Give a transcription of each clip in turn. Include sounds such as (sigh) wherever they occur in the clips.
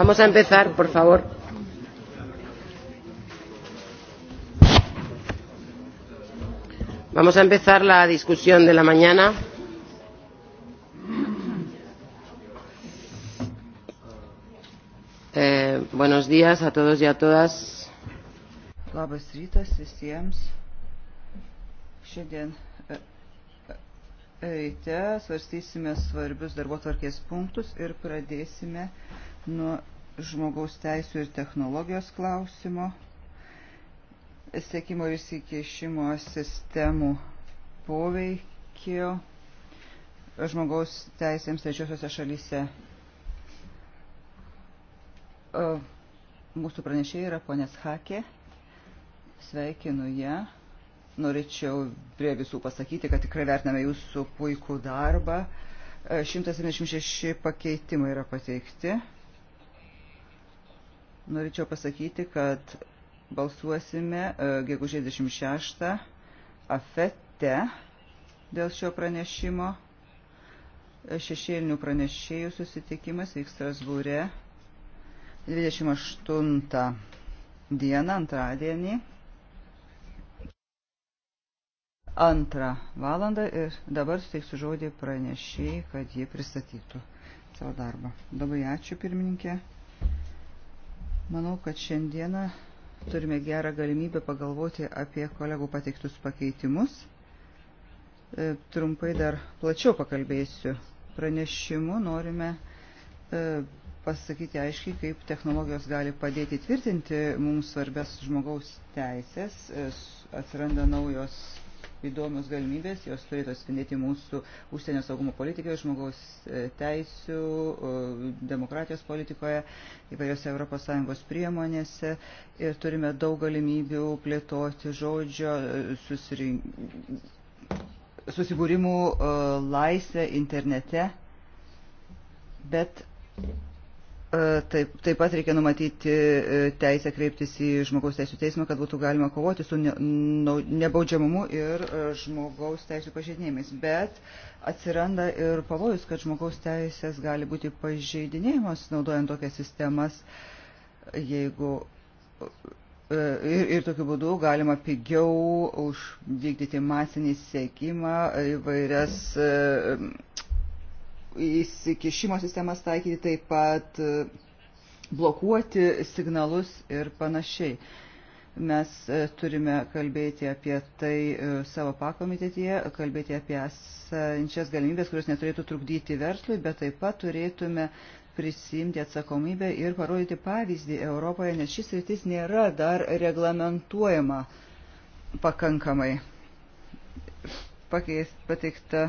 Vamos a empezar, por favor. Vamos a empezar la discusión de la mañana. Eh, buenos días a todos y a todas. Labas rytas visiems. Šiandien e, e, e, ryte svarstysime svarbius darbo tvarkės punktus ir pradėsime nuo žmogaus teisų ir technologijos klausimo, sėkimo ir įsikešimo sistemų poveikio žmogaus teisėms trečiosiuose šalyse. Mūsų pranešėjai yra ponės Hakė. Sveikinu ją. Norėčiau prie visų pasakyti, kad tikrai vertiname jūsų puikų darbą. 176 pakeitimai yra pateikti norėčiau pasakyti, kad balsuosime e, gegužė 26 afete dėl šio pranešimo. E, šešėlinių pranešėjų susitikimas vyks Strasbūre 28 dieną, antradienį, antrą valandą ir dabar suteiksiu žodį pranešėjai, kad jie pristatytų savo darbą. Labai ačiū pirmininkė. Manau, kad šiandieną turime gerą galimybę pagalvoti apie kolegų pateiktus pakeitimus. E, trumpai dar plačiau pakalbėsiu. Pranešimu norime e, pasakyti aiškiai, kaip technologijos gali padėti tvirtinti mums svarbės žmogaus teisės, e, atsiranda naujos įdomios galimybės, jos turėtų atspindėti mūsų užsienio saugumo politikoje, žmogaus e, teisų, demokratijos politikoje, įvairiose ES priemonėse ir turime daug galimybių plėtoti žodžio e, susirinkimą susibūrimų e, laisvę internete, bet E, taip, taip pat reikia numatyti e, teisę kreiptis į žmogaus teisų teismą, kad būtų galima kovoti su ne, nu, nebaudžiamumu ir e, žmogaus teisų pažeidinėjimais. Bet atsiranda ir pavojus, kad žmogaus teisės gali būti pažeidinėjimas naudojant tokias sistemas, jeigu ir, ir tokiu būdu galima pigiau užvykdyti masinį sėkimą įvairias. E, įsikišimo sistemas taikyti, taip pat e, blokuoti signalus ir panašiai. Mes e, turime kalbėti apie tai e, savo pakomitetyje, kalbėti apie esančias galimybės, kurios neturėtų trukdyti verslui, bet taip pat turėtume prisimti atsakomybę ir parodyti pavyzdį Europoje, nes šis rytis nėra dar reglamentuojama pakankamai. Pakeis, pateikta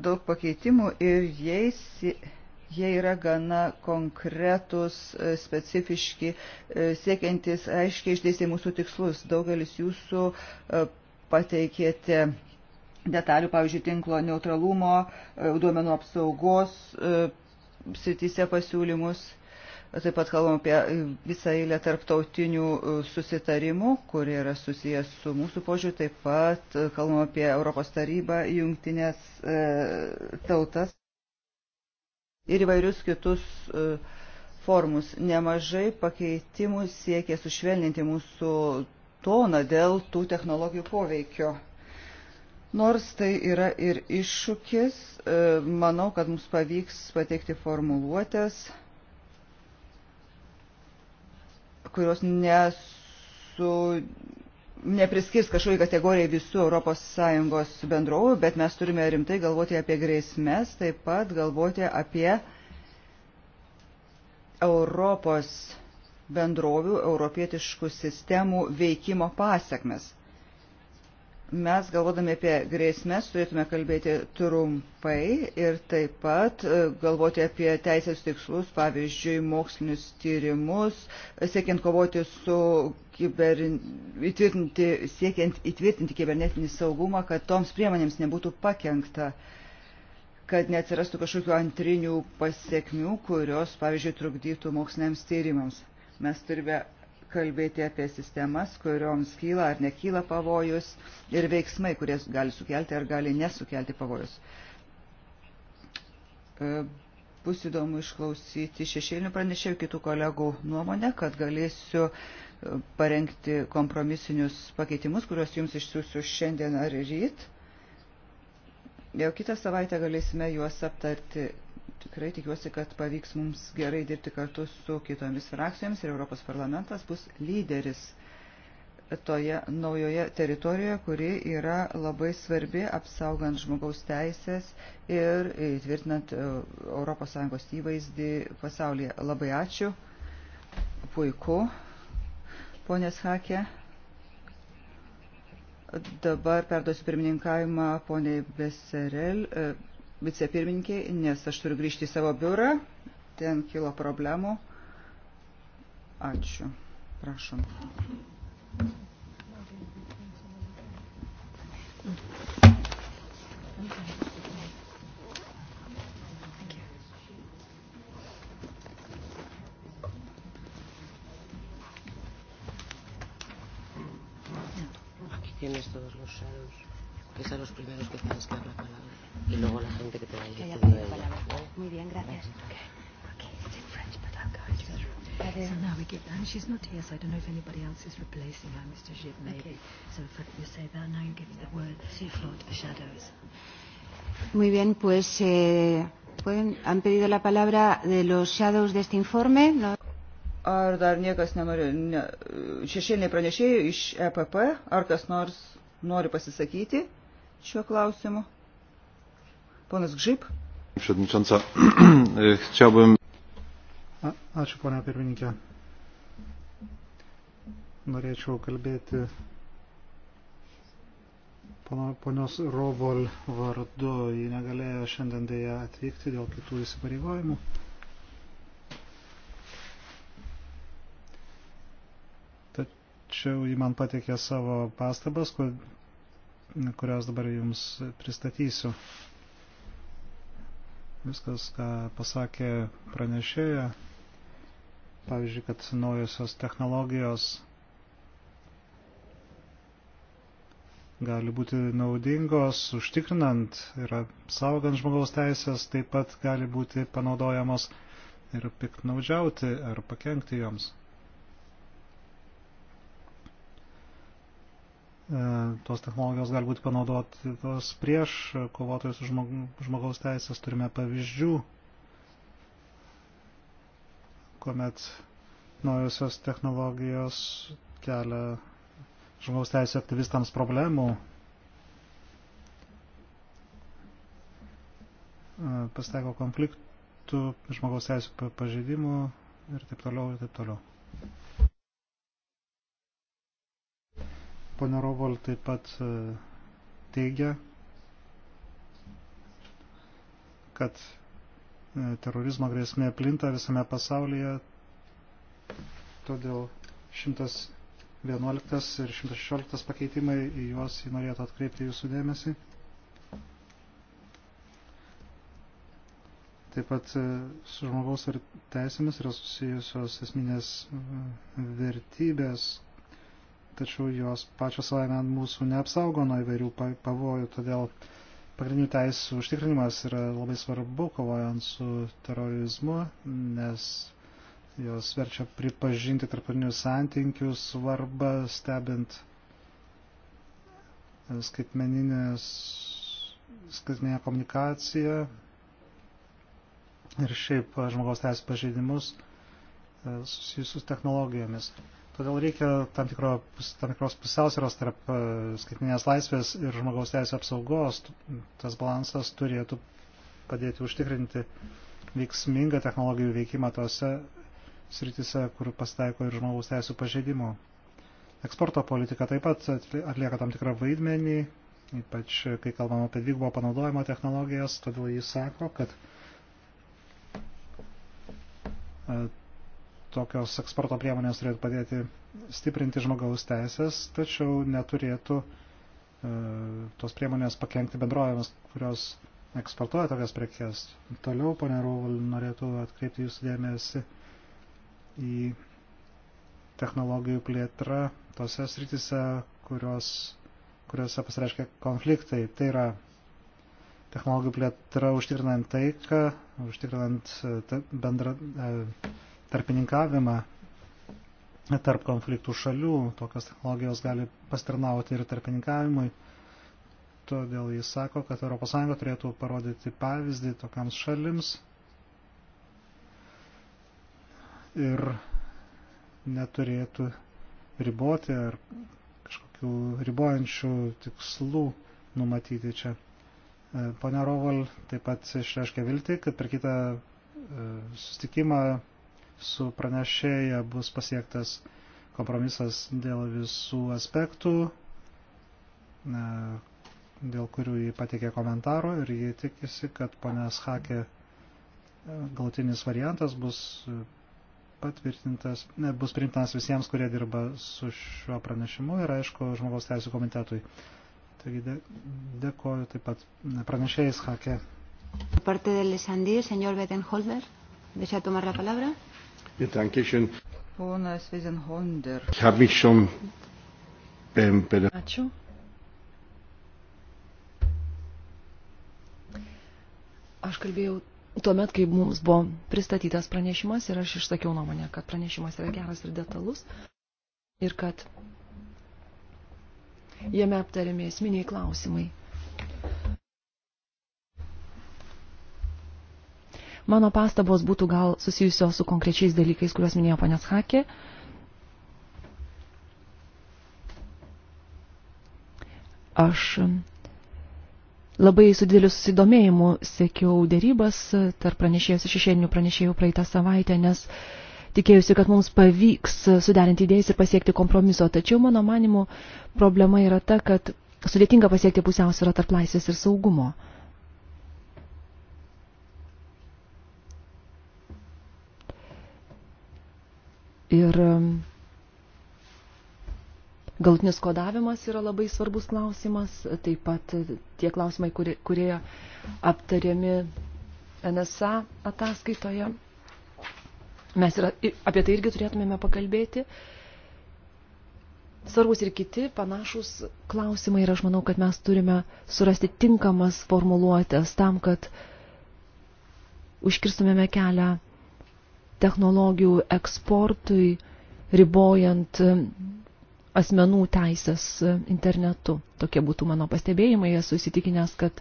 daug pakeitimų ir jais jie yra gana konkretus, e, specifiški, e, siekiantis aiškiai išdėstyti mūsų tikslus. Daugelis jūsų e, pateikėte detalių, pavyzdžiui, tinklo neutralumo, duomenų apsaugos srityse pasiūlymus Taip pat kalbam apie e, visą eilę tarptautinių e, susitarimų, kurie yra susijęs su mūsų požiūriu. Taip pat e, kalbam apie Europos tarybą, jungtinės e, tautas ir įvairius kitus e, formus. Nemažai pakeitimų siekia sušvelninti mūsų toną dėl tų technologijų poveikio. Nors tai yra ir iššūkis, manau, kad mums pavyks pateikti formuluotės kurios nesu, nepriskirs kažkokiai kategorijai visų ES bendrovų, bet mes turime rimtai galvoti apie grėsmės, taip pat galvoti apie Europos bendrovių, europietiškų sistemų veikimo pasiekmes mes galvodami apie grėsmės turėtume kalbėti trumpai ir taip pat e, galvoti apie teisės tikslus, pavyzdžiui, mokslinius tyrimus, siekiant kovoti su kiber... įtvirtinti, siekiant įtvirtinti kibernetinį saugumą, kad toms priemonėms nebūtų pakengta kad neatsirastų kažkokių antrinių pasiekmių, kurios, pavyzdžiui, trukdytų moksliniams tyrimams. Mes turime kalbėti apie sistemas, kurioms kyla ar nekyla pavojus ir veiksmai, kurie gali sukelti ar gali nesukelti pavojus. E, bus įdomu išklausyti šešėlinių pranešėjų kitų kolegų nuomonę, kad galėsiu e, parengti kompromisinius pakeitimus, kuriuos jums išsiųsiu šiandien ar ryt. Jau kitą savaitę galėsime juos aptarti tikrai tikiuosi, kad pavyks mums gerai dirbti kartu su kitomis frakcijomis ir Europos parlamentas bus lyderis toje naujoje teritorijoje, kuri yra labai svarbi apsaugant žmogaus teisės ir tvirtinant ES įvaizdį pasaulyje. Labai ačiū. Puiku. Ponės Hakė. Dabar perduosiu pirmininkavimą poniai Beserel. E, vicepirmininkiai, nes aš turiu grįžti į savo biurą. Ten kilo problemų. Ačiū. Prašom. tienes todos los shadows que sean los primeros que tengas que dar la palabra y luego la gente que te vaya que haya pedido la palabra. ¿vale? Muy bien, gracias. Okay. Okay, it's in French, but I'll go into the room. So now we get down. She's not here, so I don't know if anybody else is replacing her, Mr. Gip, maybe. Okay. So if you say that, now you give the word to floor to the shadows. Muy bien, pues eh, pueden, han pedido la palabra de los shadows de este informe. ¿no? Ar dar niekas nenori, ne, šešėliniai pranešėjai iš EPP, ar kas nors nori pasisakyti? šiuo klausimu? Ponas Gžyp. Przewodnicząca, (clears throat) chciałbym. A, ačiū, ponia pirmininkė. Norėčiau kalbėti ponios Rovol vardu. Ji negalėjo šiandien dėja atvykti dėl kitų įsipareigojimų. Tačiau ji man patikė savo pastabas, kurios dabar jums pristatysiu. Viskas, ką pasakė pranešėja, pavyzdžiui, kad naujosios technologijos gali būti naudingos, užtikrinant ir apsaugant žmogaus teisės, taip pat gali būti panaudojamos ir piknaudžiauti ar pakengti joms. E, tos technologijos gali būti panaudotos prieš kovotojus žmogaus teisės. Turime pavyzdžių, kuomet naujosios technologijos kelia žmogaus teisės aktyvistams problemų. E, Pasteiko konfliktų, žmogaus teisų pažeidimų ir taip toliau, ir taip toliau. Pone Rovol taip pat e, teigia, kad e, terorizmo grėsmė plinta visame pasaulyje, todėl 111 ir 116 pakeitimai į juos norėtų atkreipti jūsų dėmesį. Taip pat e, su žmogaus ir teisėmis yra susijusios esminės vertybės, tačiau jos pačios savaime mūsų neapsaugo nuo įvairių pavojų, todėl pagrindinių teisų užtikrinimas yra labai svarbu kovojant su terorizmu, nes jos verčia pripažinti tarptautinius santykius svarbą stebint skaitmeninės skaitmeninę komunikaciją ir šiaip žmogaus teisų pažeidimus e, susijusius technologijomis. Todėl reikia tam, tikro, tam tikros pusiausvėros tarp e, skaitinės laisvės ir žmogaus teisės apsaugos. Tas balansas turėtų padėti užtikrinti veiksmingą technologijų veikimą tose sritise, kur pasitaiko ir žmogaus teisų pažeidimų. Eksporto politika taip pat atlieka tam tikrą vaidmenį, ypač kai kalbam apie dvigubo panaudojimo technologijas, todėl jis sako, kad e, tokios eksporto priemonės turėtų padėti stiprinti žmogaus teisės, tačiau neturėtų e, tos priemonės pakengti bendrovėms, kurios eksportuoja tokias prekes. Toliau, ponė Rauvul, norėtų atkreipti jūsų dėmesį į technologijų plėtrą tose sritise, kurios, kuriuose pasireiškia konfliktai. Tai yra technologijų plėtra užtikrinant taiką, užtikrinant bendrą. E, e tarpininkavimą tarp konfliktų šalių. Tokios technologijos gali pastarnauti ir tarpininkavimui. Todėl jis sako, kad ES turėtų parodyti pavyzdį tokiams šalims ir neturėtų riboti ar kažkokių ribojančių tikslų numatyti čia. Pone Rovol taip pat išreiškia viltį, kad per kitą e, sustikimą su pranešėja bus pasiektas kompromisas dėl visų aspektų, dėl kurių jį patikė komentaro ir jį tikisi, kad ponės Hakė e, galutinis variantas bus patvirtintas, ne, bus priimtinas visiems, kurie dirba su šiuo pranešimu ir aišku žmogaus teisų komitetui. Taigi dė, dėkoju taip pat pranešėjais Hakė. Parte del Sandí, señor Bettenholder, desea tomar la palabra. Ponas Vizenhonder. Ähm, Ačiū. Aš kalbėjau tuomet, kai mums buvo pristatytas pranešimas ir aš išsakiau nuomonę, kad pranešimas yra geras ir detalus ir kad jame aptariami esminiai klausimai. Mano pastabos būtų gal susijusios su konkrečiais dalykais, kuriuos minėjo ponės Hakė. Aš labai su dideliu susidomėjimu sekiau dėrybas tarp pranešėjus ir šešėlinių pranešėjų praeitą savaitę, nes tikėjusi, kad mums pavyks suderinti idėjas ir pasiekti kompromiso. Tačiau, mano manimu, problema yra ta, kad sudėtinga pasiekti pusiausvyrą tarp laisvės ir saugumo. Uh, Ir galtinis kodavimas yra labai svarbus klausimas, taip pat e, tie klausimai, kurie, kurie aptariami NSA ataskaitoje. Mes yra, apie tai irgi turėtumėme pakalbėti. Svarbus ir kiti panašus klausimai ir aš manau, kad mes turime surasti tinkamas formuluotės tam, kad užkirstumėme kelią technologijų eksportui, ribojant e, asmenų teisės e, internetu. Tokie būtų mano pastebėjimai, esu įsitikinęs, kad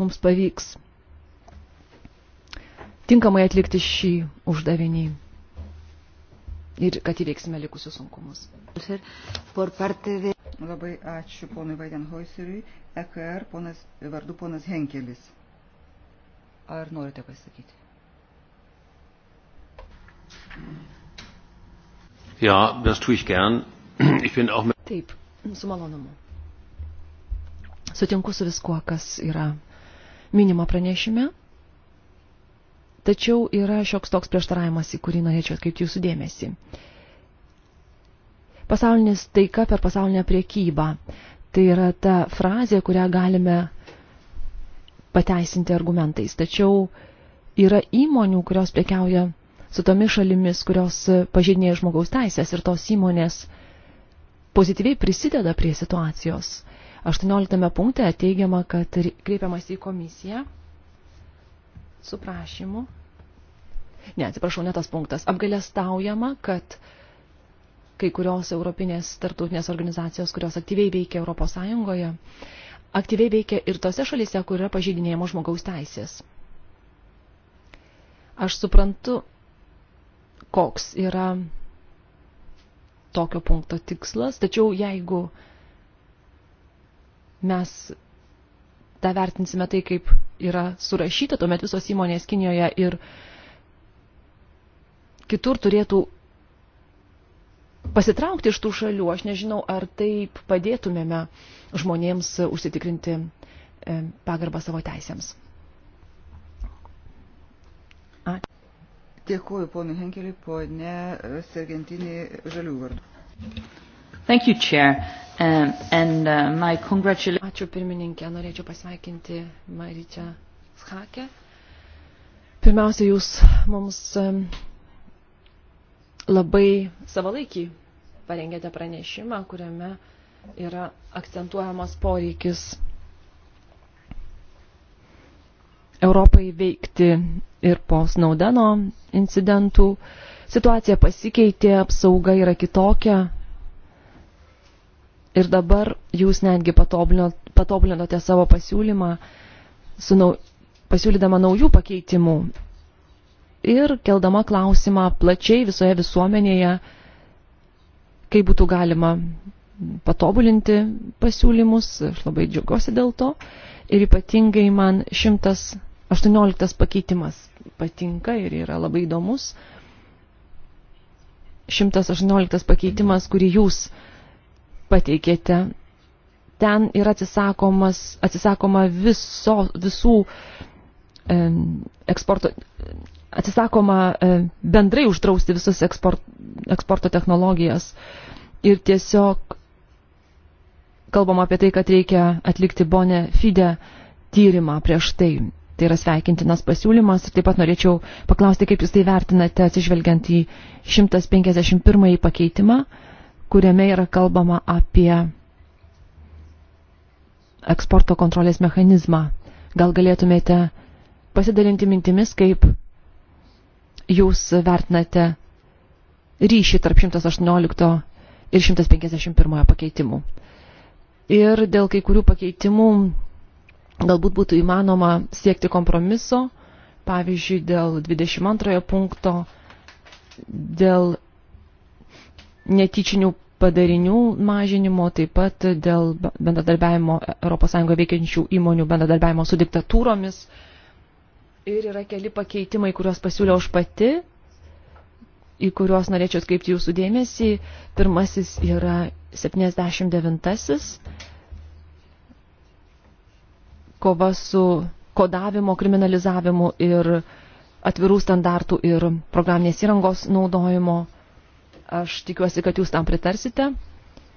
mums pavyks tinkamai atlikti šį uždavinį ir kad įveiksime likusius sunkumus. Labai ačiū ponui Vaidenhoiseriui, EKR ponas, vardu ponas Henkelis. Ar norite pasakyti? Ja, das tue ich gern. Ich bin auch mit... Taip, su malonumu. Sutinku su viskuo, kas yra minima pranešime. Tačiau yra šioks toks prieštaravimas, į kurį norėčiau atkreipti jūsų dėmesį. Pasaulinis taika per pasaulinę priekybą. Tai yra ta frazė, kurią galime pateisinti argumentais. Tačiau yra įmonių, kurios priekiauja su tomis šalimis, kurios pažydinėja žmogaus teisės ir tos įmonės pozityviai prisideda prie situacijos. 18 punkte teigiama, kad kreipiamas į komisiją su prašymu. Ne, atsiprašau, ne tas punktas. Apgalėstaujama, kad kai kurios europinės tartutinės organizacijos, kurios aktyviai veikia Europos Sąjungoje, aktyviai veikia ir tose šalyse, kur yra pažydinėjimo žmogaus teisės. Aš suprantu, koks yra tokio punkto tikslas, tačiau jeigu mes tą vertinsime tai, kaip yra surašyta, tuomet visos įmonės Kinijoje ir kitur turėtų pasitraukti iš tų šalių. Aš nežinau, ar taip padėtumėme žmonėms užsitikrinti pagarbą savo teisėms. Dėkuoju ponui Henkeliui, ponė Sergentinį Žalių vardu. Thank you, Chair. Um, and, uh, my congratulations. Ačiū pirmininkė, norėčiau pasveikinti Maryčią Schakę. Pirmiausia, jūs mums um, labai savalaikį parengėte pranešimą, kuriame yra akcentuojamas poreikis Europai veikti ir po Snaudeno incidentų. Situacija pasikeitė, apsauga yra kitokia. Ir dabar jūs netgi patobulinote savo pasiūlymą, su nau, pasiūlydama naujų pakeitimų ir keldama klausimą plačiai visoje visuomenėje, kaip būtų galima patobulinti pasiūlymus. Aš labai džiugosi dėl to. Ir ypatingai man šimtas 18 pakeitimas patinka ir yra labai įdomus. 118 pakeitimas, kurį jūs pateikėte, ten yra atsisakoma viso, visų e, eksporto, atsisakoma e, bendrai uždrausti visas eksport, eksporto technologijas ir tiesiog kalbama apie tai, kad reikia atlikti bonę fide tyrimą prieš tai Tai yra sveikintinas pasiūlymas. Taip pat norėčiau paklausti, kaip Jūs tai vertinate, atsižvelgiant į 151 pakeitimą, kuriame yra kalbama apie eksporto kontrolės mechanizmą. Gal galėtumėte pasidalinti mintimis, kaip Jūs vertinate ryšį tarp 118 ir 151 pakeitimų. Ir dėl kai kurių pakeitimų galbūt būtų įmanoma siekti kompromiso, pavyzdžiui, dėl 22 punkto, dėl netyčinių padarinių mažinimo, taip pat dėl bendradarbiavimo ES veikiančių įmonių bendradarbiavimo su diktatūromis. Ir yra keli pakeitimai, kuriuos pasiūliau aš pati, į kuriuos norėčiau atkreipti jūsų dėmesį. Pirmasis yra 79 kova su kodavimo, kriminalizavimu ir atvirų standartų ir programinės įrangos naudojimo. Aš tikiuosi, kad jūs tam pritarsite.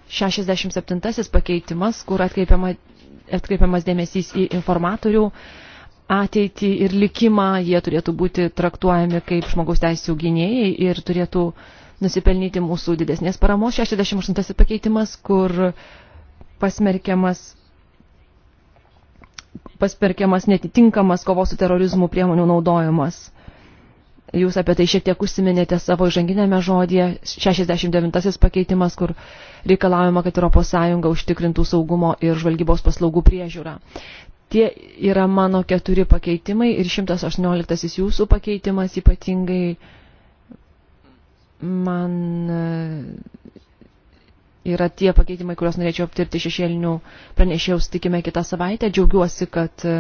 67 pakeitimas, kur atkreipiama, atkreipiamas dėmesys į informatorių ateitį ir likimą, jie turėtų būti traktuojami kaip žmogaus teisų gynėjai ir turėtų nusipelnyti mūsų didesnės paramos. 68 pakeitimas, kur pasmerkiamas pasperkiamas netitinkamas kovos su terorizmu priemonių naudojimas. Jūs apie tai šiek tiek užsiminėte savo žanginėme žodėje, 69 pakeitimas, kur reikalaujama, kad ES užtikrintų saugumo ir žvalgybos paslaugų priežiūrą. Tie yra mano keturi pakeitimai ir 118 jūsų pakeitimas ypatingai man yra tie pakeitimai, kuriuos norėčiau aptirti šešėlinių pranešėjų, sutikime kitą savaitę. Džiaugiuosi, kad e,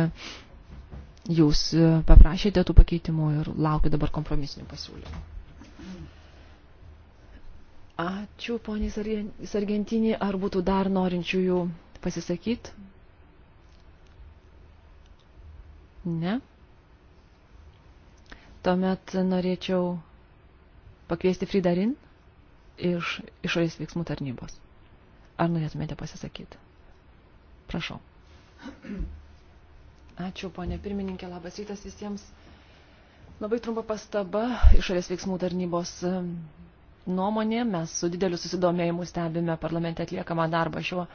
jūs e, paprašėte tų pakeitimų ir laukiu dabar kompromisinių pasiūlymų. Ačiū, poniai Sargentinį. Ar būtų dar norinčiųjų pasisakyti? Ne. Tuomet norėčiau pakviesti Fridarin iš išorės veiksmų tarnybos. Ar norėtumėte pasisakyti? Prašau. Ačiū, ponė pirmininkė, labas rytas visiems. Labai trumpa pastaba išorės veiksmų tarnybos e, nuomonė. Mes su dideliu susidomėjimu stebime parlamente atliekamą darbą šiuo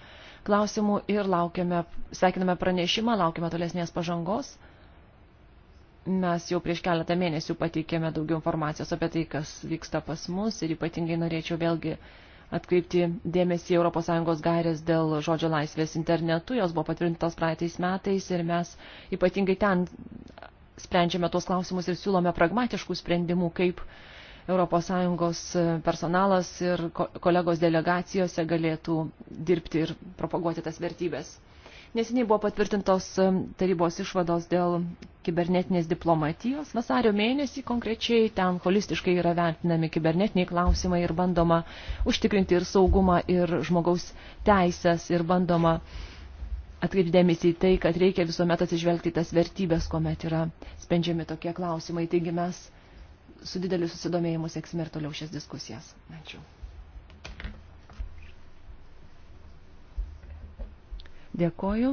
klausimu ir laukiame, sveikiname pranešimą, laukiame tolesnės pažangos. Mes jau prieš keletą mėnesių pateikėme daugiau informacijos apie tai, kas vyksta pas mus ir ypatingai norėčiau vėlgi atkreipti dėmesį ES gairės dėl žodžio laisvės internetu. Jos buvo patvirtintos praeitais metais ir mes ypatingai ten sprendžiame tuos klausimus ir siūlome pragmatiškų sprendimų, kaip ES personalas ir kolegos delegacijose galėtų dirbti ir propaguoti tas vertybės. Nesiniai buvo patvirtintos tarybos išvados dėl kibernetinės diplomatijos. Vasario mėnesį konkrečiai ten holistiškai yra vertinami kibernetiniai klausimai ir bandoma užtikrinti ir saugumą, ir žmogaus teisės, ir bandoma atkreipdėmėsi į tai, kad reikia visuomet atsižvelgti tas vertybės, kuomet yra spendžiami tokie klausimai. Taigi mes su dideliu susidomėjimu seksime ir toliau šias diskusijas. Ačiū. Dėkoju.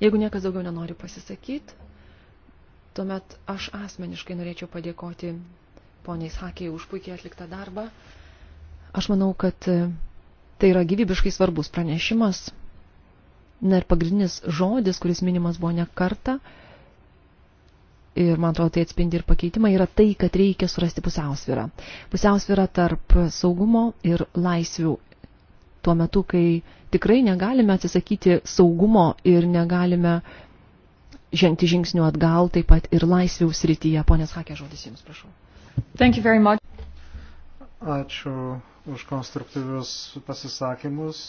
Jeigu niekas daugiau nenori pasisakyti, tuomet aš asmeniškai norėčiau padėkoti poniai Sakiai už puikiai atliktą darbą. Aš manau, kad e, tai yra gyvybiškai svarbus pranešimas. Na ir pagrindinis žodis, kuris minimas buvo ne kartą, ir man atrodo tai atspindi ir pakeitimą, yra tai, kad reikia surasti pusiausvyrą. Pusiausvyrą tarp saugumo ir laisvių tuo metu, kai tikrai negalime atsisakyti saugumo ir negalime žengti žingsnių atgal, taip pat ir laisvių srityje. Pone Sakė, žodis Jums, prašau. Ačiū už konstruktyvius pasisakymus,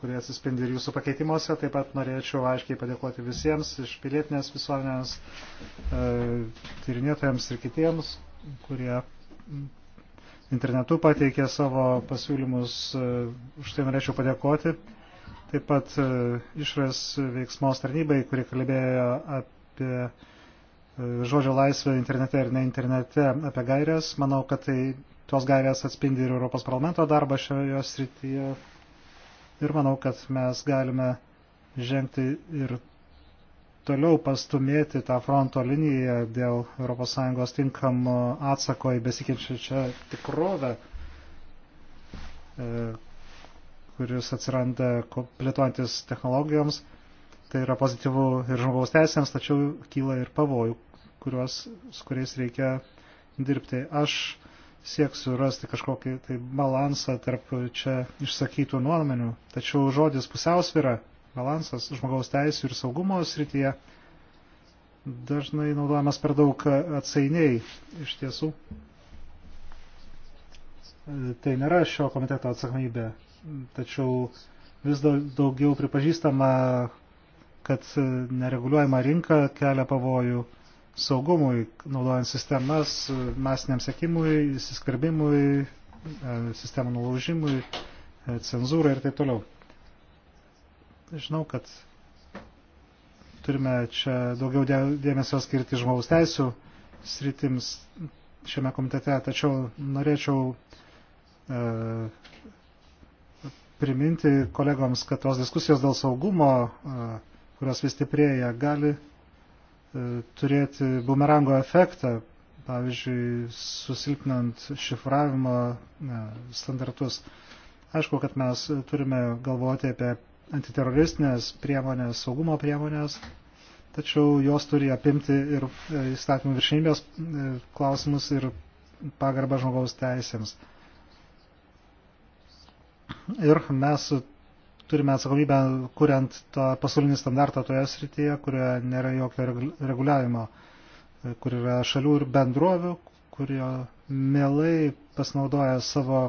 kurie atsispindi ir jūsų pakeitimuose. Taip pat norėčiau aiškiai padėkoti visiems iš pilietinės visuomenės e, tyrinėtojams ir kitiems, kurie internetu pateikė savo pasiūlymus, e, už tai norėčiau padėkoti. Taip pat e, išras veiksmos tarnybai, kuri kalbėjo apie e, žodžio laisvę internete ir ne internete, apie gairias. Manau, kad tai, tos gairias atspindi ir Europos parlamento darbą šioje srityje. Ir manau, kad mes galime žengti ir toliau pastumėti tą fronto liniją dėl ES tinkamo atsako į besikeičiančią tikrovę, e, kuris atsiranda plėtojantis technologijoms. Tai yra pozityvų ir žmogaus teisėms, tačiau kyla ir pavojų, kuriuos, su kuriais reikia dirbti. Aš sieksiu rasti kažkokį tai balansą tarp čia išsakytų nuomenių, tačiau žodis pusiausvyrą balansas žmogaus teisų ir saugumo srityje dažnai naudojamas per daug atsainiai iš tiesų. Tai nėra šio komiteto atsakomybė, tačiau vis daugiau pripažįstama, kad nereguliuojama rinka kelia pavojų saugumui, naudojant sistemas masiniam sekimui, įsiskarbimui, e, sistemų nulaužimui, e, cenzūrai ir taip toliau. Žinau, kad turime čia daugiau dėmesio skirti žmogaus teisų sritims šiame komitete, tačiau norėčiau e, priminti kolegoms, kad tos diskusijos dėl saugumo, e, kurios vis stiprėja, gali e, turėti bumerango efektą, pavyzdžiui, susilpnant šifravimo e, standartus. Aišku, kad mes turime galvoti apie antiteroristinės priemonės, saugumo priemonės, tačiau jos turi apimti ir e, įstatymų viršinybės e, klausimus ir pagarbą žmogaus teisėms. Ir mes turime atsakomybę, kuriant tą pasaulinį standartą toje srityje, kurioje nėra jokio reguliavimo, e, kur yra šalių ir bendrovių, kurio mielai pasinaudoja savo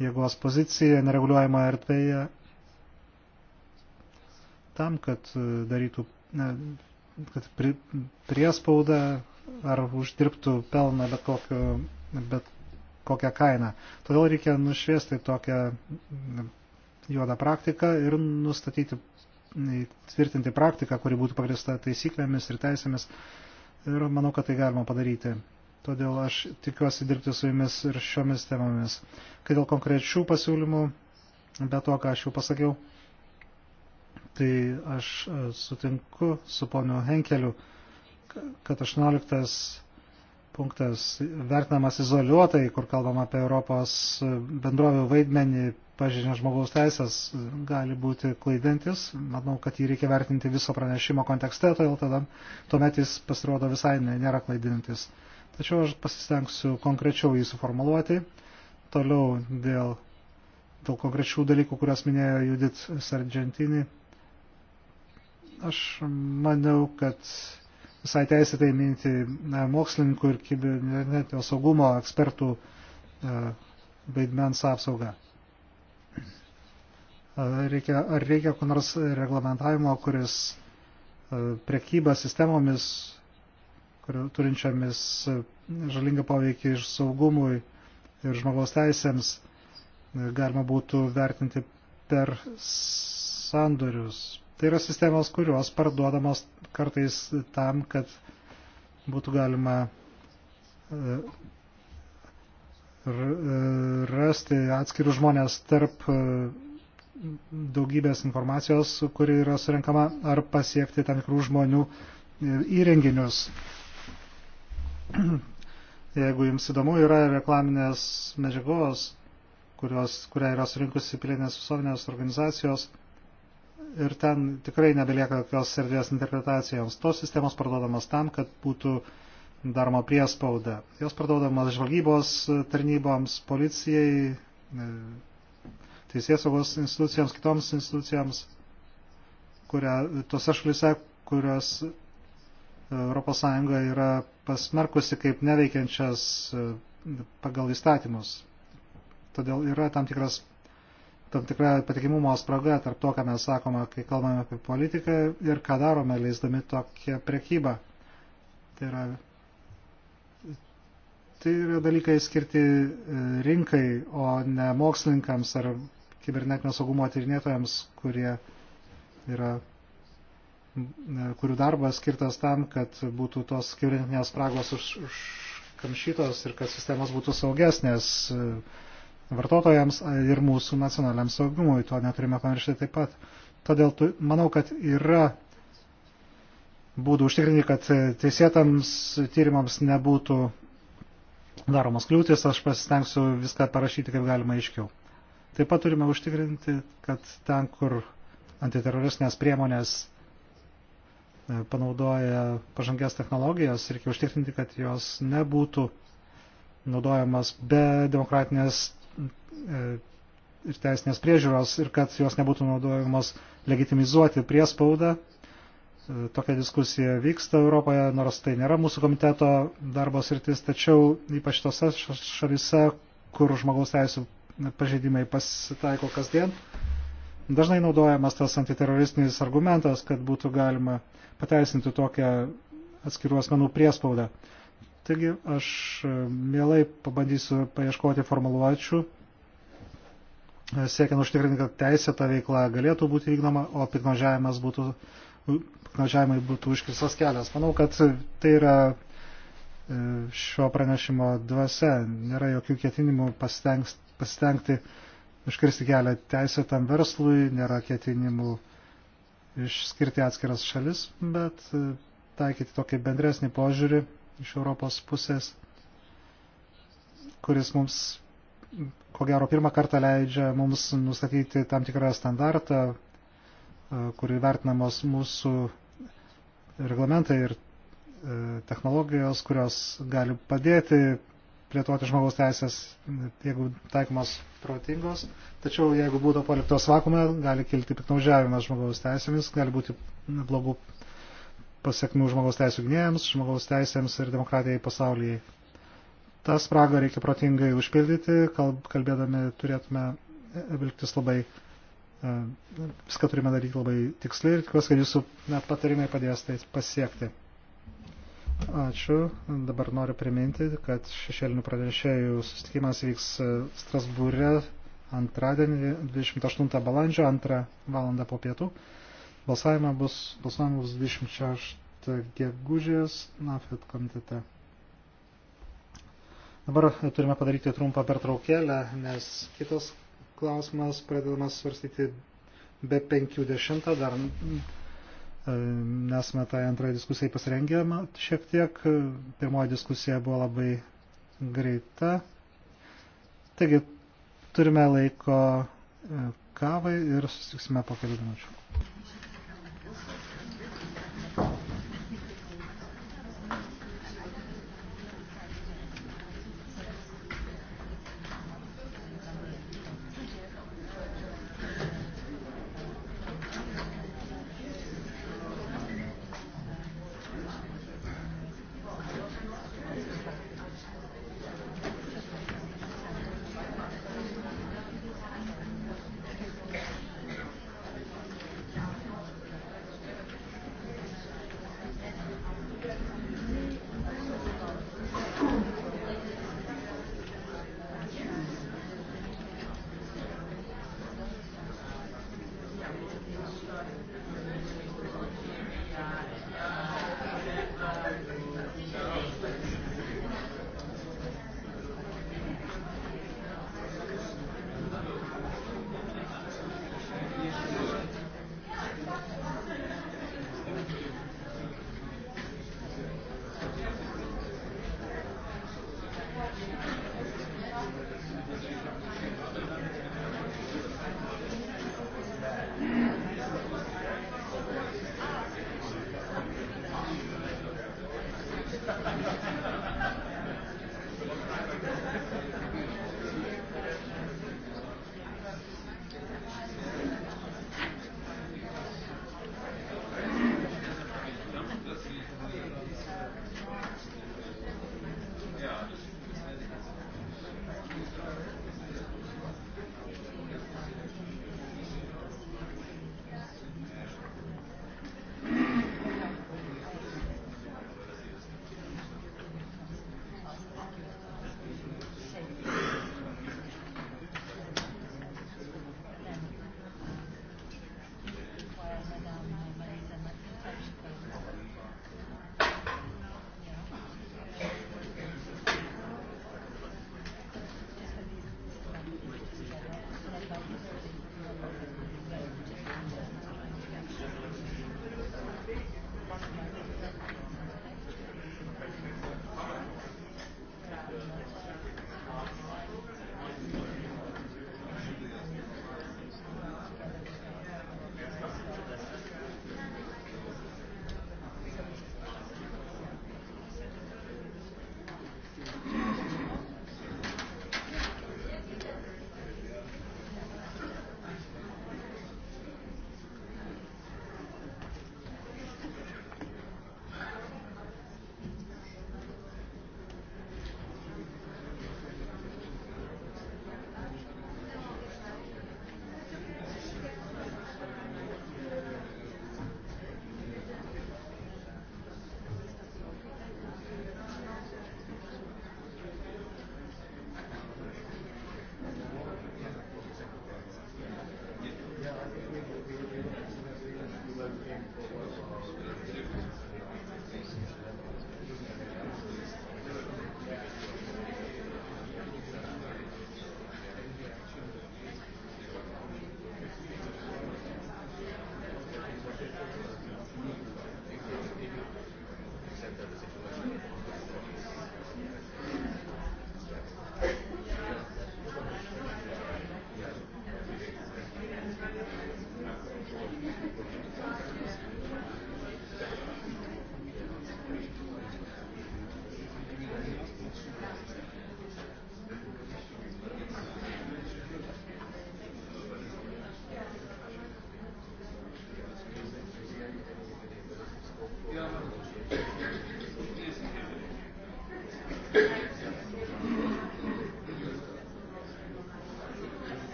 jėgos poziciją nereguliuojamoje erdvėje tam, kad e, darytų, kad pri, priespaudą ar uždirbtų pelną bet, kokio, bet kokią kainą. Todėl reikia nušviesti tokią juodą praktiką ir nustatyti, tvirtinti praktiką, kuri būtų pagrįsta taisyklėmis ir teisėmis. Ir manau, kad tai galima padaryti. Todėl aš tikiuosi dirbti su jumis ir šiomis temomis. Kai dėl konkrečių pasiūlymų, be to, ką aš jau pasakiau, tai aš e, sutinku su ponu Henkeliu, kad 18 punktas vertinamas izoliuotai, kur kalbam apie Europos bendrovių vaidmenį pažinę žmogaus teisės, gali būti klaidantis. Manau, kad jį reikia vertinti viso pranešimo kontekste, todėl tada tuomet jis pasirodo visai ne, nėra klaidintis. Tačiau aš pasistengsiu konkrečiau jį suformuluoti. Toliau dėl, dėl konkrečių dalykų, kurias minėjo Judith Sargentini Aš maniau, kad visai teisėtai minti mokslininkų ir kibernetinio saugumo ekspertų e, vaidmens apsaugą. Reikia, ar reikia kur nors reglamentavimo, kuris e, prekyba sistemomis, kurio, turinčiamis e, žalingą poveikį ir saugumui ir žmogaus teisėms, galima būtų vertinti per sandorius, Tai yra sistemos, kurios parduodamos kartais tam, kad būtų galima e, e, rasti atskirius žmonės tarp e, daugybės informacijos, kuri yra surinkama, ar pasiekti tam tikrų žmonių įrenginius. (clears throat) Jeigu jums įdomu, yra reklaminės medžiagos, kurios, kurią yra surinkusi pilietinės visuomenės organizacijos ir ten tikrai nebelieka jokios erdvės interpretacijoms. Tos sistemos parduodamas tam, kad būtų daroma priespauda. Jos parduodamas žvalgybos tarnyboms, policijai, e, teisėsaugos institucijoms, kitoms institucijoms, kuria, tose šalise, kurios ES yra pasmerkusi kaip neveikiančias e, pagal įstatymus. Todėl yra tam tikras tam tikra patikimumo spraga tarp to, ką mes sakome, kai kalbame apie politiką ir ką darome, leisdami tokią prekybą. Tai yra, tai yra dalykai skirti e, rinkai, o ne mokslininkams ar kibernetinio saugumo tyrinėtojams, kurie yra e, kurių darbas skirtas tam, kad būtų tos kibernetinės spragos užkamšytos už ir kad sistemos būtų saugesnės. Uh, vartotojams ir mūsų nacionaliam saugumui. To neturime pamiršti taip pat. Todėl tu, manau, kad yra būdų užtikrinti, kad teisėtams tyrimams nebūtų daromas kliūtis. Aš pasistengsiu viską parašyti kaip galima aiškiau. Taip pat turime užtikrinti, kad ten, kur antiteroristinės priemonės e, panaudoja pažangės technologijas, reikia užtikrinti, kad jos nebūtų naudojamas be demokratinės E, ir teisinės priežiūros ir kad jos nebūtų naudojamos legitimizuoti priespaudą. E, tokia diskusija vyksta Europoje, nors tai nėra mūsų komiteto darbos rytis, tačiau ypač tose šalise, kur žmogaus teisų pažeidimai pasitaiko kasdien, dažnai naudojamas tas antiteroristinis argumentas, kad būtų galima pateisinti tokią atskirų asmenų priespaudą. Taigi aš e, mielai pabandysiu paieškoti formuluočių siekiant užtikrinti, kad teisėta veikla galėtų būti vykdoma, o piknaudžiavimas būtų, piknaudžiavimai būtų užkirstas kelias. Manau, kad tai yra e, šio pranešimo dvasia. Nėra jokių ketinimų pasitengti užkirsti kelią teisėtam verslui, nėra ketinimų išskirti atskiras šalis, bet e, taikyti tokį bendresnį požiūrį iš Europos pusės, kuris mums ko gero pirmą kartą leidžia mums nustatyti tam tikrą standartą, e, kurį vertinamos mūsų reglamentai ir e, technologijos, kurios gali padėti plėtoti žmogaus teisės, jeigu taikomos protingos. Tačiau jeigu būtų paliktos vakume, gali kilti piknaudžiavimas žmogaus teisėmis, gali būti blogų pasiekmių žmogaus teisų gynėjams, žmogaus teisėms ir demokratijai pasaulyje tą spragą reikia protingai užpildyti, kalbėdami turėtume vilktis labai, e, viską turime daryti labai tiksliai ir tikiuosi, kad jūsų patarimai padės tai pasiekti. Ačiū. Dabar noriu priminti, kad šešėlinių pranešėjų susitikimas vyks e, Strasbūre antradienį 28 balandžio 2 valandą po pietų. Balsavimas bus, balsavimas bus 26 gegužės NAFET komitete. Dabar turime padaryti trumpą pertraukėlę, nes kitas klausimas pradedamas svarstyti be 50, dar nesame e, tai antrai diskusijai pasirengėma šiek tiek. Pirmoji diskusija buvo labai greita. Taigi turime laiko e, kavai ir susitiksime po kelių minučių.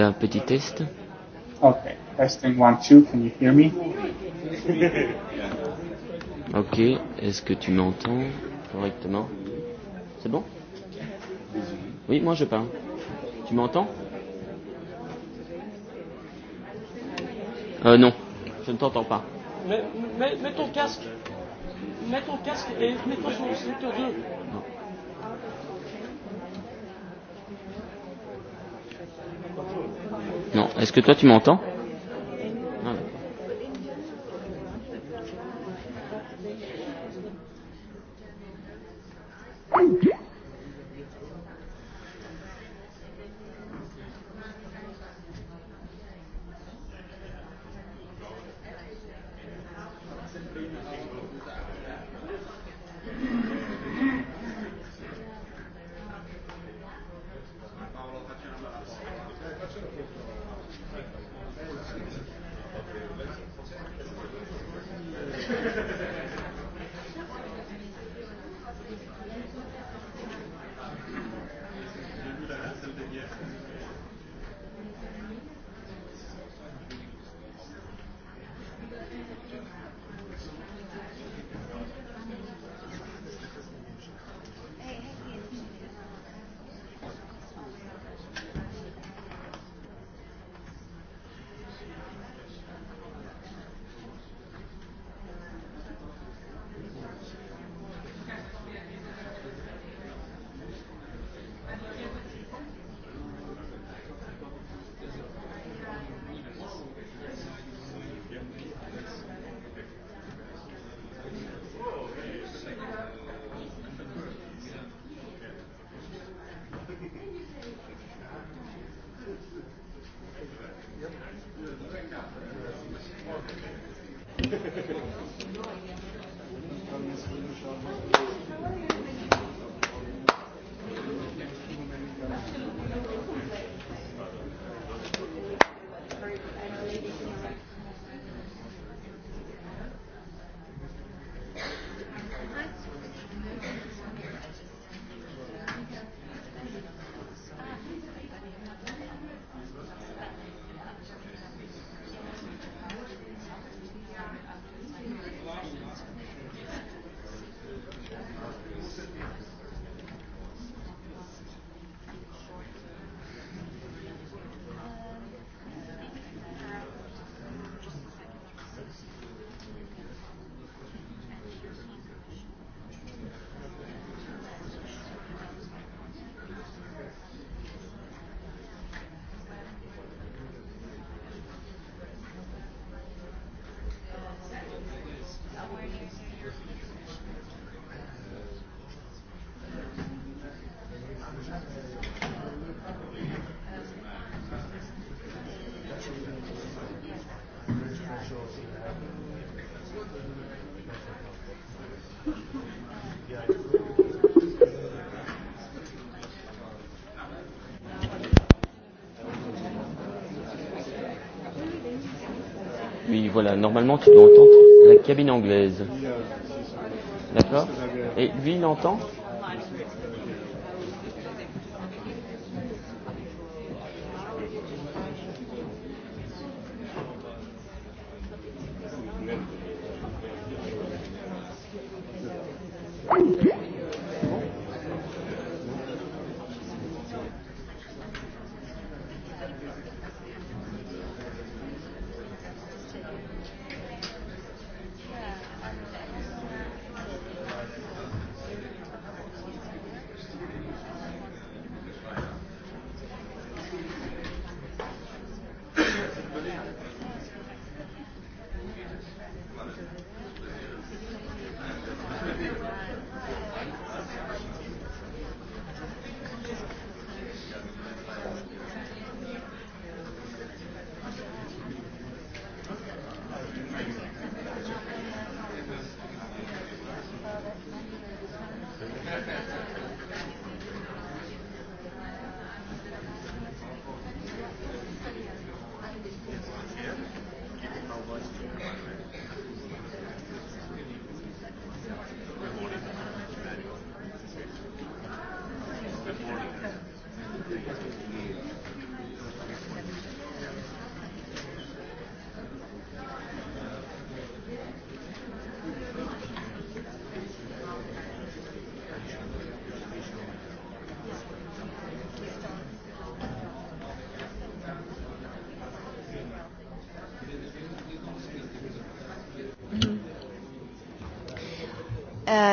Voilà un petit test. Okay. Testing one two. Can you hear me? ok. Est-ce que tu m'entends correctement? C'est bon? Oui, moi je parle. Tu m'entends? Euh, non, je ne t'entends pas. Mets, mets, mets ton casque. Mets ton casque et mets ton sur le 2. Non. Est-ce que toi tu m'entends voilà, normalement tu dois entendre la cabine anglaise. D'accord Et lui, il entend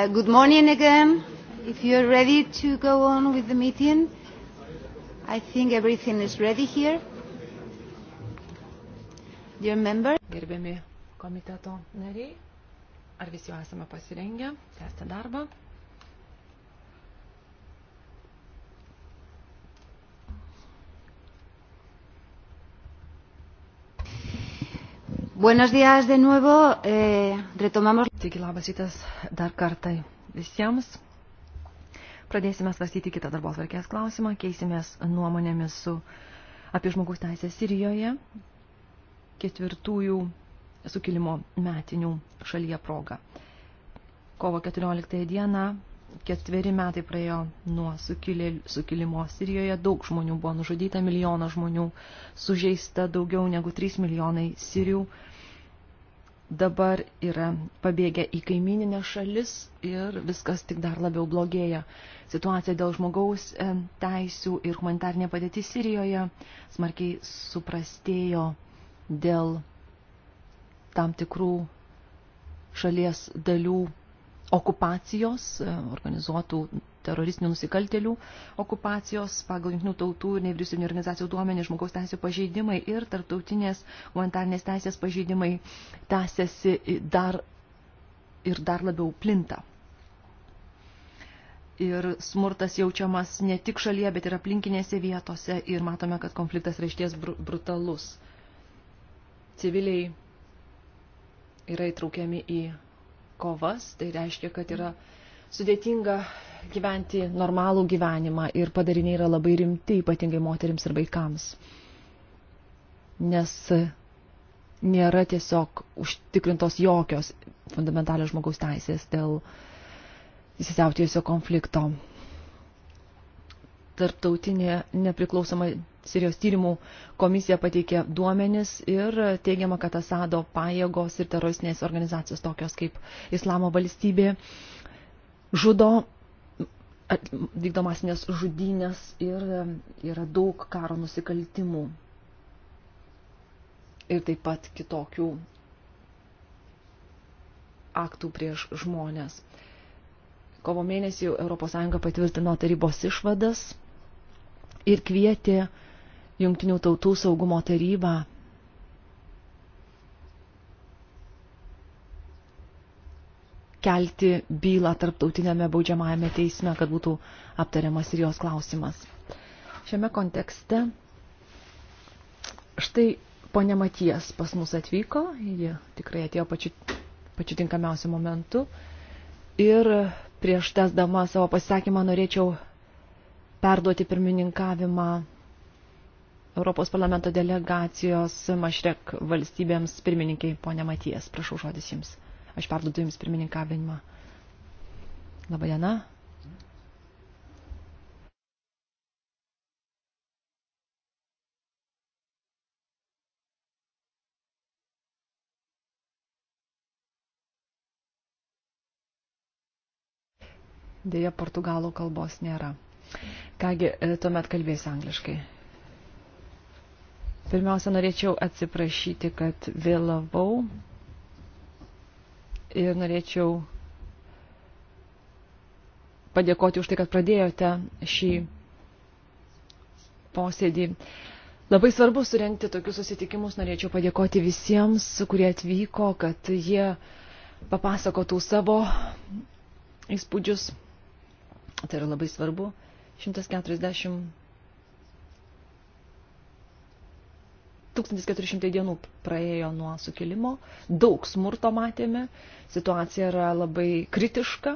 Uh, good morning again. If you're ready to go on with the meeting, I think everything is ready here. Dear member. Gerbiami komiteto nariai, ar visi jau esame pasirengę tęsti darbą? Buenos días de nuevo. Eh, retomamos. Taigi labas rytas dar kartą visiems. Pradėsime svarstyti kitą darbos varkės klausimą, keisimės nuomonėmis su apie žmogus teisę Sirijoje ketvirtųjų sukilimo metinių šalyje proga. Kovo 14 dieną ketveri metai praėjo nuo sukilimo Sirijoje, daug žmonių buvo nužudyta, milijonas žmonių sužeista, daugiau negu 3 milijonai Sirijų dabar yra pabėgę į kaimininę šalis ir viskas tik dar labiau blogėja. Situacija dėl žmogaus e, teisių ir humanitarnė padėtis Sirijoje smarkiai suprastėjo dėl tam tikrų šalies dalių okupacijos, e, organizuotų teroristinių nusikaltelių okupacijos, pagal jungtinių tautų ir nevyriausybinių organizacijų duomenį žmogaus teisų pažeidimai ir tarptautinės humanitarnės teisės pažeidimai tęsiasi dar ir dar labiau plinta. Ir smurtas jaučiamas ne tik šalyje, bet ir aplinkinėse vietose ir matome, kad konfliktas yra išties brutalus. Civiliai yra įtraukiami į kovas, tai reiškia, kad yra sudėtinga gyventi normalų gyvenimą ir padariniai yra labai rimti, ypatingai moterims ir vaikams. Nes nėra tiesiog užtikrintos jokios fundamentalios žmogaus teisės dėl įsisiautėjusio konflikto. Tarptautinė nepriklausoma Sirijos tyrimų komisija pateikė duomenis ir teigiama, kad Asado pajėgos ir teroristinės organizacijos tokios kaip Islamo valstybė žudo vykdomasinės žudynės ir yra daug karo nusikaltimų ir taip pat kitokių aktų prieš žmonės. Kovo mėnesį ES patvirtino tarybos išvadas ir kvietė Jungtinių tautų saugumo tarybą. kelti bylą tarptautinėme baudžiamajame teisme, kad būtų aptariamas ir jos klausimas. Šiame kontekste štai ponė Maties pas mus atvyko, ji tikrai atėjo pačiu, pačiu tinkamiausiu momentu. Ir prieš tesdama savo pasisakymą norėčiau perduoti pirmininkavimą Europos parlamento delegacijos Mašrek valstybėms pirmininkiai, ponė Matijas. Prašau žodis jums. Aš perduodu jums pirmininkavimą. Labai diena. Dėja, portugalų kalbos nėra. Kągi, e, tuomet kalbėsiu angliškai. Pirmiausia, norėčiau atsiprašyti, kad vėlavau ir norėčiau padėkoti už tai, kad pradėjote šį posėdį. Labai svarbu surenkti tokius susitikimus, norėčiau padėkoti visiems, kurie atvyko, kad jie papasakotų savo įspūdžius. Tai yra labai svarbu. 140 1400 dienų praėjo nuo sukilimo, daug smurto matėme, situacija yra labai kritiška,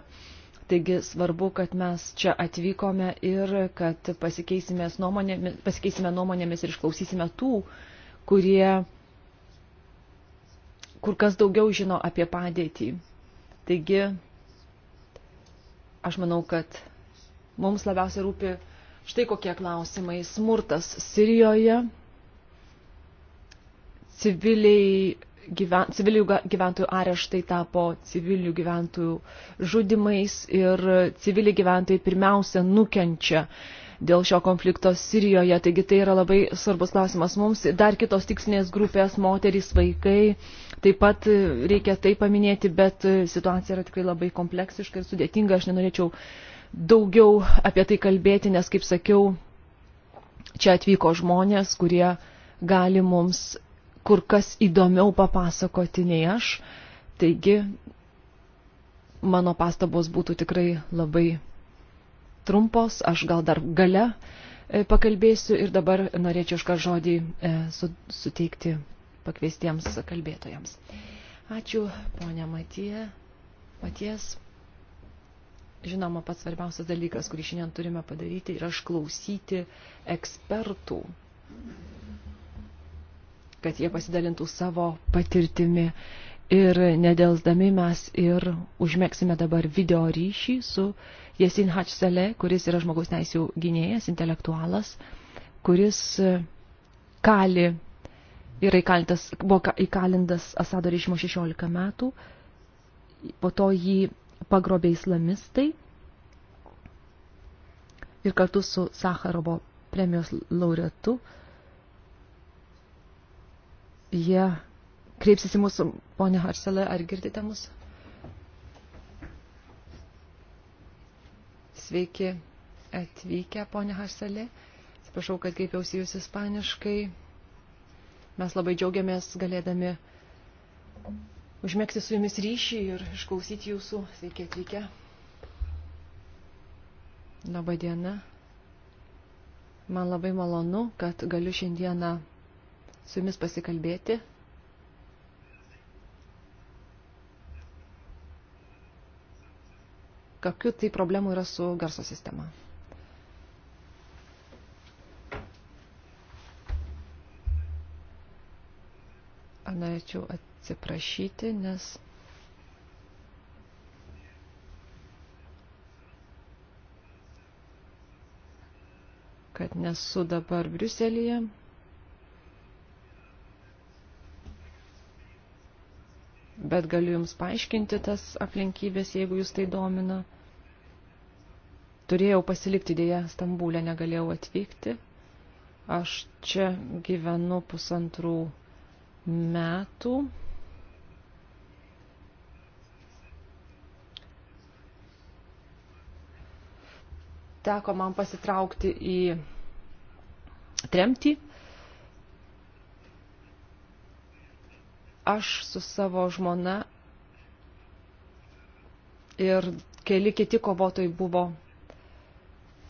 taigi svarbu, kad mes čia atvykome ir kad pasikeisime nuomonėmis, pasikeisime nuomonėmis ir išklausysime tų, kurie kur kas daugiau žino apie padėtį. Taigi, aš manau, kad mums labiausiai rūpi štai kokie klausimai. Smurtas Sirijoje, civiliai gyven, civilių gyventojų areštai tapo civilių gyventojų žudimais ir civiliai gyventojai pirmiausia nukenčia dėl šio konflikto Sirijoje. Taigi tai yra labai svarbus klausimas mums. Dar kitos tikslinės grupės - moterys, vaikai. Taip pat reikia tai paminėti, bet situacija yra tikrai labai kompleksiška ir sudėtinga. Aš nenorėčiau daugiau apie tai kalbėti, nes, kaip sakiau, čia atvyko žmonės, kurie gali mums kur kas įdomiau papasakoti nei aš. Taigi, mano pastabos būtų tikrai labai trumpos, aš gal dar gale e, pakalbėsiu ir dabar norėčiau iš karto žodį e, suteikti pakviestiems kalbėtojams. Ačiū, ponia Matie. Maties. Žinoma, pats svarbiausias dalykas, kurį šiandien turime padaryti, yra išklausyti ekspertų kad jie pasidalintų savo patirtimi. Ir nedelsdami mes ir užmėgsime dabar video ryšį su Jesin Hačsele, kuris yra žmogaus teisų gynėjas, intelektualas, kuris e, kali, yra įkalintas, buvo įkalintas Asado režimo 16 metų, po to jį pagrobė islamistai ir kartu su Sakarovo premijos laureatu Jie kreipsis į mūsų, ponė Harselė, ar girdite mus? Sveiki atvykę, ponė Harselė. Atsiprašau, kad kreipiausi jūs ispaniškai. Mes labai džiaugiamės galėdami užmėgti su jumis ryšį ir išklausyti jūsų. Sveiki atvykę. Labą dieną. Man labai malonu, kad galiu šiandieną su jumis pasikalbėti. Kokiu tai problemu yra su garso sistema? Ar norėčiau atsiprašyti, nes kad nesu dabar Briuselėje. bet galiu Jums paaiškinti tas aplinkybės, jeigu Jūs tai domina. Turėjau pasilikti dėje Stambulę, negalėjau atvykti. Aš čia gyvenu pusantrų metų. Teko man pasitraukti į tremtį aš su savo žmona ir keli kiti kovotojai buvo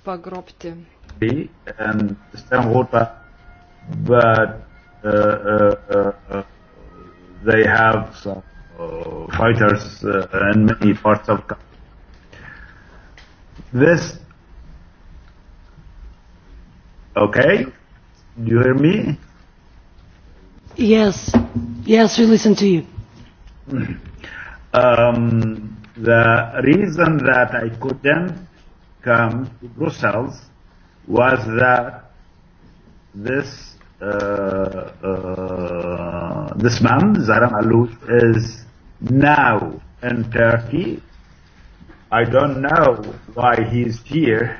pagrobti. Um, but, uh, uh, uh, uh, they have some uh, fighters uh, in many parts of country. This, okay? Do you hear me? Yes, yes, we listen to you. Um, the reason that I couldn't come to Brussels was that this uh, uh, this man, Zaram Alouch, is now in Turkey. I don't know why he's here,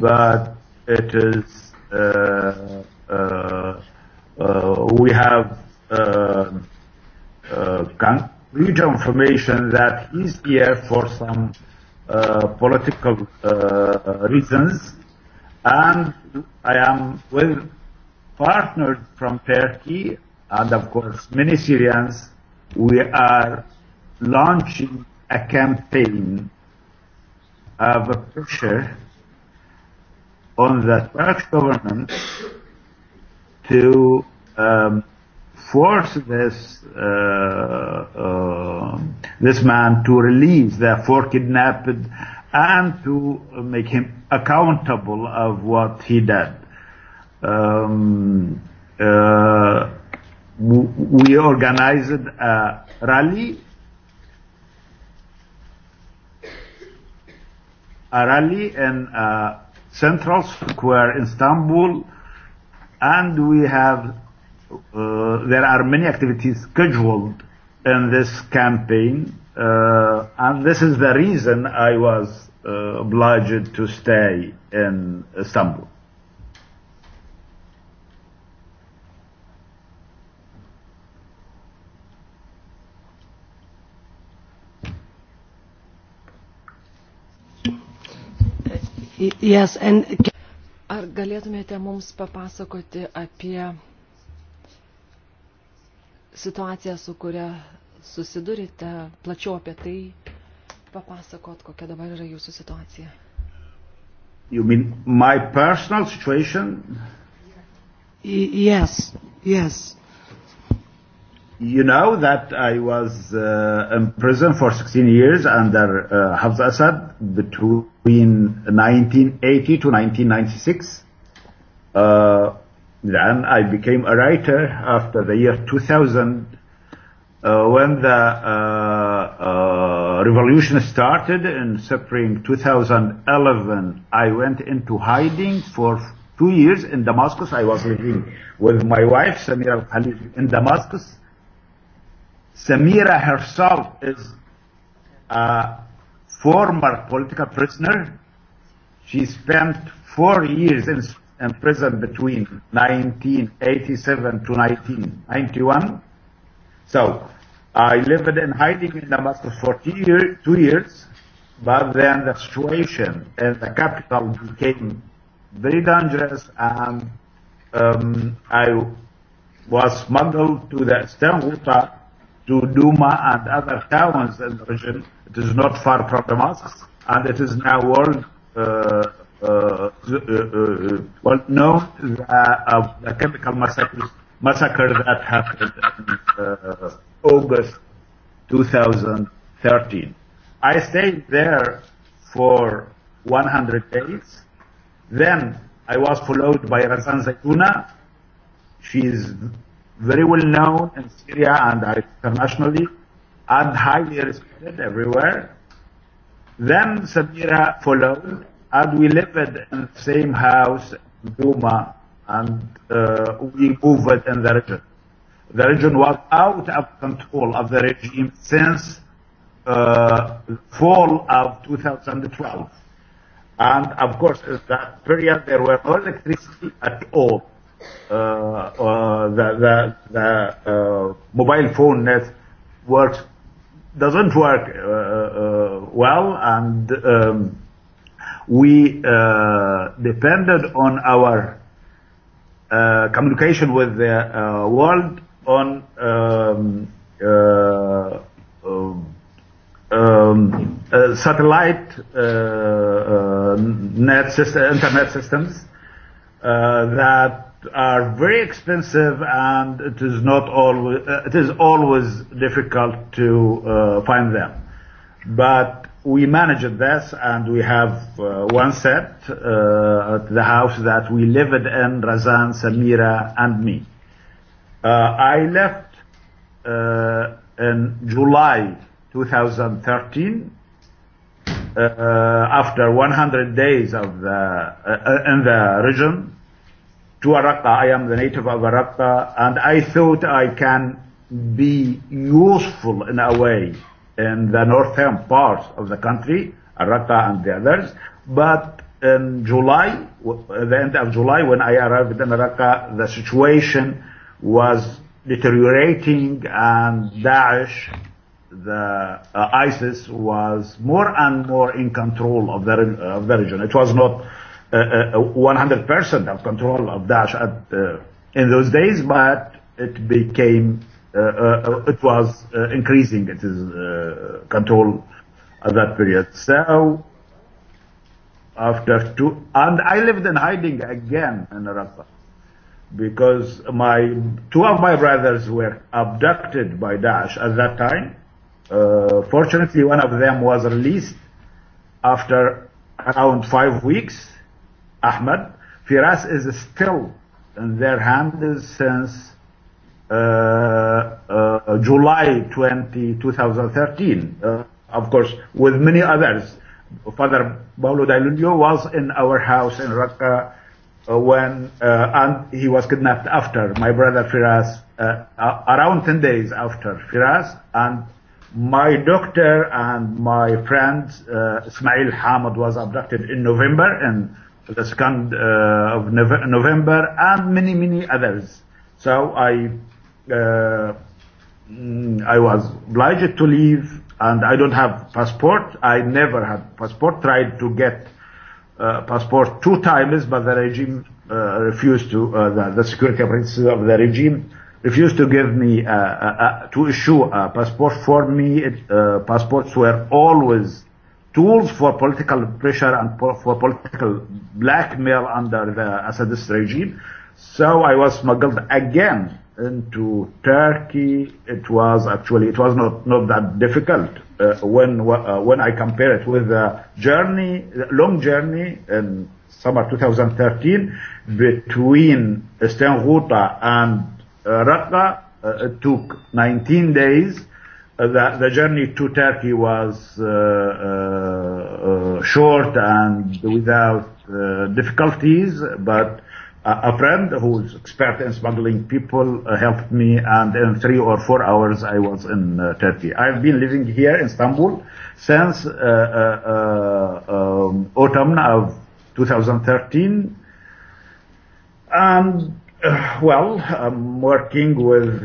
but it is uh, uh, Uh, we have um, uh, reconfirmation that is here for some uh, political reasons. I am well partnered from Turkey and of course many Syrians, we are launching a campaign of pressure on the Turkish government to um, force this uh, uh, this man to release, therefore kidnapped, and to make him accountable of what he did. Um, uh, we organized a rally. A rally in a uh, central square in Istanbul, and we have Uh, there are many activities scheduled in this campaign, uh, and this is the reason I was uh, obliged to stay in Istanbul. Yes, and... Ar galėtumėte mums papasakoti apie situaciją, su kuria susidurite, plačiau apie tai papasakot, kokia dabar yra jūsų situacija. You mean my personal situation? Y yes, yes. You know that I was uh, in prison for 16 years under uh, Hafez Assad between 1980 to 1996. Uh, Then I became a writer after the year 2000 uh, when the uh, uh, revolution started in spring 2011, I went into hiding for two years in Damascus. I was living with my wife, Samira Khalid, in Damascus. Samira herself is a former political prisoner. She spent four years in imprisoned between 1987 to 1991. So I lived in hiding in Damascus for two, year, two years, but then the situation in the capital became very dangerous and um, I was smuggled to the Istanbul to Duma and other towns in the region. It is not far from Damascus and it is now world uh, Uh, uh, uh, well known the, uh, the chemical massacres, massacre that happened in August 2013. I stayed there for 100 days. Then I was followed by Razan Zaituna. She is very well known in Syria and internationally and highly respected everywhere. Then Samira followed and we lived in the same house, Duma, and uh, we moved in the region. The region was out of control of the regime since uh, fall of 2012. And of course, in that period, there were no electricity at all. Uh, uh, the the, the uh, mobile phone net works doesn't work uh, uh, well, and um, we uh, depended on our uh, communication with the uh, world on um, uh, um, um uh, satellite uh, net system, internet systems that are very expensive and it is not always it is always difficult to find them but we managed this and we have uh, one set uh, at the house that we lived in, Razan, Samira and me. Uh, I left uh, in July 2013 uh, after 100 days of the, uh, in the region to Araqqa. I am the native of Araqqa and I thought I can be useful in a way in the northern parts of the country, Arrata and the others. But in July, uh, the end of July, when I arrived in Raqqa, the situation was deteriorating and Daesh, the uh, ISIS was more and more in control of the, uh, of the region. It was not uh, 100% uh, of control of Daesh at, uh, in those days, but it became Uh, uh, it was uh, increasing its control at that period. So after two, and I lived in hiding again in Rafah because my two of my brothers were abducted by Daesh at that time. Uh, fortunately, one of them was released after around five weeks. Ahmed Firas is still in their hands since Uh, uh, July 20, 2013, uh, of course, with many others. Father Paulo Dailundio was in our house in Raqqa when uh, and he was kidnapped after my brother Firas uh, around 10 days after Firas and my doctor and my friend uh, Ismail Hamad was abducted in November in the second uh, of November and many many others so I uh, mm, I was obliged to leave and I don't have passport. I never had passport. Tried to get uh, passport two times, but the regime uh, refused to, uh, the, the security apparatus of the regime refused to give me, uh, uh, uh, to issue a passport for me. It, uh, passports were always tools for political pressure and po for political blackmail under the Assadist regime. So I was smuggled again into Turkey, it was actually it was not not that difficult. Uh, when uh, when I compare it with the journey, long journey in summer 2013 between Stenruta and uh, Ratna, uh, it took 19 days. Uh, the, the journey to Turkey was uh, uh, short and without difficulties, but a friend who's expert in smuggling people uh, helped me and in three or four hours I was in uh, Turkey. I've been living here in Istanbul since uh, uh, uh um, autumn of 2013 and uh, well I'm working with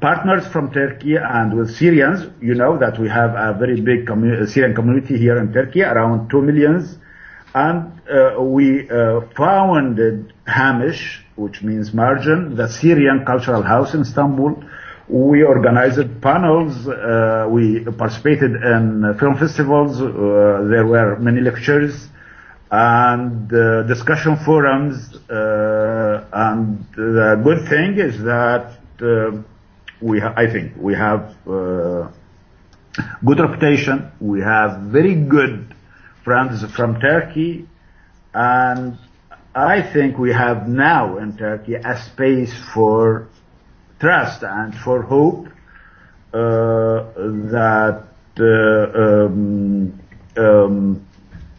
partners from Turkey and with Syrians. You know that we have a very big commu Syrian community here in Turkey around 2 millions and uh, we uh, founded Hamish, which means Marjan, the Syrian cultural house in Istanbul. We organized panels, uh, we participated in film festivals, uh, there were many lectures and uh, discussion forums, uh, and the good thing is that we, ha- I think, we have good reputation, we have very good brands from Turkey, and I think we have now in Turkey a space for trust and for hope uh, that uh, um, um,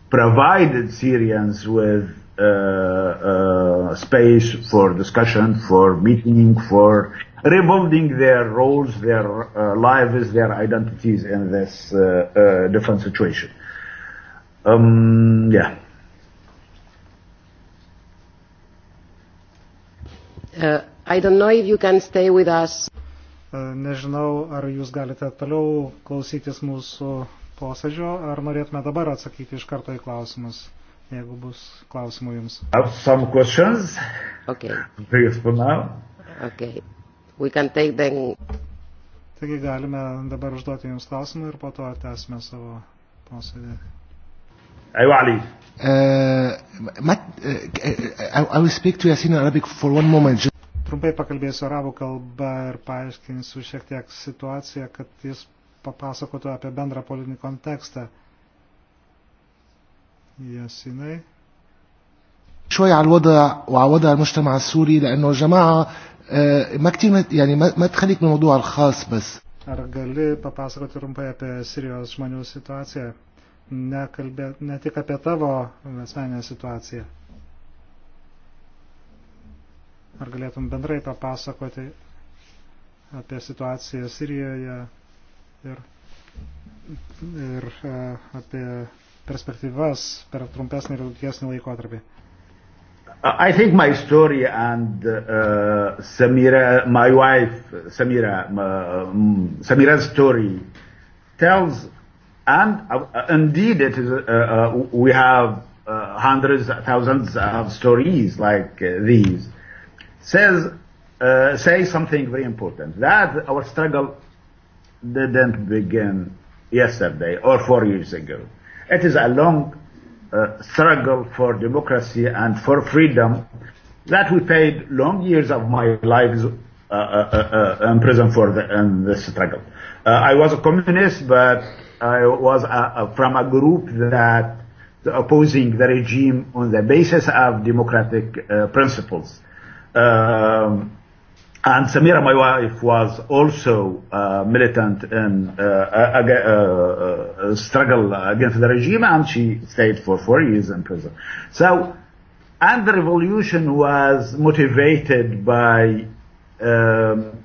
provided Syrians with uh, uh space for discussion, for meeting, for rebuilding their roles, their uh, lives, their identities in this uh, different situation. Um, yeah. Uh, I don't know if you can stay with us. Uh, nežinau, ar jūs galite toliau klausytis mūsų posėdžio, ar norėtume dabar atsakyti iš karto į klausimus, jeigu bus klausimų jums. Have some questions? Okay. Please for now. Okay. We can take them. Taigi galime dabar užduoti jums klausimą ir po to tęsime savo posėdį. ايوه علي uh, uh, Trumpai pakalbėsiu arabų kalbą ir paaiškinsiu šiek tiek situaciją, kad jis papasakotų apie bendrą politinį kontekstą. Jasinai. شوية على الوضع وعلى وضع المجتمع السوري لأنه الجماعة ما كتير يعني ما تخليك من الموضوع الخاص بس. Ar gali papasakoti trumpai apie Sirijos žmonių situaciją? nekalbė, ne tik apie tavo asmeninę situaciją. Ar galėtum bendrai papasakoti apie situaciją Sirijoje ir, ir e, apie perspektyvas per trumpesnį ir ilgesnį laikotarpį? I think my story and uh, Samira, my wife, Samira, uh, mm, Samira's story tells And uh, indeed, it is. Uh, uh we have uh, hundreds, thousands of stories like uh, these. Says, say something very important. That our struggle didn't begin yesterday or four years ago. It is a long struggle for democracy and for freedom that we paid long years of my lives uh, uh, uh, in prison for the, in this struggle. Uh, I was a communist, but I was a, a, from a group that opposing the regime on the basis of democratic uh, principles. Um, and Samira, my wife, was also uh, militant in uh, uh, uh, uh struggle against the regime, and she stayed for four years in prison. So, and the revolution was motivated by um,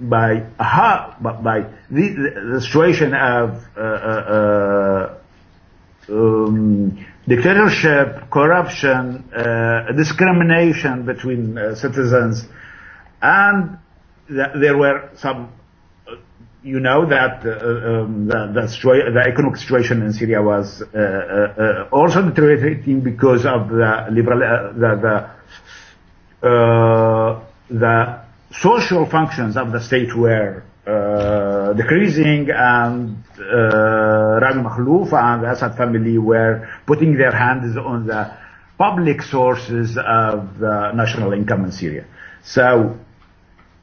by aha, by the, the situation of uh, uh, uh, um, dictatorship, corruption, uh, discrimination between uh, citizens, and th- there were some, uh, you know, that uh, um, the, the, situa- the economic situation in Syria was uh, uh, uh, also deteriorating because of the liberal, uh, the the, uh, the social functions of the state were uh, decreasing and uh, Rami Makhlouf and the Assad family were putting their hands on the public sources of the national income in Syria. So,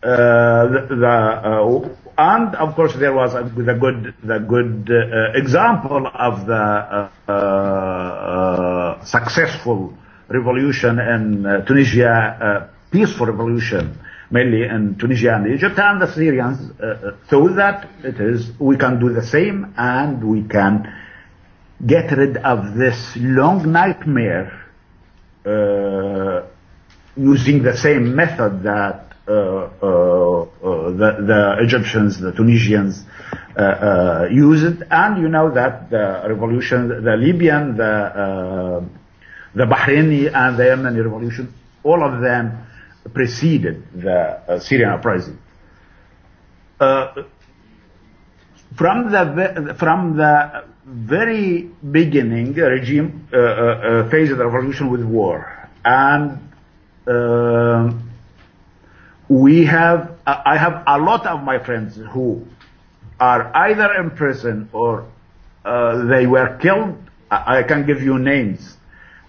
uh, the, the, uh, and of course there was a, the good, the good uh, example of the uh, uh, successful revolution in uh, Tunisia, uh, peaceful revolution mainly in Tunisia and Egypt, and the Syrians uh, uh thought that it is we can do the same and we can get rid of this long nightmare uh, using the same method that uh, uh, uh, the, the Egyptians, the Tunisians uh, uh, used, and you know that the revolution, the Libyan, the uh, the Bahraini, and the Yemeni revolution, all of them preceded the uh, Syrian uprising. Uh, from the from the very beginning, the regime faced uh, the revolution with war, and we have I have a lot of my friends who are either in prison or uh, they were killed. I, I can give you names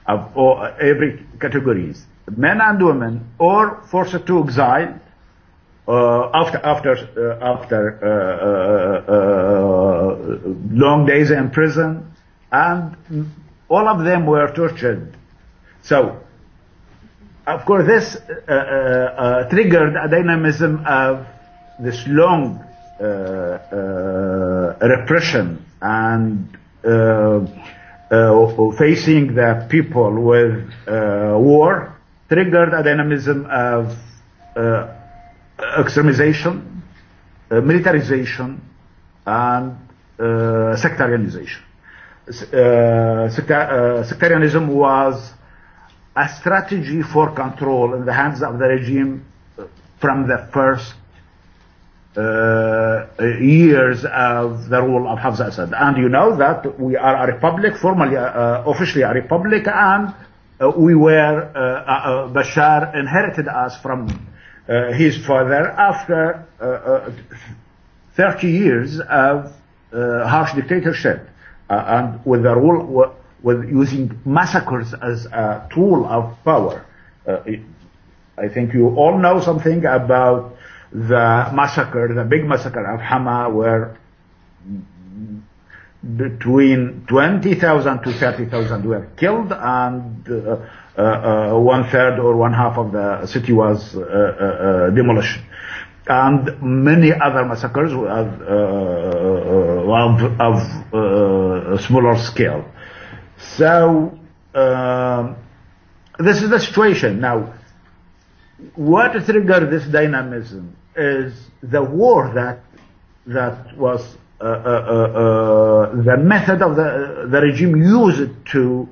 of all, every categories men and women, or forced to exile uh, after after uh, after uh, uh, uh, uh, long days in prison, and all of them were tortured. So, of course, this triggered a dynamism of this long repression and facing the people with war triggered a dynamism of uh, extremization, uh, militarization, and uh, sectarianization. Uh, Sectar uh, sectarianism was a strategy for control in the hands of the regime from the first uh, years of the rule of Hafez Assad. And you know that we are a republic, formally, uh, officially a republic, and Uh, we were, uh, uh, Bashar inherited us from his father after 30 years of harsh dictatorship and with the rule with using massacres as a tool of power. I think you all know something about the massacre, the big massacre of Hama, where between 20,000 to 30,000 were killed and uh, uh, uh one third or one half of the city was uh, uh, uh, demolished. And many other massacres were of, of smaller scale. So um, this is the situation. Now, what triggered this dynamism is the war that that was Uh, uh, uh, the method of the, the regime used to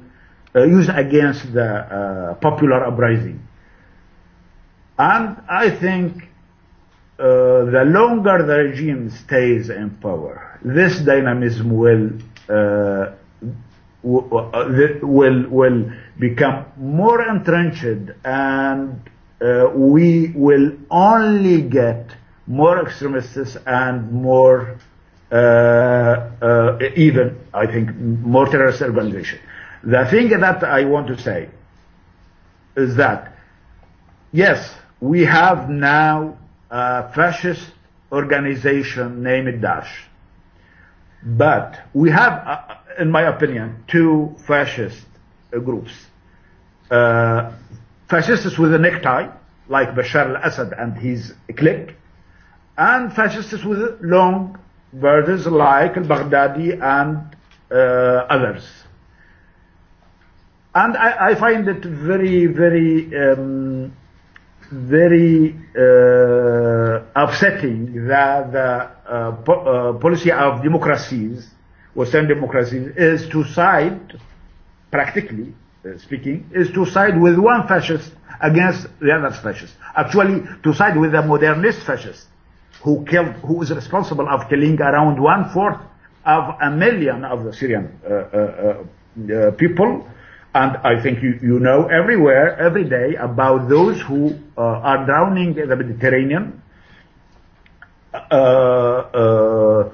used against the popular uprising. And I think uh, the longer the regime stays in power, this dynamism will uh, will will become more entrenched, and uh, we will only get more extremists and more Uh, uh, even, I think, more terrorist organization. The thing that I want to say is that, yes, we have now a fascist organization named Daesh. But we have, uh, in my opinion, two fascist uh, groups. Uh, fascists with a necktie, like Bashar al-Assad and his clique, and fascists with long verses like al-Baghdadi and uh, others. And I, I, find it very, very, um, very uh, upsetting that the uh, po uh, policy of democracies, Western democracies, is to side, practically uh, speaking, is to side with one fascist against the other fascist. Actually, to side with the modernist fascist who killed, who is responsible of killing around one fourth of a million of the Syrian uh, uh, uh, uh, people. And I think you, you know everywhere, every day about those who uh, are drowning in the Mediterranean. Uh,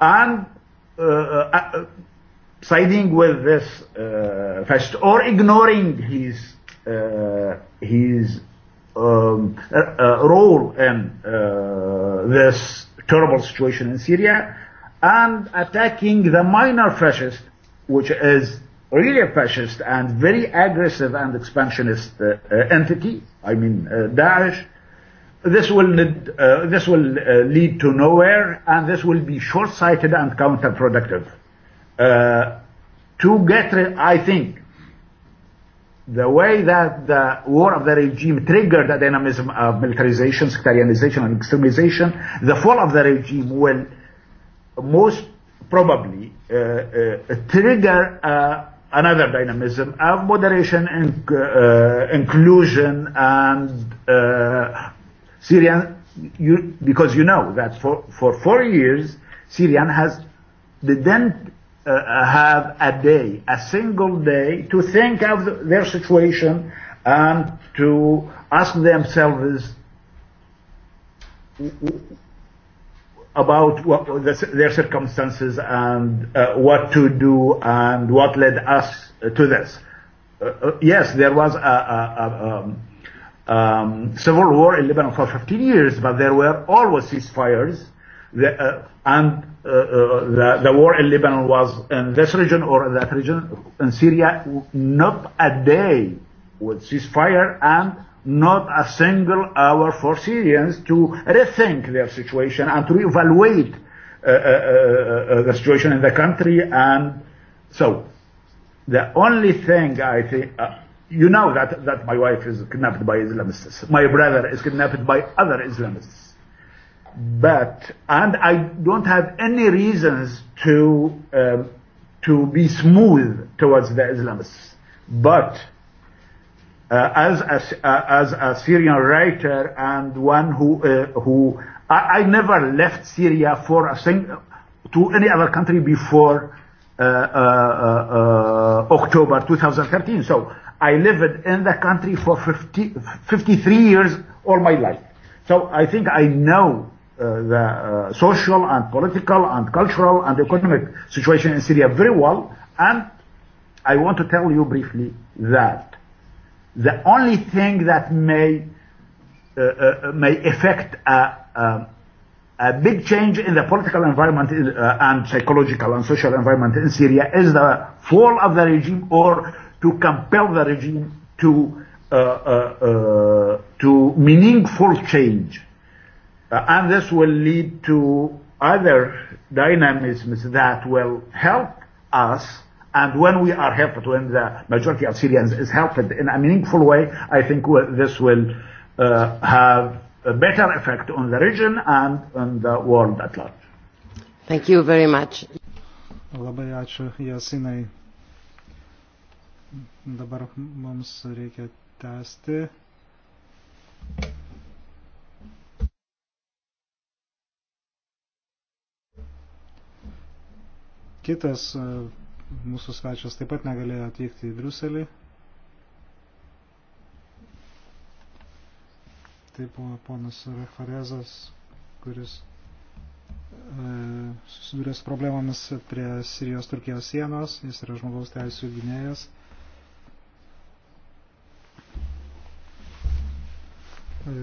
and siding with this fascist or ignoring his his um, role in uh, this terrible situation in Syria and attacking the minor fascist, which is really a fascist and very aggressive and expansionist uh, uh, entity, I mean Daesh, this will lead, uh, this will uh, lead to nowhere, and this will be short-sighted and counterproductive. Uh, to get, I think, the way that the war of the regime triggered the dynamism of militarization, sectarianization, and extremization, the fall of the regime will most probably uh, uh, trigger uh, another dynamism of moderation and uh, inclusion and uh, Syrian, you, because you know that for, for four years, Syrian has didn't uh, have a day, a single day, to think of their situation and to ask themselves about what the, their circumstances and uh, what to do and what led us to this. Uh, uh yes, there was a, a, a um, um, civil war in Lebanon for 15 years, but there were always ceasefires. The, uh, and Uh, uh, the, the war in Lebanon was in this region or in that region. In Syria, not a day with ceasefire and not a single hour for Syrians to rethink their situation and to evaluate uh, uh, uh, uh, the situation in the country. And so, the only thing I think, you know that, that my wife is kidnapped by Islamists. My brother is kidnapped by other Islamists but and I don't have any reasons to uh, to be smooth towards the Islamists. But uh, as a, uh, as a Syrian writer and one who uh, who I, I, never left Syria for a sing- to any other country before uh, uh, October 2013. So I lived in the country for 50, 53 years all my life. So I think I know Uh, the uh, social and political and cultural and economic situation in Syria very well. And I want to tell you briefly that the only thing that may uh, may affect a, a big change in the political environment and psychological and social environment in Syria is the fall of the regime or to compel the regime to uh, uh, uh, to meaningful change. Uh, and this will lead to other dynamisms that will help us. And when we are helped, when the majority of Syrians is helped in a meaningful way, I think this will uh, have a better effect on the region and on the world at large. Thank you very much. Labai ačiū, Jasinai. Dabar mums reikia tęsti. Kitas e, mūsų svečias taip pat negalėjo atvykti į Briuselį. Tai buvo ponas Refarezas, kuris e, susidūrė su problemomis prie Sirijos Turkijos sienos, jis yra žmogaus teisų gynėjas. E,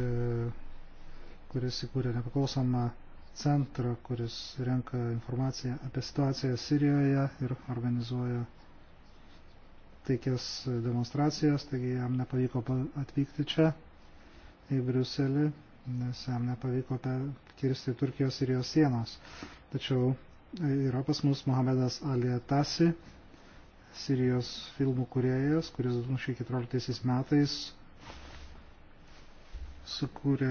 kuris įkūrė nepaklausomą centrą, kuris renka informaciją apie situaciją Sirijoje ir organizuoja taikės demonstracijas, taigi jam nepavyko atvykti čia į Briuselį, nes jam nepavyko kirsti Turkijos ir jos sienos. Tačiau yra pas mus Mohamedas Ali Tasi, Sirijos filmų kuriejas, kuris 2014 metais sukūrė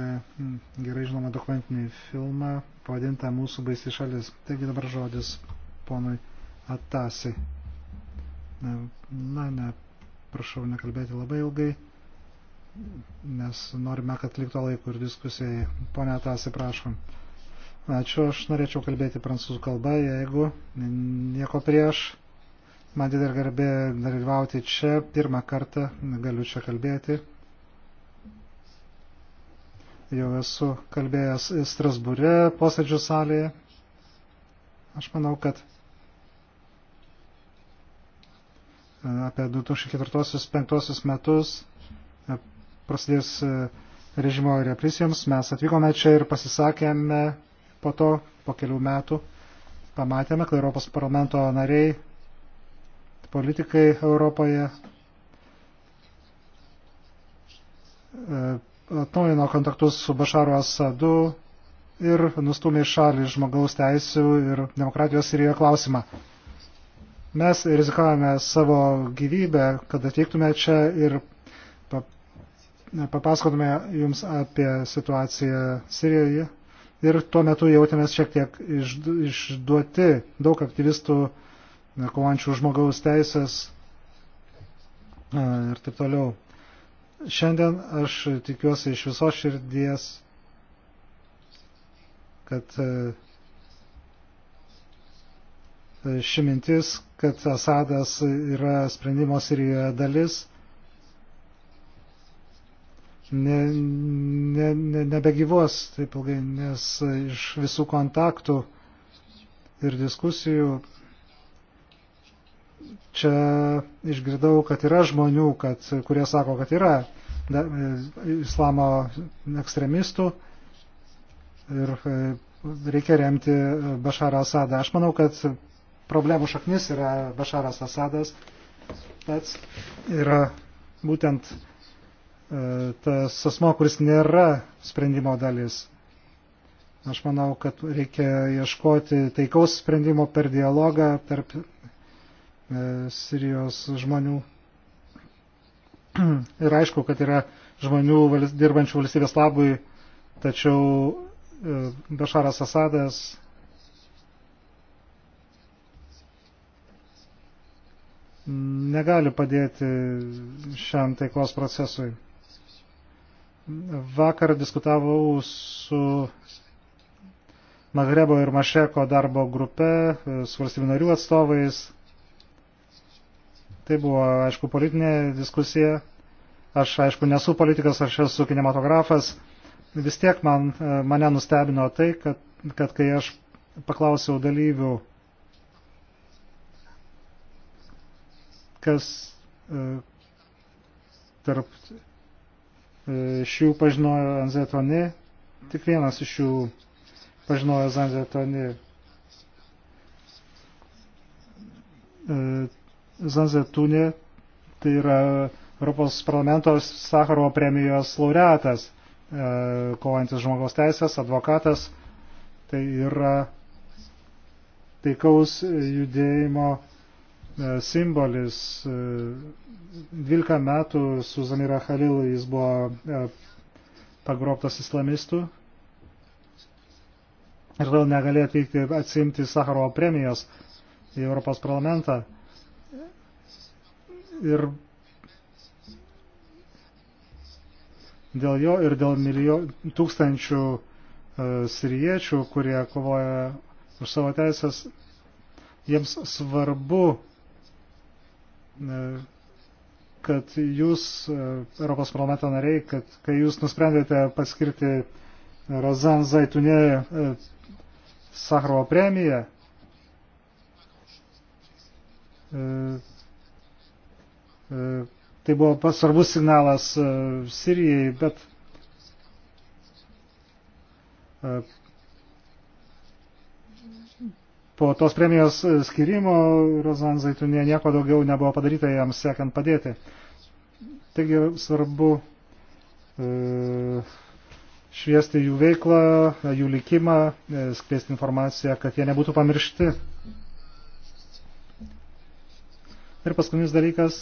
gerai žinomą dokumentinį filmą pavadintą Mūsų baisi šalis. Taigi dabar žodis ponui Atasi. Na, ne, prašau nekalbėti labai ilgai, nes norime, kad likto laiko ir diskusijai. Pone Atasi, prašom. Ačiū, aš norėčiau kalbėti prancūzų kalbą, jeigu nieko prieš. Man didelė garbė dalyvauti čia, pirmą kartą galiu čia kalbėti, jau esu kalbėjęs Strasbūre posėdžių salėje. Aš manau, kad e, apie 2004-2005 metus e, prasidėjus e, režimo represijoms mes atvykome čia ir pasisakėme po to, po kelių metų, pamatėme, kad Europos parlamento nariai, politikai Europoje atnaujino kontaktus su Bašaru Asadu ir nustumė šalį žmogaus teisų ir demokratijos Sirijoje klausimą. Mes rizikavome savo gyvybę, kad atvyktume čia ir papasakotume jums apie situaciją Sirijoje. Ir tuo metu jautėmės šiek tiek išduoti daug aktyvistų, kovančių žmogaus teisės e, ir taip toliau. Šiandien aš tikiuosi iš viso širdies, kad e, ši mintis, kad Asadas yra sprendimo Sirijoje dalis, ne, ne, ne, nebegyvos taip ilgai, nes iš visų kontaktų ir diskusijų čia išgirdau, kad yra žmonių, kad, kurie sako, kad yra da, islamo ekstremistų ir e, reikia remti Bašarą Asadą. Aš manau, kad problemų šaknis yra Bašaras Asadas pats yra būtent e, tas asmo, kuris nėra sprendimo dalis. Aš manau, kad reikia ieškoti taikaus sprendimo per dialogą tarp E, Sirijos žmonių. (clears throat) Ir aišku, kad yra žmonių valst, dirbančių valstybės labui, tačiau e, Bešaras Asadas negali padėti šiam taikos procesui. Vakar diskutavau su Magrebo ir Mašeko darbo grupe, e, su valstybių narių atstovais Tai buvo, aišku, politinė diskusija. Aš, aišku, nesu politikas, aš esu kinematografas. Vis tiek man, e, mane nustebino tai, kad, kad kai aš paklausiau dalyvių, kas e, tarp e, šių pažinojo Anzetoni, tik vienas iš jų pažinojo Anzetoni Zanzetunė, tai yra Europos parlamento Sakarovo premijos laureatas, e, kovantis žmogaus teisės, advokatas, tai yra taikaus judėjimo e, simbolis. 12 e, metų su Zamira Khalilu jis buvo pagrobtas islamistų ir vėl negalėjo atvykti atsimti Sakarovo premijos į Europos parlamentą ir dėl jo ir dėl milijo, tūkstančių e, siriečių, kurie kovoja už savo teisės, jiems svarbu, e, kad jūs, e, Europos parlamento nariai, kad kai jūs nusprendėte paskirti e, Rozan Zaitunė e, Sakrovo premiją, e, E, tai buvo svarbus signalas e, Sirijai, bet e, po tos premijos skirimo Rozan Zaitunė nieko daugiau nebuvo padaryta jam sekant padėti. Taigi svarbu šviesti jų veiklą, jų likimą, skleisti informaciją, kad jie nebūtų pamiršti. Ir paskutinis dalykas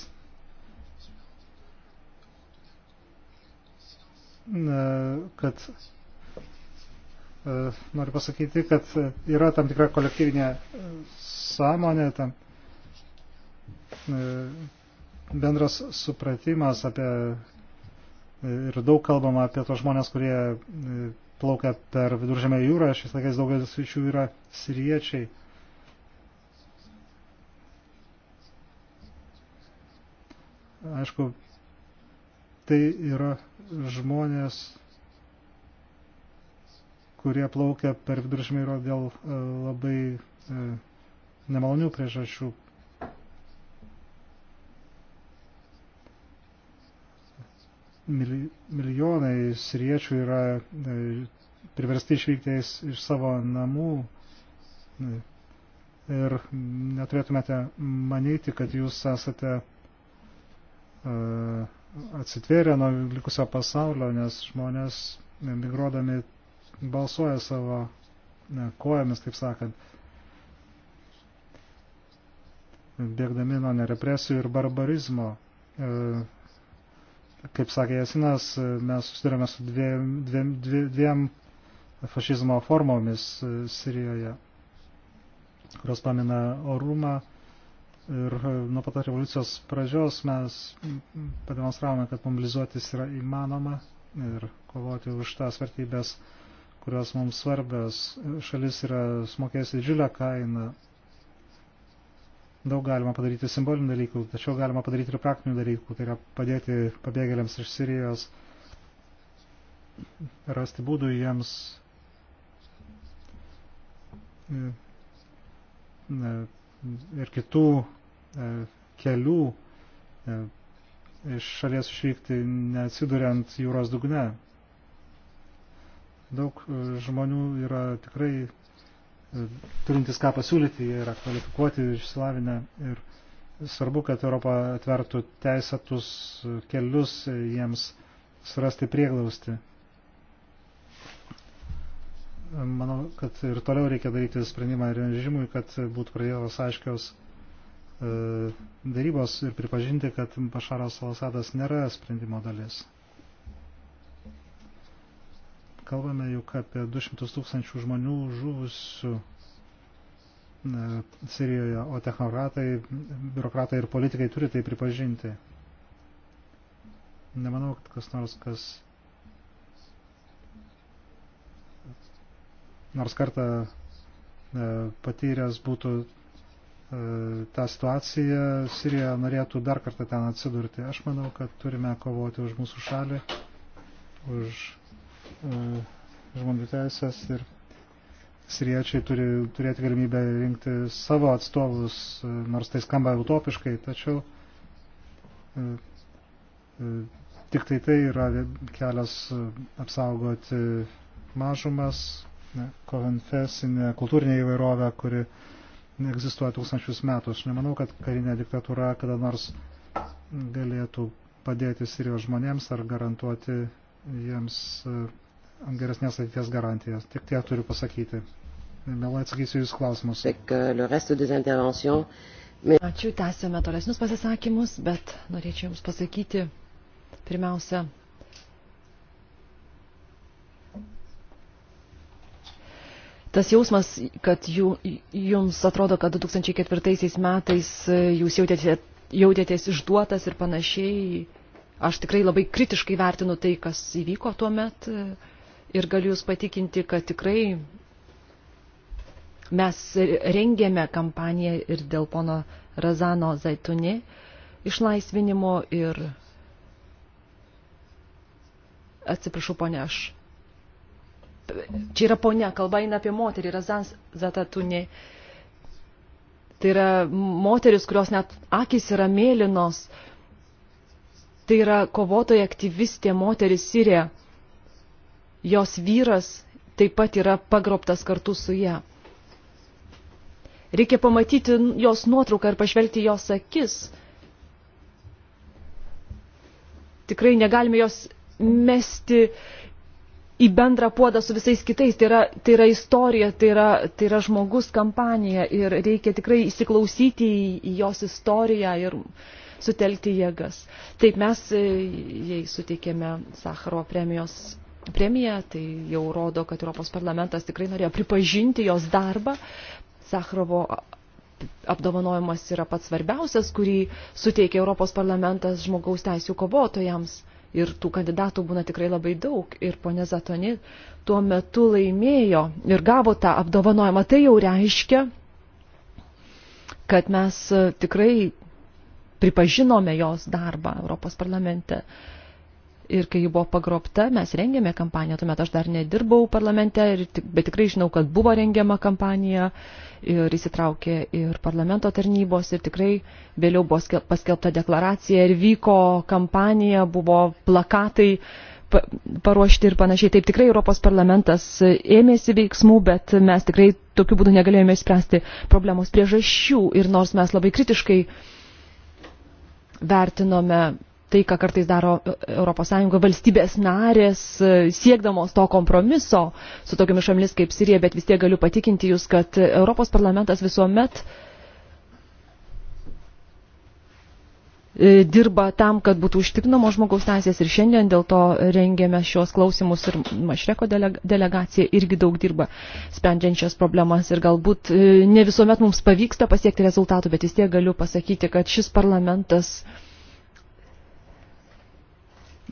kad e, noriu pasakyti, kad yra tam tikra kolektyvinė e, sąmonė, tam e, bendras supratimas apie ir daug kalbama apie tos žmonės, kurie plaukia per viduržėmę jūrą, šiais laikais daugelis iš jų yra siriečiai. Aišku, tai yra žmonės, kurie plaukia per viduržmyro dėl e, labai e, nemalonių priežasčių. Milijonai siriečių yra e, priversti išvykti iš savo namų ir neturėtumėte manyti, kad jūs esate uh, atsitvėrę nuo likusio pasaulio, nes žmonės migruodami balsuoja savo ne, kojomis, taip sakant, bėgdami nuo nerepresijų ir barbarizmo. E, kaip sakė Jasinas, mes susidurėme su dviem, dviem, dviem, dviem fašizmo formomis e, Sirijoje, kurios pamina orumą, Ir e, nuo pat revoliucijos pradžios mes pademonstravome, kad mobilizuotis yra įmanoma ir kovoti už tas vertybės, kurios mums svarbios. Šalis yra smokėjusi didžiulę kainą. Daug galima padaryti simbolinių dalykų, tačiau galima padaryti ir praktinių dalykų, tai yra padėti pabėgėliams iš Sirijos, rasti būdų jiems e, e, ir kitų E, kelių e, iš šalies išvykti, neatsiduriant jūros dugne. Daug e, žmonių yra tikrai turintis ką pasiūlyti, jie yra kvalifikuoti, išsilavinę ir svarbu, kad Europa atvertų teisėtus kelius jiems surasti prieglausti. Manau, kad ir toliau reikia daryti sprendimą režimui, kad būtų pradėtos aiškios E, darybos ir pripažinti, kad Bašaras Alasadas nėra sprendimo dalis. Kalbame juk apie 200 tūkstančių žmonių žuvusių e, Sirijoje, o technokratai, biurokratai ir politikai turi tai pripažinti. Nemanau, kad kas nors, kas nors kartą e, patyręs būtų E, tą situaciją, Sirija norėtų dar kartą ten atsidurti. Aš manau, kad turime kovoti už mūsų šalį, už e, žmonių teisės ir siriečiai turi turėti galimybę rinkti savo atstovus, e, nors tai skamba utopiškai, tačiau tik tai tai yra kelias apsaugoti mažumas, konfesinę, kultūrinę įvairovę, kuri neegzistuoja tūkstančius metų. Aš nemanau, kad karinė diktatūra kada nors galėtų padėti Sirijos žmonėms ar garantuoti jiems e, geresnės ateities garantijas. Tik tie turiu pasakyti. Mielai atsakysiu Jūsų klausimus. Euh, Ačiū, tęsėme tolesnius pasisakymus, bet norėčiau Jums pasakyti pirmiausia tas jausmas, kad jų, jums atrodo, kad 2004 metais e, jūs jautėtės, jautėtės išduotas ir panašiai. Aš tikrai labai kritiškai vertinu tai, kas įvyko tuo met e, ir galiu jūs patikinti, kad tikrai mes rengėme kampaniją ir dėl pono Razano Zaituni išlaisvinimo ir atsiprašau, ponė, aš čia yra ponia, kalba eina apie moterį, Razan Zatatunė. Tai yra moteris, kurios net akis yra mėlynos. Tai yra kovotoja aktyvistė moteris Sirija. Jos vyras taip pat yra pagrobtas kartu su ją. Reikia pamatyti jos nuotrauką ir pažvelgti jos akis. Tikrai negalime jos mesti į bendrą puodą su visais kitais. Tai yra, tai yra istorija, tai yra, tai yra žmogus kampanija ir reikia tikrai įsiklausyti į, į jos istoriją ir sutelkti jėgas. Taip mes e, jai suteikėme Sakaro premijos. Premija tai jau rodo, kad Europos parlamentas tikrai norėjo pripažinti jos darbą. Sakrovo apdovanojimas yra pats svarbiausias, kurį suteikia Europos parlamentas žmogaus teisų kovotojams ir tų kandidatų būna tikrai labai daug. Ir ponė Zatoni tuo metu laimėjo ir gavo tą apdovanojimą. Tai jau reiškia, kad mes e, tikrai pripažinome jos darbą Europos parlamente. Uh, ir kai ji buvo pagrobta, mes rengėme kampaniją, tuomet aš dar nedirbau parlamente, ir, bet tikrai žinau, kad buvo rengiama kampanija ir įsitraukė ir parlamento tarnybos ir tikrai vėliau buvo paskelbta deklaracija ir vyko kampanija, buvo plakatai paruošti ir panašiai. Taip tikrai Europos parlamentas ėmėsi veiksmų, bet mes tikrai tokiu būdu negalėjome spręsti problemos priežasčių ir nors mes labai kritiškai vertinome tai, ką kartais daro ES valstybės narės, e, siekdamos to kompromiso su tokiamis šalimis kaip Sirija, bet vis tiek galiu patikinti Jūs, kad Europos parlamentas visuomet e, dirba tam, kad būtų užtikrinamos žmogaus teisės ir šiandien dėl to rengėme šios klausimus ir Mašreko delegacija irgi daug dirba sprendžiant šias problemas ir galbūt e, ne visuomet mums pavyksta pasiekti rezultatų, bet vis tiek galiu pasakyti, kad šis parlamentas uh,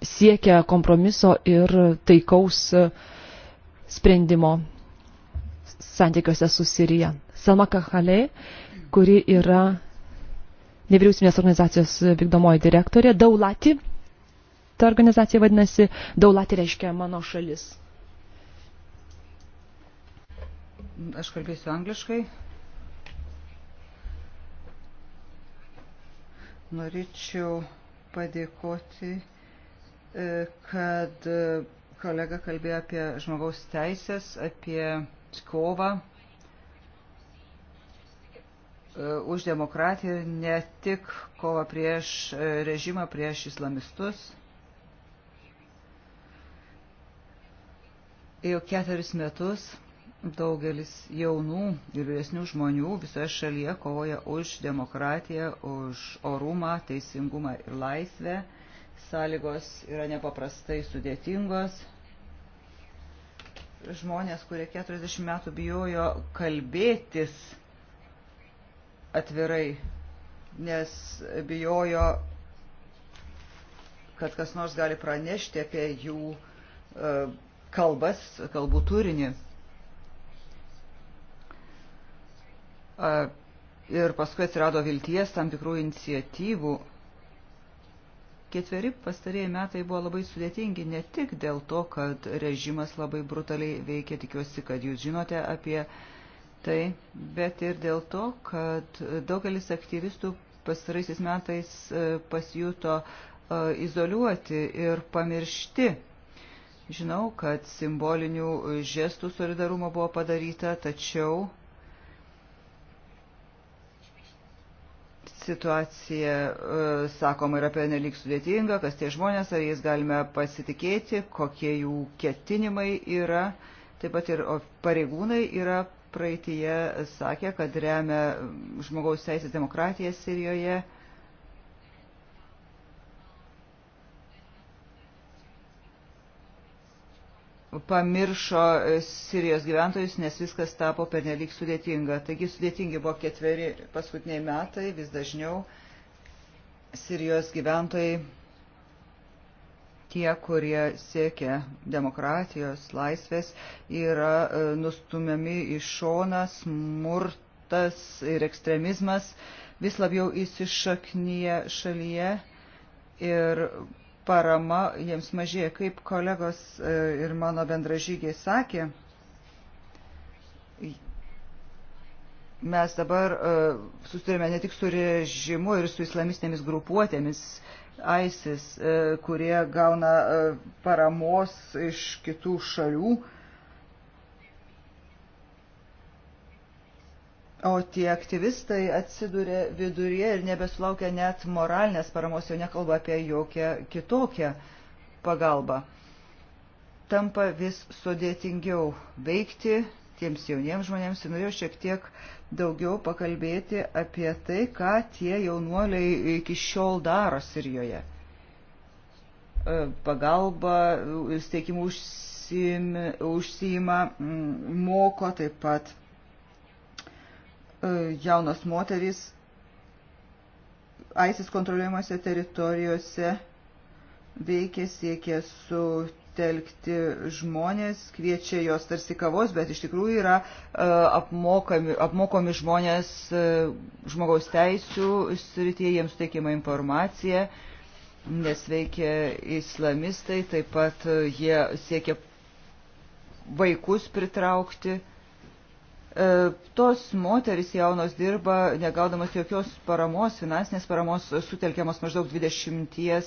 siekia kompromiso ir taikaus sprendimo santykiuose su Sirija. Salma Kahalei, kuri yra nevyriausybinės organizacijos vykdomoji direktorė, Daulati, ta organizacija vadinasi, Daulati reiškia mano šalis. Aš kalbėsiu angliškai. Norėčiau padėkoti kad e, kolega kalbėjo apie žmogaus teisės, apie kovą e, už demokratiją, ne tik kovą prieš e, režimą, prieš islamistus. Jau keturis metus daugelis jaunų ir vyresnių žmonių visoje šalyje kovoja už demokratiją, už orumą, teisingumą ir laisvę Sąlygos yra nepaprastai sudėtingos. Žmonės, kurie 40 metų bijojo kalbėtis atvirai, nes bijojo, kad kas nors gali pranešti apie jų e, kalbas, kalbų turinį. Ir paskui atsirado vilties tam tikrų iniciatyvų ketveri pastarėjai metai buvo labai sudėtingi ne tik dėl to, kad režimas labai brutaliai veikia, tikiuosi, kad jūs žinote apie tai, bet ir dėl to, kad daugelis aktyvistų pastaraisiais metais e, pasijuto e, izoliuoti ir pamiršti. Žinau, kad simbolinių žestų solidarumo buvo padaryta, tačiau situacija, e, sakoma, yra pernelyg sudėtinga, kas tie žmonės, ar jais galime pasitikėti, kokie jų ketinimai yra. Taip pat ir pareigūnai yra praeitie sakę, kad remia žmogaus teisės demokratiją Sirijoje pamiršo e, Sirijos gyventojus, nes viskas tapo pernelyg sudėtinga. Taigi sudėtingi buvo ketveri paskutiniai metai, vis dažniau Sirijos gyventojai tie, kurie siekia demokratijos, laisvės, yra e, nustumiami į šoną, smurtas ir ekstremizmas vis labiau įsišaknyje šalyje ir parama jiems mažėja. Kaip kolegos e, ir mano bendražygiai sakė, mes dabar e, susidurime ne tik su režimu ir su islamistinėmis grupuotėmis ISIS, e, kurie gauna paramos iš kitų šalių O tie aktyvistai atsiduria viduryje ir nebesulaukia net moralinės paramos, jau nekalba apie jokią kitokią pagalbą. Tampa vis sudėtingiau veikti tiems jauniems žmonėms ir norėjau šiek tiek daugiau pakalbėti apie tai, ką tie jaunuoliai iki šiol daro Sirijoje. E, pagalba, steikimų užsima, moko taip pat E, jaunos moterys ISIS kontroliuojamose teritorijose veikia, siekia sutelkti žmonės, kviečia jos tarsi kavos, bet iš tikrųjų yra e, apmokami, apmokomi žmonės e, žmogaus teisų srityje, jiems suteikiama informacija, nes veikia islamistai, taip pat jie siekia vaikus pritraukti E, tos moteris jaunos dirba, negaudamas jokios paramos, finansinės paramos, sutelkiamos maždaug 20 e,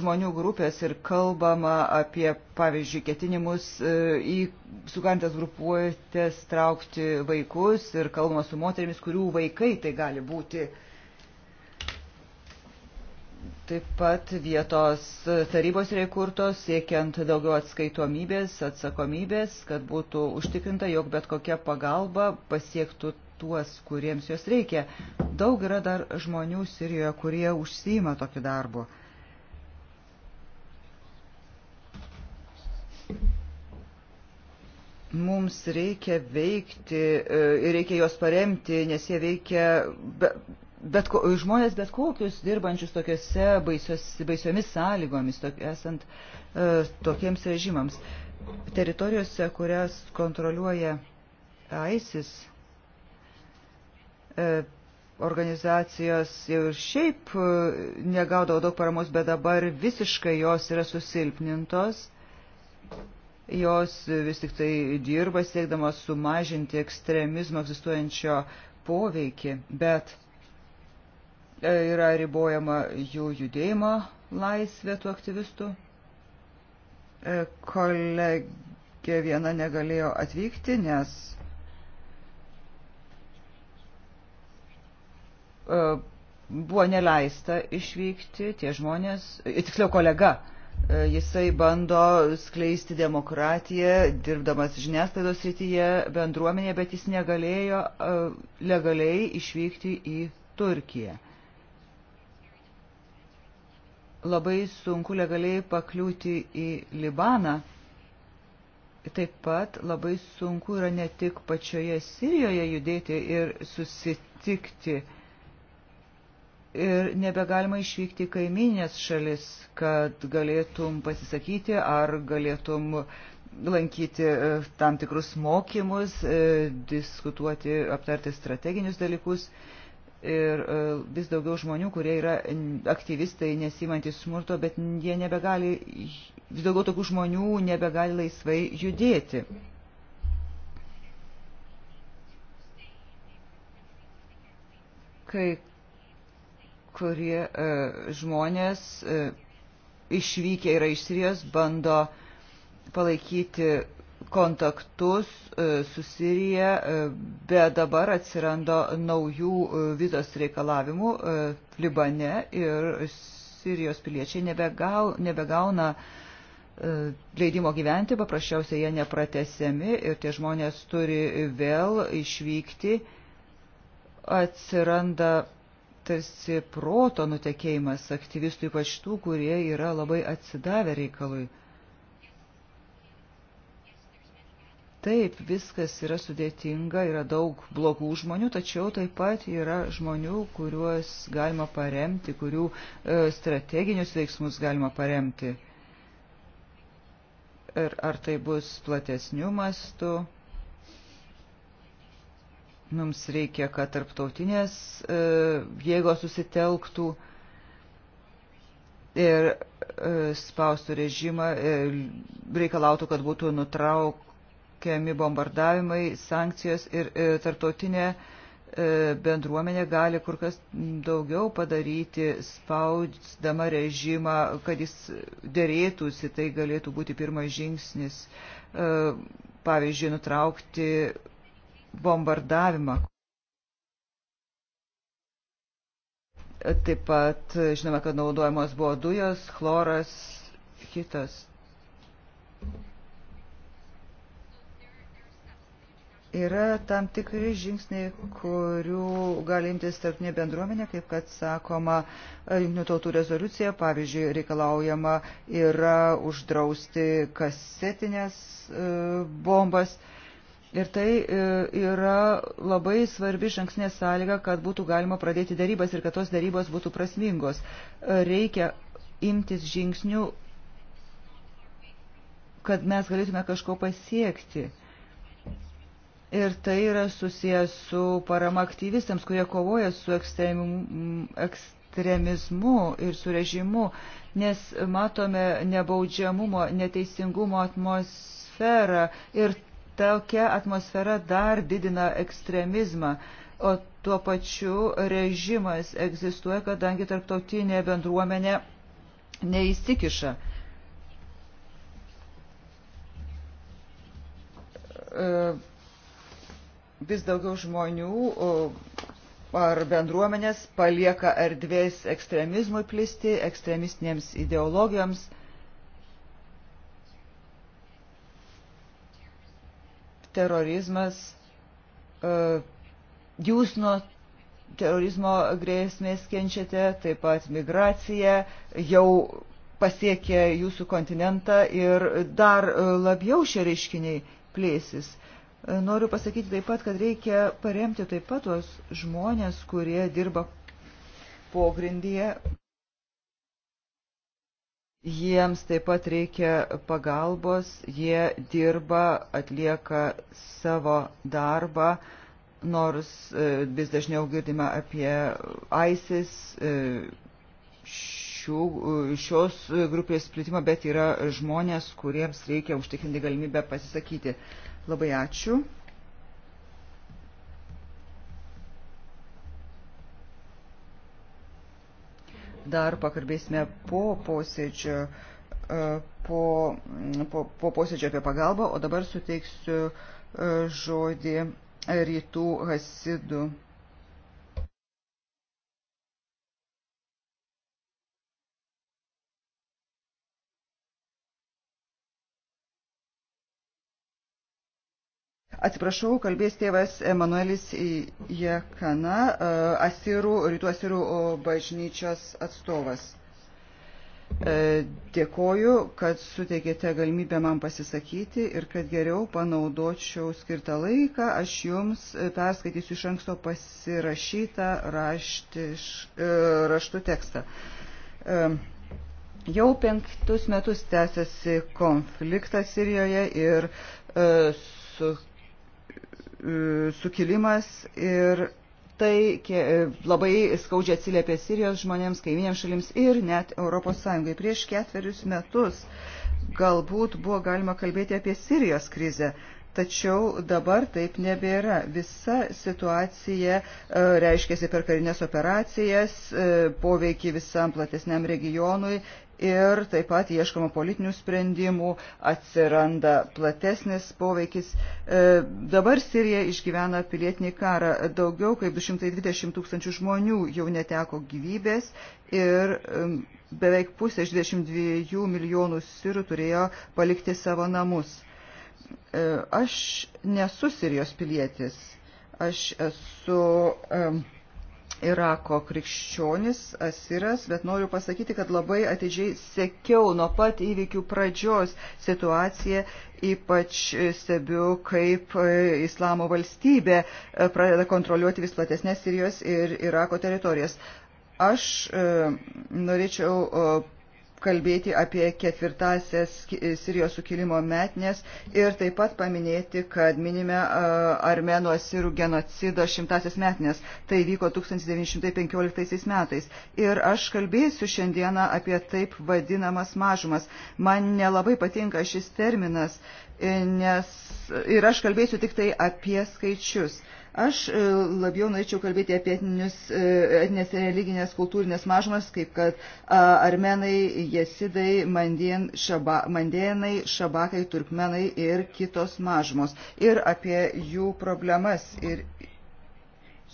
žmonių grupės ir kalbama apie, pavyzdžiui, ketinimus e, į sugantas grupuotės traukti vaikus ir kalbama su moterimis, kurių vaikai tai gali būti. Uh, Taip pat vietos tarybos yra įkurtos, siekiant daugiau atskaitomybės, atsakomybės, kad būtų užtikrinta, jog bet kokia pagalba pasiektų tuos, kuriems jos reikia. Daug yra dar žmonių Sirijoje, kurie užsima tokiu darbu. mums reikia veikti e, ir reikia juos paremti, nes jie veikia be, bet ko, žmonės bet kokius dirbančius tokiuose baisios, baisiomis sąlygomis, tok, esant e, tokiems režimams. Teritorijose, kurias kontroliuoja ISIS, e, organizacijos jau ir šiaip e, negaudavo daug paramos, bet dabar visiškai jos yra susilpnintos. Jos vis tik tai dirba siekdamas sumažinti ekstremizmo egzistuojančio poveikį, bet E, yra ribojama jų judėjimo laisvė tų aktyvistų. E, kolegė viena negalėjo atvykti, nes e, buvo neleista išvykti tie žmonės, tiksliau kolega, jisai bando skleisti demokratiją, dirbdamas žiniasklaidos rytyje bendruomenėje, bet jis negalėjo legaliai išvykti į Turkiją labai sunku legaliai pakliūti į Libaną. Taip pat labai sunku yra ne tik pačioje Sirijoje judėti ir susitikti. Ir nebegalima išvykti kaiminės šalis, kad galėtum pasisakyti ar galėtum lankyti e, tam tikrus mokymus, e, diskutuoti, aptarti strateginius dalykus ir e, vis daugiau žmonių, kurie yra aktyvistai, nesimantys smurto, bet jie nebegali, vis daugiau tokių žmonių nebegali laisvai judėti. Kai kurie e, žmonės e, išvykę yra iš Sirijos, bando palaikyti kontaktus e, su Sirija, e, bet dabar atsiranda naujų e, vizos reikalavimų Libane ir Sirijos piliečiai nebegau, nebegauna leidimo gyventi, paprasčiausiai jie nepratesiami ir tie žmonės turi vėl išvykti. Atsiranda tarsi proto nutekėjimas aktyvistų, ypač tų, kurie yra labai atsidavę reikalui. Taip, viskas yra sudėtinga, yra daug blogų žmonių, tačiau taip pat yra žmonių, kuriuos galima paremti, kurių e, strateginius veiksmus galima paremti. Ir ar tai bus platesnių mastų? Mums reikia, kad tarptautinės e, jėgos susitelktų ir e, spaustų režimą, reikalautų, kad būtų nutrauk smerkiami bombardavimai, sankcijos ir e, tarptautinė e, bendruomenė gali kur kas daugiau padaryti, spaudama režimą, kad jis dėrėtųsi, tai galėtų būti pirmas žingsnis, e, pavyzdžiui, nutraukti bombardavimą. Taip pat žinome, kad naudojamos buvo dujos, chloras, kitas. Yra tam tikri žingsniai, kurių galimtis tarpinė bendruomenė, kaip kad sakoma, jungtinių tautų rezoliucija, pavyzdžiui, reikalaujama yra uždrausti kasetinės e, bombas. Ir tai e, yra labai svarbi žingsnė sąlyga, kad būtų galima pradėti darybas ir kad tos darybos būtų prasmingos. E, reikia imtis žingsnių, kad mes galėtume kažko pasiekti Ir tai yra susijęs su parama aktyvistams, kurie kovoja su ekstremizmu ir su režimu, nes matome nebaudžiamumo, neteisingumo atmosferą ir tokia atmosfera dar didina ekstremizmą. O tuo pačiu režimas egzistuoja, kadangi tarptautinė bendruomenė neįsikiša. E, vis daugiau žmonių ar bendruomenės palieka erdvės ekstremizmui plisti, ekstremistinėms ideologijoms. Terorizmas, e, jūs nuo terorizmo grėsmės kenčiate, taip pat migracija jau pasiekė jūsų kontinentą ir dar e, labiau šie reiškiniai plėsis. Noriu pasakyti taip pat, kad reikia paremti taip pat tos žmonės, kurie dirba pogrindyje. Jiems taip pat reikia pagalbos, jie dirba, atlieka savo darbą, nors e, vis dažniau girdime apie ISIS e, šių, e, šios grupės plitimą, bet yra žmonės, kuriems reikia užtikrinti galimybę pasisakyti. Labai ačiū. Dar pakalbėsime po posėdžio, e, po, mm, po, po posėdžio apie pagalbą, o dabar suteiksiu e, žodį rytų hasidų Atsiprašau, kalbės tėvas Emanuelis Jekana, e, Asirų, rytų Asirų bažnyčios atstovas. E, dėkoju, kad suteikėte galimybę man pasisakyti ir kad geriau panaudočiau skirtą laiką. Aš jums perskaitysiu iš anksto pasirašytą raštiš, e, raštų tekstą. Jau penktus metus tęsiasi konfliktas Sirijoje ir su Mm, sukilimas ir tai labai skaudžiai atsiliepė Sirijos žmonėms, kaiminėms šalims ir net ES. Prieš ketverius metus galbūt buvo galima kalbėti apie Sirijos krizę. Tačiau dabar taip nebėra. Visa situacija e, reiškiasi per karinės operacijas, e, poveikį visam platesniam regionui ir taip pat ieškoma politinių sprendimų, atsiranda platesnis poveikis. E, dabar Sirija išgyvena pilietinį karą. Daugiau kaip 220 tūkstančių žmonių jau neteko gyvybės ir beveik pusė iš 22 milijonų sirų turėjo palikti savo namus. E, aš nesu Sirijos pilietis. Aš esu um, Irako krikščionis Asiras, bet noriu pasakyti, kad labai atidžiai sekiau nuo pat įvykių pradžios situaciją, ypač stebiu, kaip e, islamo valstybė e, pradeda kontroliuoti vis platesnės Sirijos ir Irako teritorijas. Aš e, norėčiau kalbėti apie ketvirtasias Sirijos sukilimo metnės ir taip pat paminėti, kad minime armenų asirų genocido šimtasias metnės. Tai vyko 1915 metais. Ir aš kalbėsiu šiandieną apie taip vadinamas mažumas. Man nelabai patinka šis terminas, e, nes ir aš kalbėsiu tik tai apie skaičius. Aš e, labiau norėčiau kalbėti apie etninius, e, etinės religinės kultūrinės mažumas, kaip kad armenai, jesidai, mandien, šaba, mandienai, šabakai, turkmenai ir kitos mažumos. Ir apie jų problemas ir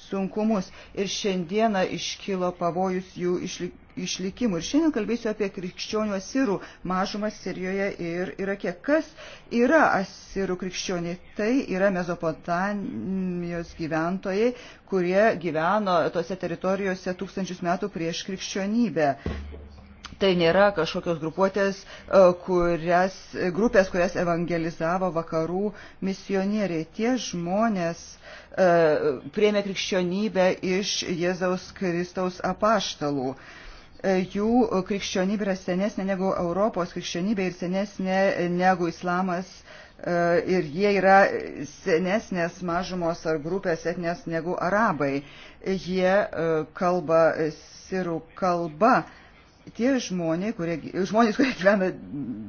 sunkumus. Ir šiandieną iškilo pavojus jų išlik išlikimų. Ir šiandien kalbėsiu apie krikščionių asirų mažumą Sirijoje ir Irake. Kas yra asirų krikščioniai? Tai yra Mezopotamijos gyventojai, kurie gyveno tose teritorijose tūkstančius metų prieš krikščionybę. Tai nėra kažkokios grupuotės, e, kurias, grupės, kurias evangelizavo vakarų misionieriai. Tie žmonės e, priemė krikščionybę iš Jėzaus Kristaus apaštalų. E, E, jų krikščionybė yra senesnė negu Europos krikščionybė ir senesnė negu islamas e, ir jie yra senesnės mažumos ar grupės etnės negu arabai. Jie e, kalba sirų kalba. Tie žmonės, kurie, žmonės, kurie gyvena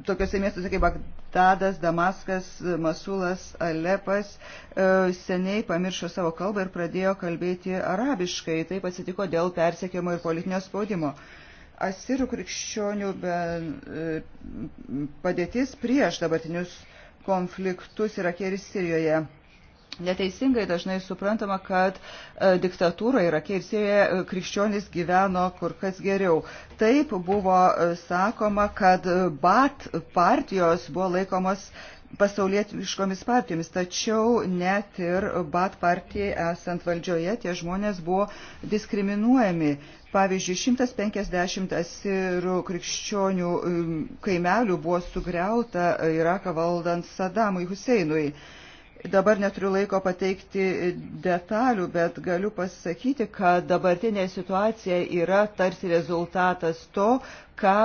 tokiuose miestuose kaip Bagdadas, Damaskas, Masulas, Alepas, seniai pamiršo savo kalbą ir pradėjo kalbėti arabiškai. Taip atsitiko dėl persekiojimo ir politinio spaudimo asirų krikščionių e, padėtis prieš dabartinius konfliktus Irake ir Sirijoje. Neteisingai dažnai suprantama, kad e, diktatūra Irake ir Sirijoje e, krikščionys gyveno kur kas geriau. Taip buvo sakoma, kad BAT partijos buvo laikomos pasaulietiškomis partijomis, tačiau net ir BAT partijai esant valdžioje tie žmonės buvo diskriminuojami. Pavyzdžiui, 150 asirų krikščionių um, kaimelių buvo sugriauta Iraką valdant Sadamui Huseinui. Dabar neturiu laiko pateikti detalių, bet galiu pasakyti, kad dabartinė situacija yra tarsi rezultatas to, ką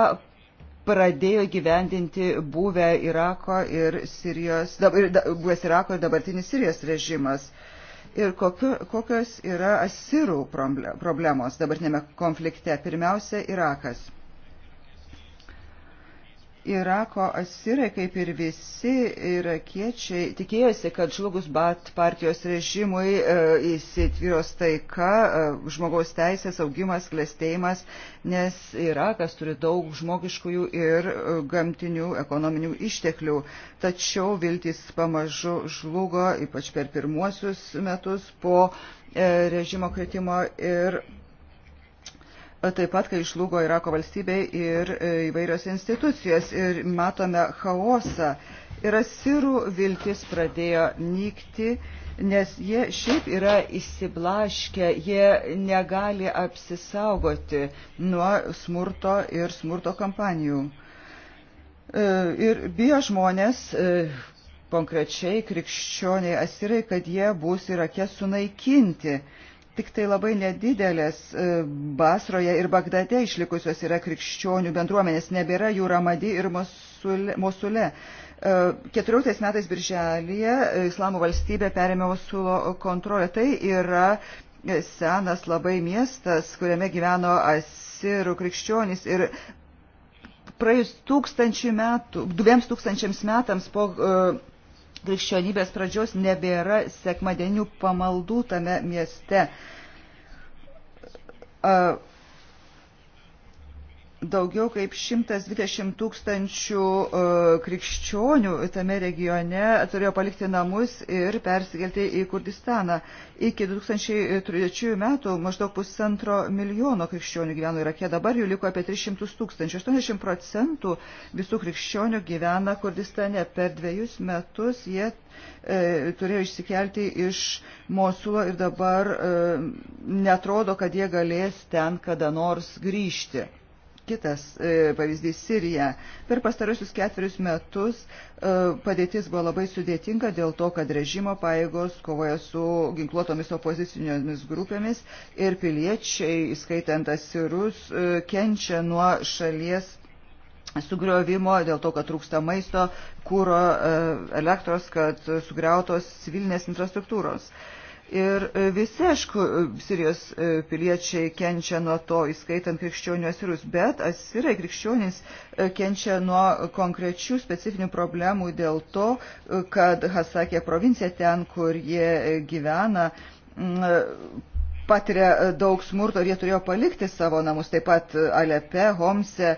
pradėjo gyvendinti buvę Irako ir Sirijos, dabar, buvęs Irako ir dabartinis Sirijos režimas. Ir kokiu, kokios yra asirų problemos dabartinėme konflikte? Pirmiausia, Irakas. Irako asirai, kaip ir visi irakiečiai, tikėjosi, kad žlugus BAT partijos režimui e, įsitvyros taika, e, žmogaus teisės, augimas, klestėjimas, nes Irakas turi daug žmogiškųjų ir e, gamtinių ekonominių išteklių. Tačiau viltys pamažu žlugo, ypač per pirmuosius metus po e, režimo kritimo ir taip pat, kai išlūgo Irako valstybė ir e, įvairios institucijos ir matome chaosą. Ir asirų viltis pradėjo nykti, nes jie šiaip yra įsiblaškę, jie negali apsisaugoti nuo smurto ir smurto kampanijų. E, ir bijo žmonės, e, konkrečiai krikščioniai asirai, kad jie bus Irake sunaikinti Tik tai labai nedidelės e, Basroje ir Bagdade išlikusios yra krikščionių bendruomenės, nebėra jų Ramadi ir Mosule. 14 e, metais birželėje Islamo valstybė perėmė Mosulo kontrolę. Tai yra e, senas labai miestas, kuriame gyveno asirų krikščionys ir praėjus tūkstančių metų, dviems tūkstančiams metams po uh, krikščionybės pradžios nebėra sekmadienių pamaldų tame mieste. Uh, daugiau kaip 120 tūkstančių e, krikščionių tame regione turėjo palikti namus ir persikelti į Kurdistaną. Iki 2003 metų maždaug pusantro milijono krikščionių gyveno Irake, dabar jų liko apie 300 tūkstančių. 80 procentų visų krikščionių gyvena Kurdistane. Per dviejus metus jie e, turėjo išsikelti iš Mosulo ir dabar e, netrodo, kad jie galės ten kada nors grįžti. Kitas e, pavyzdys - Sirija. Per pastarusius ketverius metus e, padėtis buvo labai sudėtinga dėl to, kad režimo paėgos kovoja su ginkluotomis opozicinėmis grupėmis ir piliečiai, įskaitant asirus, e, kenčia nuo šalies sugriovimo, dėl to, kad trūksta maisto, kūro, e, elektros, kad sugriautos civilinės infrastruktūros. E, Ir e, visi, aišku, e, Sirijos e, piliečiai kenčia nuo to, įskaitant krikščionius irus, bet asirai krikščionys kenčia nuo konkrečių specifinių problemų dėl to, kad Hasakė provincija ten, kur jie gyvena, patiria daug smurto ir jie turėjo palikti savo namus, taip pat Alepe, Homse.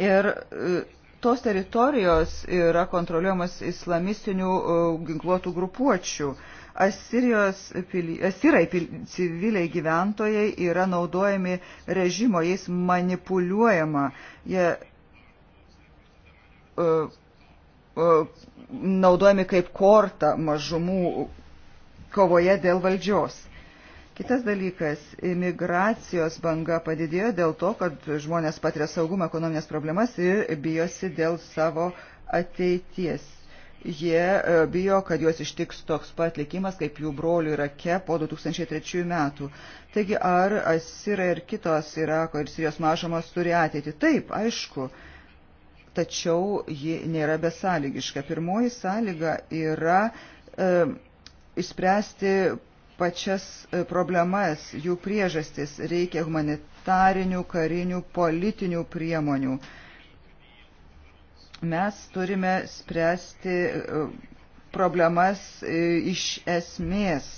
Ir tos teritorijos yra kontroliuojamas islamistinių ginkluotų grupuočių. Uh, Asirijos pili, asirai pili, civiliai gyventojai yra naudojami režimo, jais manipuliuojama. Jie uh, uh, naudojami kaip korta mažumų kovoje dėl valdžios. Kitas dalykas - imigracijos banga padidėjo dėl to, kad žmonės patiria saugumą, ekonominės problemas ir bijosi dėl savo ateities jie e, bijo, kad juos ištiks toks pat likimas kaip jų brolių Irake po 2003 metų. Taigi ar Asira ir kitos Irako ir Sirijos mažumos turi ateitį? Taip, aišku, tačiau ji nėra besąlygiška. Pirmoji sąlyga yra e, išspręsti pačias e, problemas, jų priežastis. Reikia humanitarinių, karinių, politinių priemonių. E, Mes turime spręsti e, problemas e, iš esmės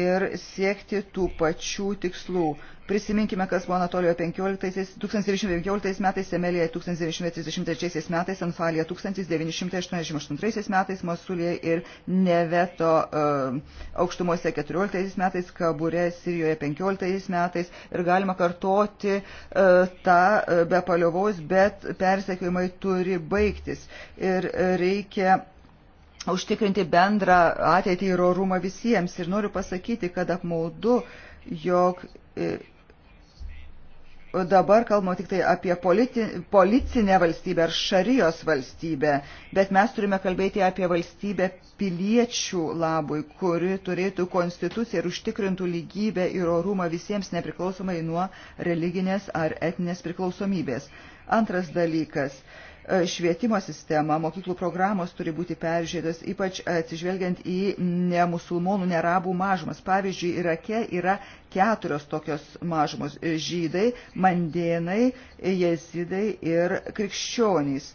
ir siekti tų pačių tikslų. Prisiminkime, kas buvo Anatolijoje 1915 metais, Semelėje 1933 metais, Anfalija 1988 metais, Mosulėje ir Neveto uh, aukštumose 14 metais, Kabure Sirijoje 15 metais. Ir galima kartoti uh, tą uh, be paliovos, bet persekiojimai turi baigtis. Ir uh, reikia užtikrinti bendrą ateitį ir orumą visiems. Ir noriu pasakyti, kad apmaudu, jog uh, dabar kalbama tik tai apie politi, policinę valstybę ar šarijos valstybę, bet mes turime kalbėti apie valstybę piliečių labui, kuri turėtų konstituciją ir užtikrintų lygybę ir orumą visiems nepriklausomai nuo religinės ar etinės priklausomybės. Antras dalykas. Uh, Švietimo sistema, mokyklų programos turi būti peržiūrėtos, ypač atsižvelgiant į ne musulmonų, ne arabų mažumas. Pavyzdžiui, Irake yra keturios tokios mažumos - žydai, mandėnai, jezidai ir krikščionys.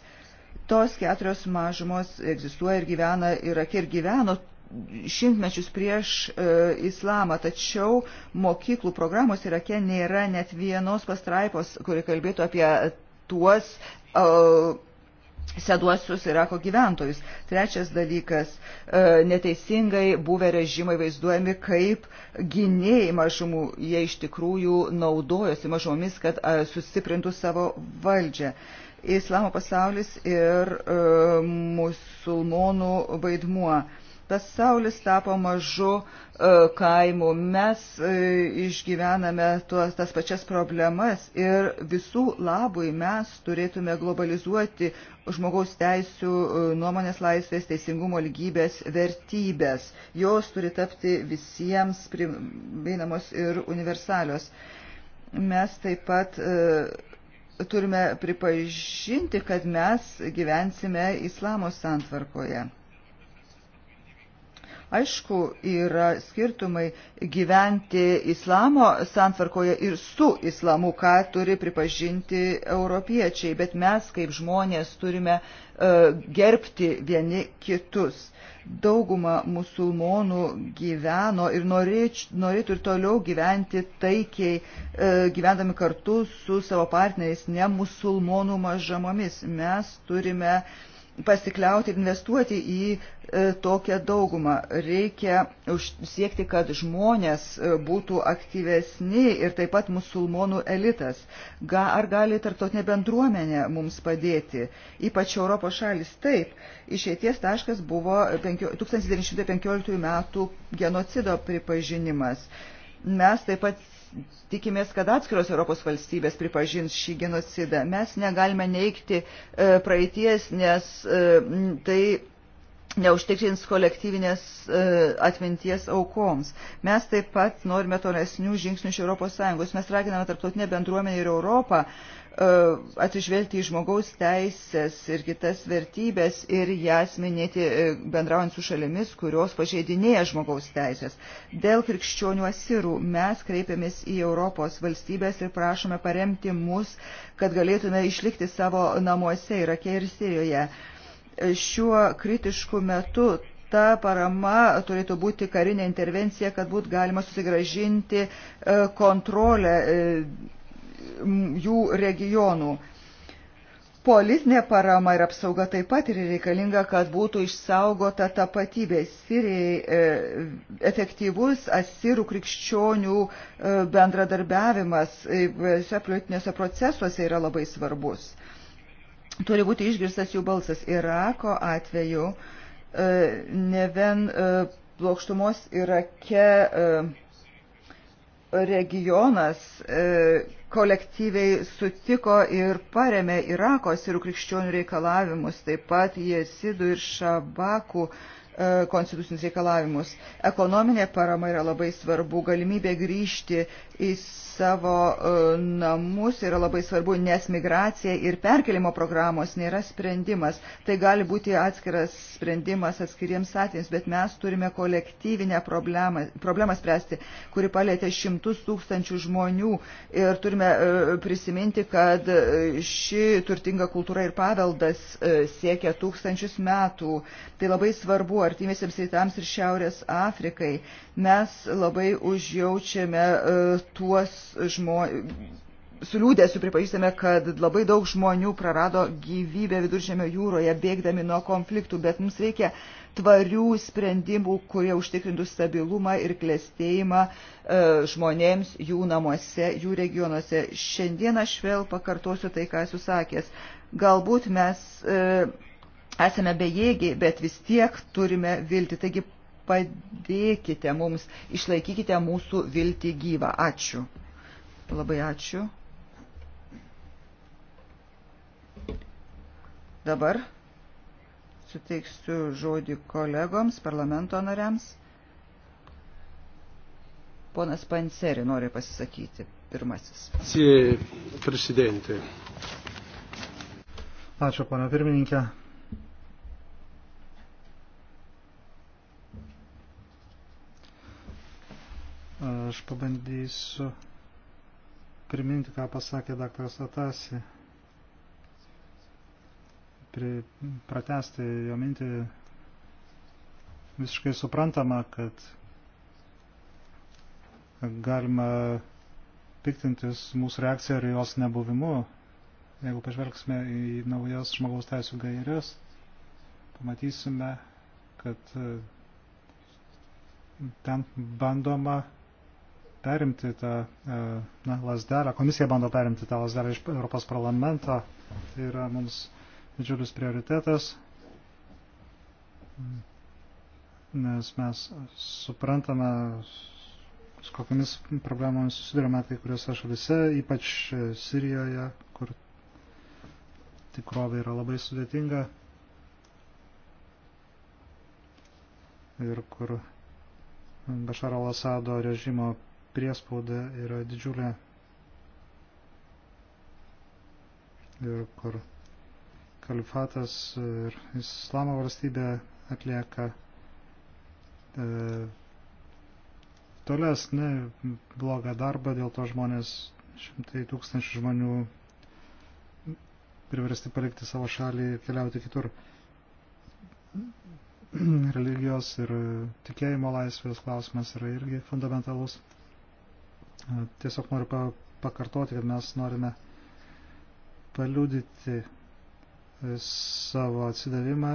Tos keturios mažumos egzistuoja ir gyvena Irake ir gyveno šimtmečius prieš e, islamą, tačiau mokyklų programos Irake nėra net vienos pastraipos, kuri kalbėtų apie tuos E, seduosius Irako gyventojus. Trečias dalykas e, - neteisingai buvę režimai vaizduojami kaip gynėjai mažumų. Jie iš tikrųjų naudojosi mažomis, kad e, sustiprintų savo valdžią. Islamo pasaulis ir musulmonų vaidmuo. Pasaulis tapo mažu uh, E, kaimų. Mes e, išgyvename tuos, tas pačias problemas ir visų labui mes turėtume globalizuoti žmogaus teisų, e, nuomonės laisvės, teisingumo lygybės, vertybės. Jos turi tapti visiems prieinamos ir universalios. Mes taip pat turime pripažinti, kad mes gyvensime islamo santvarkoje. Aišku, yra skirtumai gyventi islamo santvarkoje ir su islamu, ką turi pripažinti europiečiai, bet mes kaip žmonės turime uh, gerbti vieni kitus. Dauguma musulmonų gyveno ir norėč, norėtų ir toliau gyventi taikiai, uh, gyvendami kartu su savo partneriais, ne musulmonų mažamomis. Mes turime uh, pasikliauti ir investuoti į e, tokią daugumą. Reikia siekti, kad žmonės e, būtų aktyvesni ir taip pat musulmonų elitas. Ga, ar gali tarptautinė bendruomenė mums padėti, ypač Europos šalis? Taip, išėties taškas buvo 1915 metų genocido pripažinimas. Mes taip pat tikimės, kad atskiros Europos valstybės pripažins šį genocidą. Mes negalime neikti e, praeities, nes e, tai neužtikrins kolektyvinės e, atminties aukoms. Mes taip pat norime tolesnių žingsnių iš ES. Mes raginame tarptautinę bendruomenę ir Europą E, atsižvelgti į žmogaus teisės ir kitas vertybės ir jas minėti e, bendraujant su šalimis, kurios pažeidinėja žmogaus teisės. Dėl krikščionių asirų mes kreipiamės į Europos valstybės ir prašome paremti mus, kad galėtume išlikti savo namuose Irake ir Sirijoje. E, šiuo kritišku metu ta parama turėtų būti karinė intervencija, kad būtų galima susigražinti kontrolę jų regionų. Politinė parama ir apsauga taip pat yra reikalinga, kad būtų išsaugota tapatybė. Sirijai e, efektyvus asirų krikščionių e, bendradarbiavimas e, šiuose politinėse procesuose yra labai svarbus. Turi būti išgirstas jų balsas. Irako atveju e, ne vien e, plokštumos Irake. E, regionas e, kolektyviai sutiko ir paremė Irako sirų krikščionių reikalavimus, taip pat jesidų ir šabakų E, konstitucinius reikalavimus. Ekonominė parama yra labai svarbu, galimybė grįžti į savo e, namus yra labai svarbu, nes migracija ir perkelimo programos nėra sprendimas. Tai gali būti atskiras sprendimas atskiriems atvejams, bet mes turime kolektyvinę problemą, problemą spręsti, kuri palėtė šimtus tūkstančių žmonių ir turime e, prisiminti, kad ši turtinga kultūra ir paveldas siekia tūkstančius metų. Tai labai svarbu artimiesiams rytams ir Šiaurės Afrikai. Mes labai užjaučiame e, tuos žmonės su liūdėsiu pripažįstame, kad labai daug žmonių prarado gyvybę viduržėmio jūroje bėgdami nuo konfliktų, bet mums reikia tvarių sprendimų, kurie užtikrintų stabilumą ir klėstėjimą e, žmonėms jų namuose, jų regionuose. Šiandien aš vėl pakartosiu tai, ką esu sakęs. Galbūt mes. E, esame bejėgiai, bet vis tiek turime viltį. Taigi padėkite mums, išlaikykite mūsų viltį gyvą. Ačiū. Labai ačiū. Dabar suteiksiu žodį kolegoms, parlamento nariams. Ponas Panseri nori pasisakyti pirmasis. Ačiū, ponė pirmininkė. Aš pabandysiu priminti, ką pasakė daktaras Atasi. Pri, pratesti jo mintį visiškai suprantama, kad galima piktintis mūsų reakciją ir jos nebuvimu. Jeigu pažvelgsime į naujas žmogaus teisų gairias, pamatysime, kad e, ten bandoma perimti tą e, na, lasdelę, komisija bando perimti tą lasdelę iš Europos parlamento. Tai yra mums didžiulis prioritetas, nes mes suprantame, su kokiamis problemomis susidurime kai kuriuose šalise, ypač Sirijoje, kur tikrovė yra labai sudėtinga ir kur Bašaro Lasado režimo priespauda yra didžiulė ir kur kalifatas ir islamo valstybė atlieka e, tolesnį blogą darbą, dėl to žmonės, šimtai tūkstančių žmonių priversti palikti savo šalį ir keliauti kitur. Religijos ir tikėjimo laisvės klausimas yra irgi fundamentalus. Tiesiog noriu pakartoti, kad mes norime paliudyti e, savo atsidavimą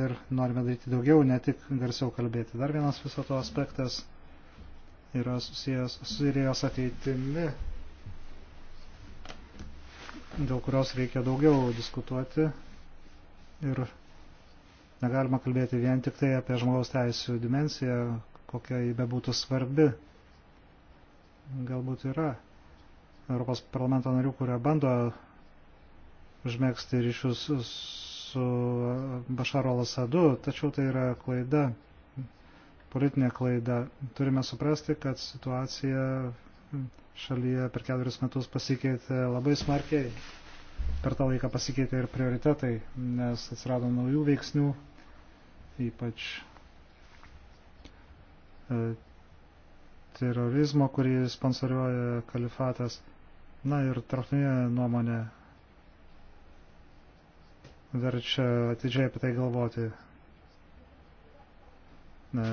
ir norime daryti daugiau, ne tik garsiau kalbėti. Dar vienas viso to aspektas yra susijęs su Sirijos ateitimi, dėl kurios reikia daugiau diskutuoti ir negalima kalbėti vien tik tai apie žmogaus teisų dimensiją, kokia jį bebūtų svarbi galbūt yra Europos parlamento narių, kurie bando užmėgsti ryšius su Bašaro Lasadu, tačiau tai yra klaida, politinė klaida. Turime suprasti, kad situacija šalyje per keturis metus pasikeitė labai smarkiai. Per tą laiką pasikeitė ir prioritetai, nes atsirado naujų veiksnių, ypač e, terorizmo, kurį sponsoriuoja kalifatas. Na ir tarptautinė nuomonė verčia atidžiai apie tai galvoti. Na,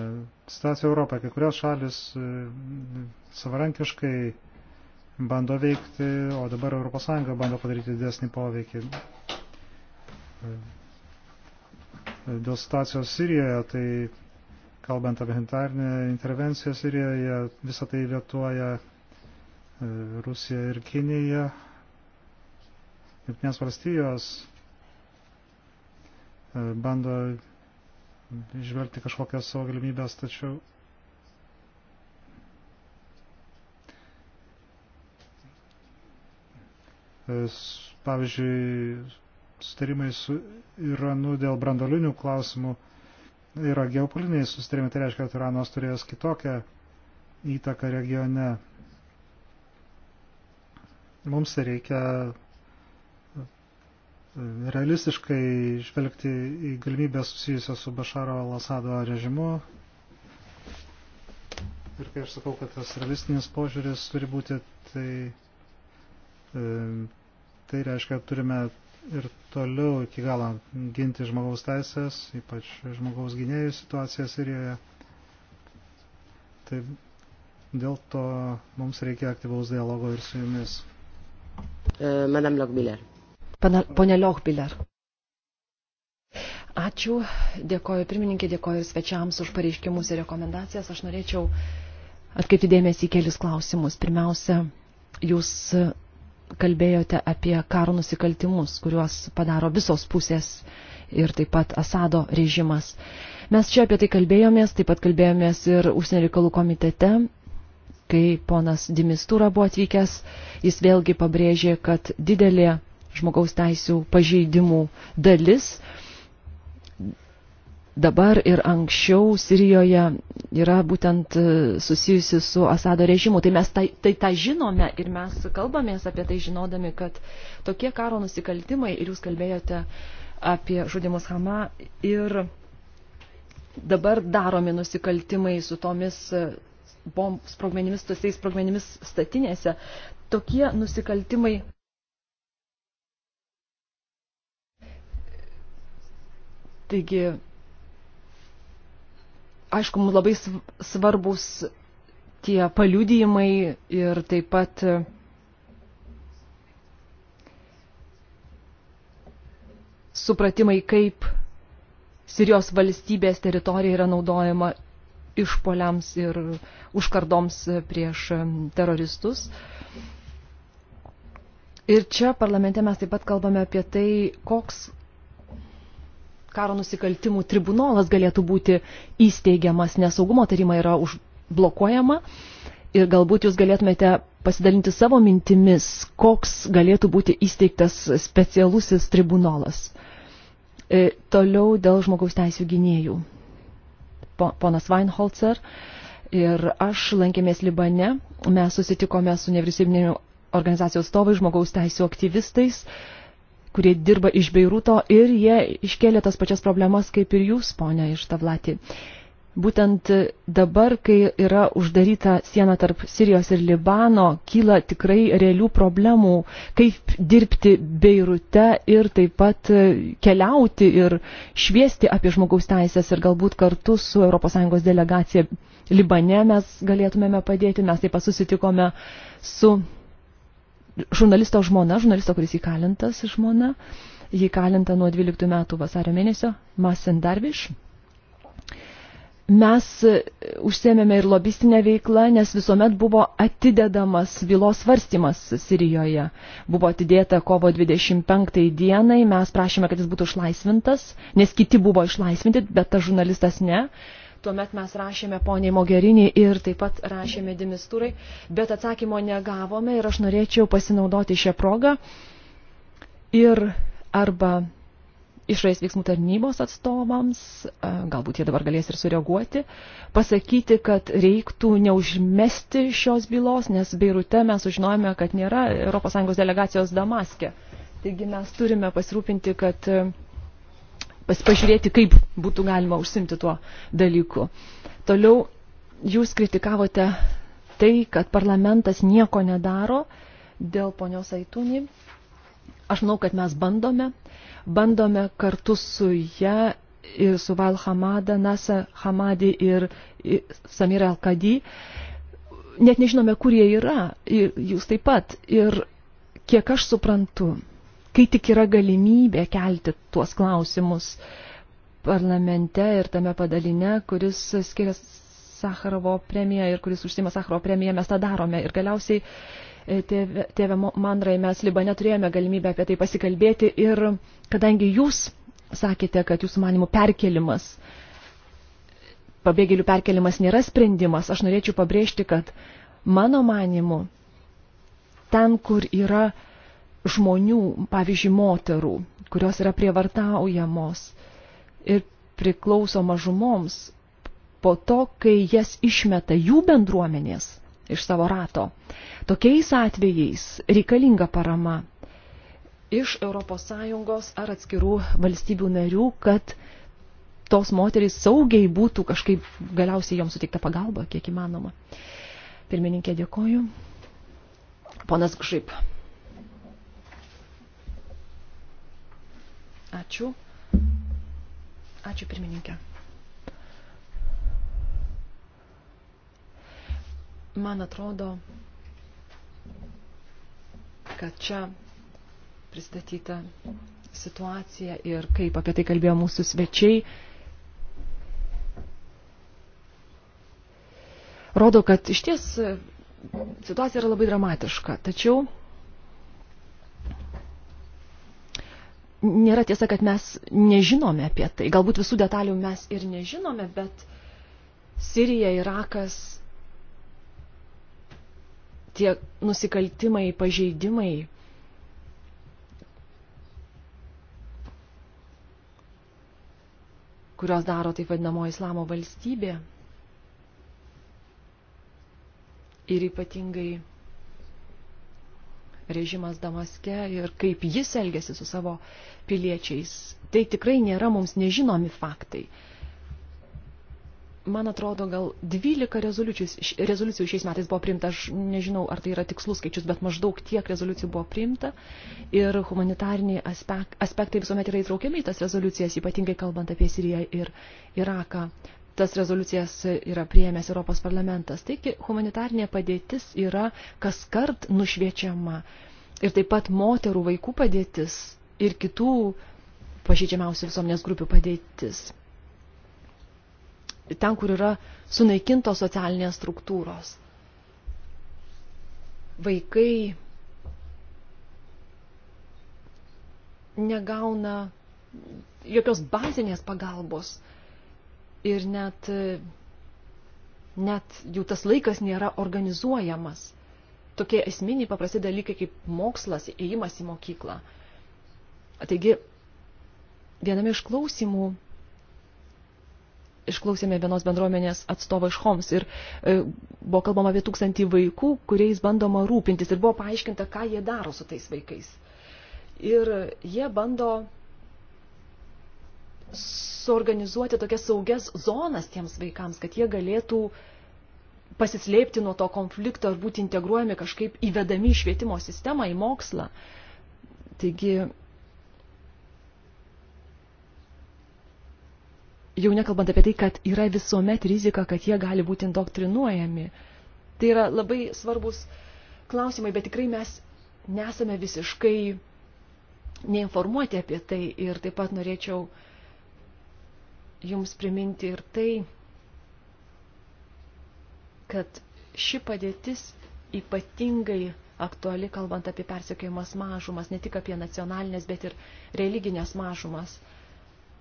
situacija Europoje, kai kurios šalis e, savarankiškai bando veikti, o dabar ES bando padaryti didesnį poveikį. E, dėl situacijos Sirijoje, tai Kalbant apie humanitarinę intervenciją Sirijoje, visą tai vietuoja e, Rusija ir Kinija. Jungtinės valstijos e, bando išvelgti kažkokias savo galimybės, tačiau e, pavyzdžiui, sutarimai su Iranu dėl brandolinių klausimų yra geopolitiniai susitarimai, tai reiškia, kad Iranas turės kitokią įtaką regione. Mums reikia e, realistiškai žvelgti į galimybę susijusią su Bašaro Lasado režimu. Ir kai aš sakau, kad tas realistinis požiūris turi būti, tai, e, tai reiškia, turime ir toliau iki galo ginti žmogaus teisės, ypač žmogaus gynėjų situaciją Sirijoje. Tai dėl to mums reikia aktyvaus dialogo ir su jumis. E, Madame Lochbiller. Pone Lochbiller. Ačiū, dėkoju pirmininkė, dėkoju svečiams už pareiškimus ir rekomendacijas. Aš norėčiau atkreipti dėmesį į kelis klausimus. Pirmiausia, jūs kalbėjote apie karo nusikaltimus, kuriuos padaro visos pusės ir taip pat Asado režimas. Mes čia apie tai kalbėjomės, taip pat kalbėjomės ir užsienio reikalų komitete, kai ponas Dimistūra buvo atvykęs, jis vėlgi pabrėžė, kad didelė žmogaus teisų pažeidimų dalis dabar ir anksčiau Sirijoje yra būtent e, susijusi su Asado režimu. Tai mes tai, tai tą žinome ir mes kalbamės apie tai žinodami, kad tokie karo nusikaltimai, ir jūs kalbėjote apie žudimus Hama, ir dabar daromi nusikaltimai su tomis e, bomb sprogmenimis, tuose sprogmenimis statinėse, tokie nusikaltimai Taigi aišku, mums labai svarbus tie paliudijimai ir taip pat supratimai, kaip Sirijos valstybės teritorija yra naudojama išpoliams ir užkardoms prieš teroristus. Ir čia parlamente mes taip pat kalbame apie tai, koks karo nusikaltimų tribunolas galėtų būti įsteigiamas, nes saugumo taryma yra užblokuojama. Ir galbūt jūs galėtumėte pasidalinti savo mintimis, koks galėtų būti įsteigtas specialusis tribunolas. E, toliau dėl žmogaus teisų gynėjų. Po, ponas Weinholzer ir aš lankėmės Libane, mes susitikome su nevyriausybinėmis organizacijos atstovai, žmogaus teisų aktyvistais, e, kurie dirba iš Beiruto ir jie iškėlė tas pačias problemas kaip ir jūs, ponia, iš Tavlati. Būtent dabar, kai yra uždaryta siena tarp Sirijos ir Libano, kyla tikrai realių problemų, kaip dirbti Beirute ir taip pat keliauti ir šviesti apie žmogaus teisės ir galbūt kartu su ES delegacija Libane mes galėtumėme padėti. Mes taip pat susitikome su žurnalisto žmona, žurnalisto, kuris įkalintas žmona, jį įkalinta nuo 12 metų vasario mėnesio, Masin Darviš. Mes e, užsėmėme ir lobistinę veiklą, nes visuomet buvo atidedamas bylos svarstymas Sirijoje. Buvo atidėta kovo 25 dienai, mes prašėme, kad jis būtų išlaisvintas, nes kiti buvo išlaisvinti, bet tas žurnalistas ne. Uh, Tuomet mes rašėme poniai Mogerinį ir taip pat rašėme Dimistūrai, bet atsakymo negavome ir aš norėčiau pasinaudoti šią progą ir arba išorės veiksmų tarnybos atstovams, galbūt jie dabar galės ir sureaguoti, pasakyti, kad reiktų neužmesti šios bylos, nes Beirute mes sužinojome, kad nėra ES delegacijos Damaske. Taigi mes turime pasirūpinti, kad pažiūrėti, kaip būtų galima užsimti tuo dalyku. Toliau jūs kritikavote tai, kad parlamentas nieko nedaro dėl ponios Aitūnį. Aš manau, kad mes bandome, bandome kartu su ją ir su Val Hamada, Nasa Hamadi ir Samira Al-Kadi. Net nežinome, kur jie yra, ir jūs taip pat. Ir kiek aš suprantu, kai tik yra galimybė kelti tuos klausimus parlamente ir tame padaline, kuris skiria Sakarovo premiją ir kuris užsima Sakarovo premiją, mes tą darome. Ir galiausiai, e, tėve, tėve Mandrai, mes Libane turėjome galimybę apie tai pasikalbėti ir kadangi jūs sakėte, kad jūsų manimų perkelimas, pabėgėlių perkelimas nėra sprendimas, aš norėčiau pabrėžti, kad mano manimu, ten, kur yra žmonių, pavyzdžiui, moterų, kurios yra prievartaujamos ir priklauso mažumoms po to, kai jas išmeta jų bendruomenės iš savo rato. Tokiais atvejais reikalinga parama iš ES ar atskirų valstybių narių, kad tos moterys saugiai būtų kažkaip galiausiai joms suteikta pagalba, kiek įmanoma. Pirmininkė, dėkoju. Ponas Gžip. Ačiū. Ačiū pirmininkė. Man atrodo, kad čia pristatyta situacija ir kaip apie tai kalbėjo mūsų svečiai, rodo, kad iš ties situacija yra labai dramatiška. Tačiau nėra tiesa, kad mes nežinome apie tai. Galbūt visų detalių mes ir nežinome, bet Sirija, Irakas, tie nusikaltimai, pažeidimai. kurios daro taip vadinamo islamo valstybė ir ypatingai režimas Damaske ir kaip jis elgesi su savo piliečiais. Tai tikrai nėra mums nežinomi faktai. Man atrodo, gal 12 rezoliucijų, rezoliucijų šiais metais buvo priimta, aš nežinau, ar tai yra tikslus skaičius, bet maždaug tiek rezoliucijų buvo priimta ir humanitariniai aspek, aspektai visuomet yra įtraukiami į tas rezoliucijas, ypatingai kalbant apie Siriją ir Iraką tas rezoliucijas yra prieėmęs Europos parlamentas. Taigi humanitarnė padėtis yra kas kart nušviečiama. Ir taip pat moterų vaikų padėtis ir kitų pažydžiamiausių visuomenės grupių padėtis. Ten, kur yra sunaikintos socialinės struktūros. Vaikai negauna jokios bazinės pagalbos ir net, net jau tas laikas nėra organizuojamas. Tokie esminiai paprasti dalykai kaip mokslas, įėjimas į mokyklą. Taigi, viename iš klausimų išklausėme vienos bendruomenės atstovą iš Homs ir e, buvo kalbama apie tūkstantį vaikų, kuriais bandoma rūpintis ir buvo paaiškinta, ką jie daro su tais vaikais. Ir jie bando suorganizuoti tokias saugias zonas tiems vaikams, kad jie galėtų pasislėpti nuo to konflikto ar būti integruojami kažkaip įvedami į švietimo sistemą, į mokslą. Taigi jau nekalbant apie tai, kad yra visuomet rizika, kad jie gali būti indoktrinuojami. Tai yra labai svarbus klausimai, bet tikrai mes nesame visiškai neinformuoti apie tai ir taip pat norėčiau uh, jums priminti ir tai, kad ši padėtis ypatingai aktuali, kalbant apie persekiojimas mažumas, ne tik apie nacionalinės, bet ir religinės mažumas.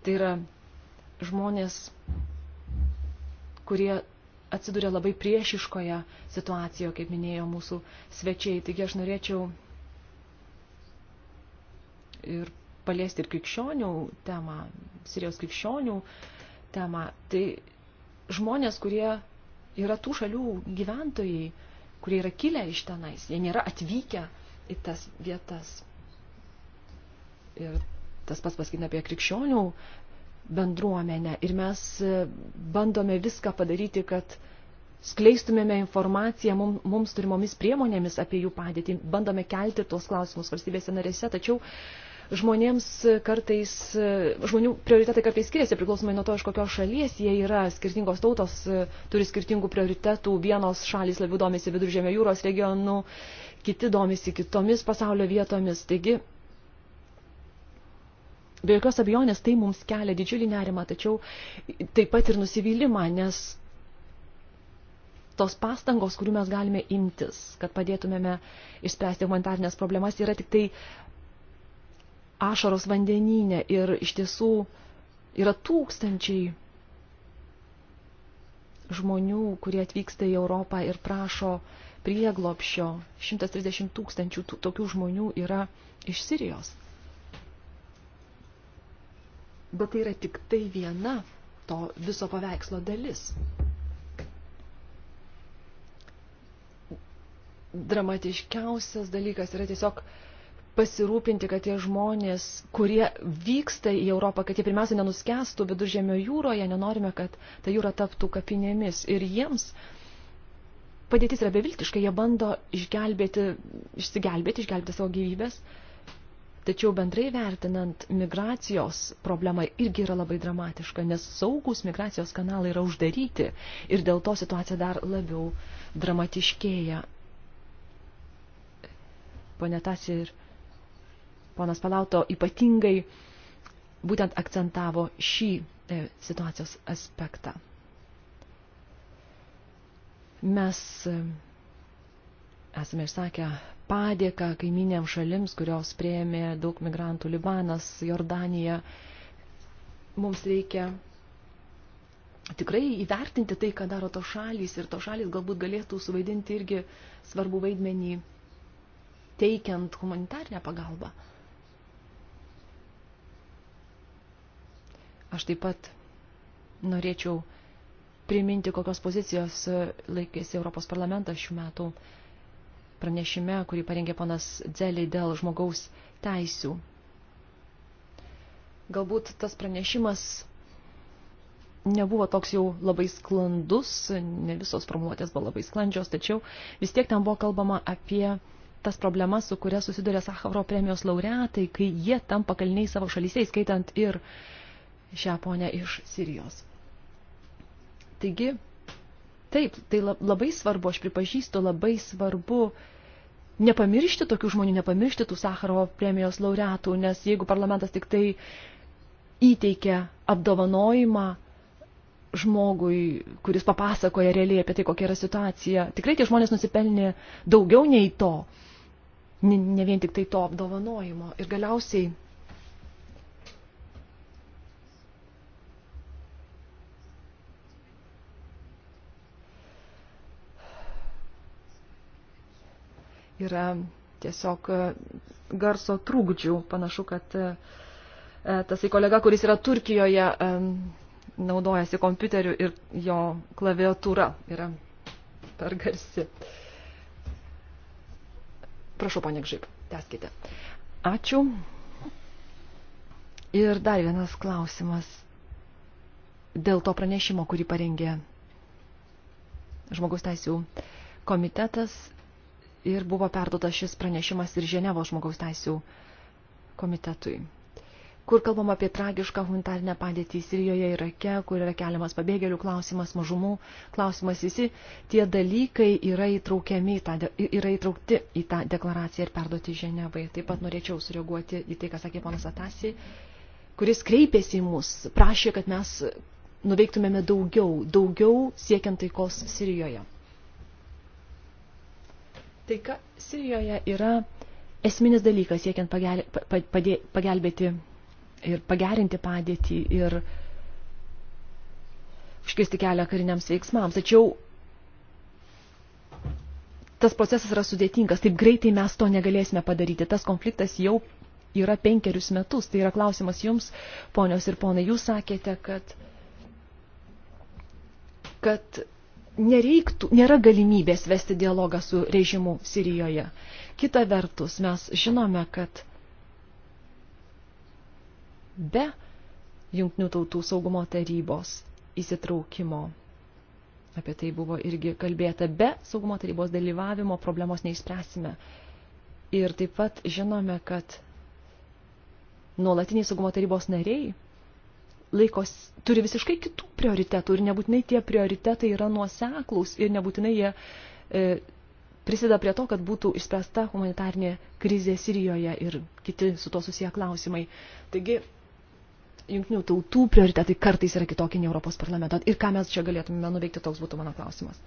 Tai yra žmonės, kurie atsiduria labai priešiškoje situacijoje, kaip minėjo mūsų svečiai. Taigi aš norėčiau ir paliesti ir krikščionių temą, Sirijos krikščionių temą. Tai žmonės, kurie yra tų šalių gyventojai, kurie yra kilę iš tenais, jie nėra atvykę į tas vietas. Ir tas pats pasakytina apie krikščionių bendruomenę. Ir mes e, bandome viską padaryti, kad skleistumėme informaciją mums, mums turimomis priemonėmis apie jų padėtį, bandome kelti tuos klausimus valstybėse narėse, tačiau uh, žmonėms kartais, žmonių prioritetai kartais skiriasi priklausomai nuo to, iš kokios šalies jie yra. Skirtingos tautos e, turi skirtingų prioritetų. Vienos šalys labiau domisi viduržėmio jūros regionu, kiti domisi kitomis pasaulio vietomis. Taigi, be jokios abejonės, tai mums kelia didžiulį nerimą, tačiau taip pat ir nusivylimą, nes tos pastangos, kurių mes galime imtis, kad padėtumėme išspręsti humanitarnės problemas, yra tik tai ašaros vandenyne ir iš tiesų yra tūkstančiai žmonių, kurie atvyksta į Europą ir prašo prieglopšio. 130 tūkstančių tokių žmonių yra iš Sirijos. Bet tai yra tik tai viena to viso paveikslo dalis. Dramatiškiausias dalykas yra tiesiog uh, pasirūpinti, kad tie žmonės, kurie vyksta į Europą, kad jie pirmiausia nenuskestų viduržėmio jūroje, nenorime, kad ta jūra taptų kapinėmis. Ir jiems padėtis yra beviltiška, jie bando išgelbėti, išsigelbėti, išgelbėti savo gyvybės. Tačiau bendrai vertinant, migracijos problema irgi yra labai dramatiška, nes saugus migracijos kanalai yra uždaryti ir dėl to situacija dar labiau dramatiškėja. Pone Tasi ir ponas Palauto ypatingai būtent akcentavo šį e, situacijos aspektą. Mes e, esame išsakę padėką kaiminėm šalims, kurios prieėmė daug migrantų Libanas, Jordanija. Mums reikia tikrai įvertinti tai, ką daro tos šalys ir tos šalys galbūt galėtų suvaidinti irgi svarbų vaidmenį teikiant humanitarnę pagalbą. Aš taip pat norėčiau priminti, kokios pozicijos e, laikėsi Europos parlamentas šių metų pranešime, kurį parengė panas Dzelį dėl žmogaus teisių. Galbūt tas pranešimas nebuvo toks jau labai sklandus, ne visos formuotės buvo labai sklandžios, tačiau vis tiek ten buvo kalbama apie tas problemas, su kuria susiduria Sakhavro premijos laureatai, kai jie tampa kaliniai savo šalyse, skaitant ir uh, šią ponę iš Sirijos. Taigi, taip, tai labai svarbu, aš pripažįstu, labai svarbu nepamiršti tokių žmonių, nepamiršti tų Sakarovo premijos laureatų, nes jeigu parlamentas tik tai įteikia apdovanojimą žmogui, kuris papasakoja realiai apie tai, kokia yra situacija, tikrai tie žmonės nusipelnė daugiau nei to, ne vien tik tai to apdovanojimo. Ir galiausiai yra tiesiog e, garso trūkdžių. Panašu, kad e, e, tasai kolega, kuris yra Turkijoje, naudojasi kompiuteriu ir jo klaviatūra yra per garsi. Prašau, ponė Gžyb, teskite. Ačiū. Ir dar vienas klausimas dėl to pranešimo, kurį parengė Žmogaus teisų komitetas ir buvo perdotas šis pranešimas ir Ženevo žmogaus teisų komitetui, kur kalbam apie tragišką humanitarinę padėtį Sirijoje ir Irake, kur yra keliamas pabėgėlių klausimas, mažumų klausimas, visi tie dalykai yra, įtraukiami, tą, yra įtraukti į tą deklaraciją ir perduoti Ženevai. Taip pat norėčiau sureaguoti į tai, ką sakė ponas Atasi, kuris kreipėsi į mus, prašė, kad mes nuveiktumėme daugiau, daugiau siekiant taikos Sirijoje. Taika Sirijoje yra esminis dalykas, siekiant pagel, padė, pagelbėti ir pagerinti padėtį ir užkirsti kelią kariniams veiksmams. Tačiau tas procesas yra sudėtingas, taip greitai mes to negalėsime padaryti. Tas konfliktas jau yra penkerius metus. Tai yra klausimas jums, ponios ir ponai, jūs sakėte, kad, kad nereiktų, nėra galimybės vesti dialogą su režimu Sirijoje. Kita vertus, mes žinome, kad be Junktinių tautų saugumo tarybos įsitraukimo, apie tai buvo irgi kalbėta, be saugumo tarybos dalyvavimo problemos neišspręsime. Ir taip pat žinome, kad nuolatiniai saugumo tarybos nariai laikos turi visiškai kitų prioritetų ir nebūtinai tie prioritetai yra nuoseklūs ir nebūtinai jie e, prisideda prie to, kad būtų išspręsta humanitarnė krizė Sirijoje ir kiti su to susiję klausimai. Taigi, jungtinių tautų prioritetai kartais yra kitokie nei Europos parlamento. Ir ką mes čia galėtume nuveikti, toks būtų mano klausimas.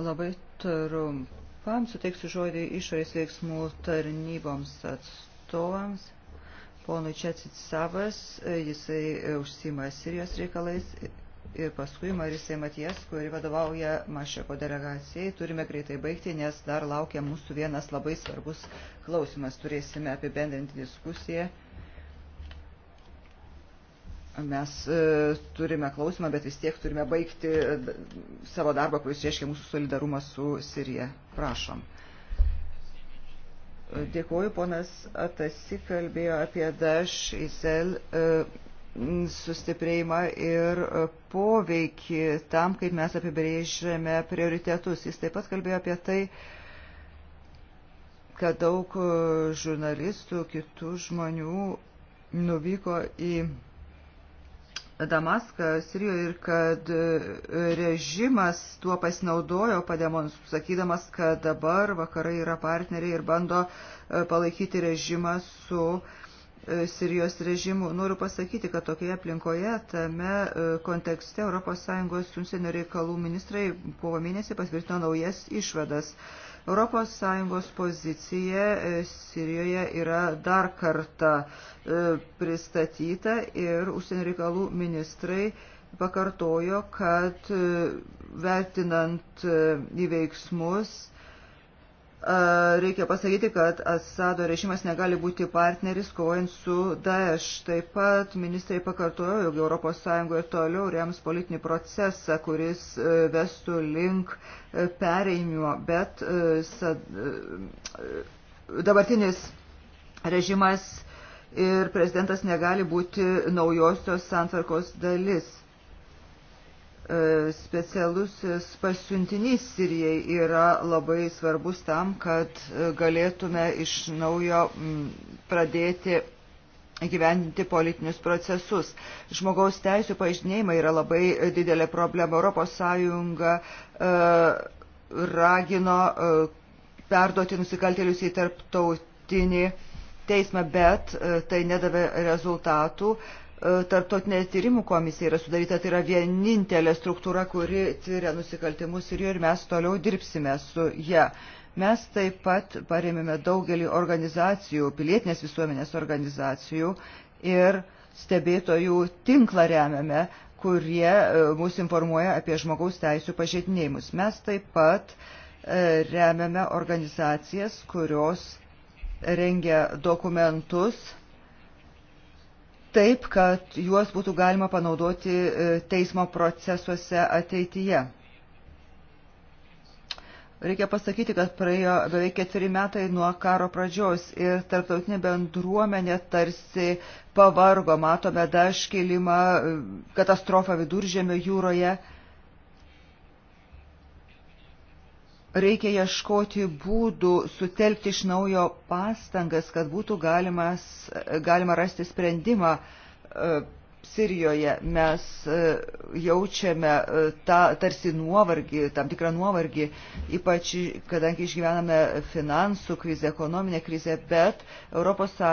Labai trumpam suteiksiu žodį išorės veiksmų tarnyboms atstovams ponui Četsitsavas, e, jisai e, užsima Sirijos reikalais e, ir paskui Marisai Matijas, kuri vadovauja Mašeko delegacijai. Turime greitai baigti, nes dar laukia mūsų vienas labai svarbus klausimas. Turėsime apibendrinti diskusiją. Mes e, turime klausimą, bet vis tiek turime baigti savo darbą, kuris reiškia mūsų solidarumą su Sirija. Prašom. Dėkuoju, ponas Atasi kalbėjo apie Dash Isel e, sustiprėjimą ir e, poveikį tam, kaip mes apibrėžiame prioritetus. Jis taip pat kalbėjo apie tai, kad daug e, žurnalistų, kitų žmonių nuvyko į Damaską, Sirijoje ir kad e, režimas tuo pasinaudojo, sakydamas, kad dabar vakarai yra partneriai ir bando e, palaikyti režimą su e, Sirijos režimu. Noriu pasakyti, kad tokioje aplinkoje, tame kontekste ES užsienio reikalų ministrai kovo mėnesį patvirtino naujas išvadas. ES pozicija e, Sirijoje yra dar kartą e, pristatyta ir užsienio reikalų ministrai pakartojo, kad e, vertinant į veiksmus reikia pasakyti, kad Asado režimas negali būti partneris kovojant su Daesh. Taip pat ministrai pakartojo, jog ES toliau rems politinį procesą, kuris e, vestų link e, pereimio, bet e, sad, dabartinis režimas ir prezidentas negali būti naujosios santvarkos dalis. E, specialusis pasiuntinys Sirijai yra labai svarbus tam, kad e, galėtume iš naujo pradėti gyvendinti politinius procesus. Žmogaus teisų pažinėjimai yra labai didelė problema. Europos Sąjunga e, ragino perduoti nusikaltėlius į tarptautinį teismą, bet tai nedavė rezultatų. E, tarptautinė tyrimų komisija yra sudaryta, tai yra vienintelė struktūra, kuri tyria nusikaltimus ir, ir mes toliau dirbsime su ją. Mes taip pat paremėme daugelį organizacijų, pilietinės visuomenės organizacijų ir stebėtojų tinklą remiame, kurie e, mus informuoja apie žmogaus teisų pažeidinėjimus. Mes taip pat e, remiame organizacijas, kurios rengia dokumentus taip, kad juos būtų galima panaudoti e, teismo procesuose ateityje. Reikia pasakyti, kad praėjo beveik ketveri metai nuo karo pradžios ir tarptautinė bendruomenė tarsi pavargo, matome daškilimą, e, katastrofą viduržėmio jūroje. reikia ieškoti būdų sutelkti iš naujo pastangas, kad būtų galimas, galima rasti sprendimą. E, Sirijoje mes e, jaučiame e, tą tarsi nuovargį, tam tikrą nuovargį, ypač kadangi išgyvename finansų krizę, ekonominę krizę, bet ES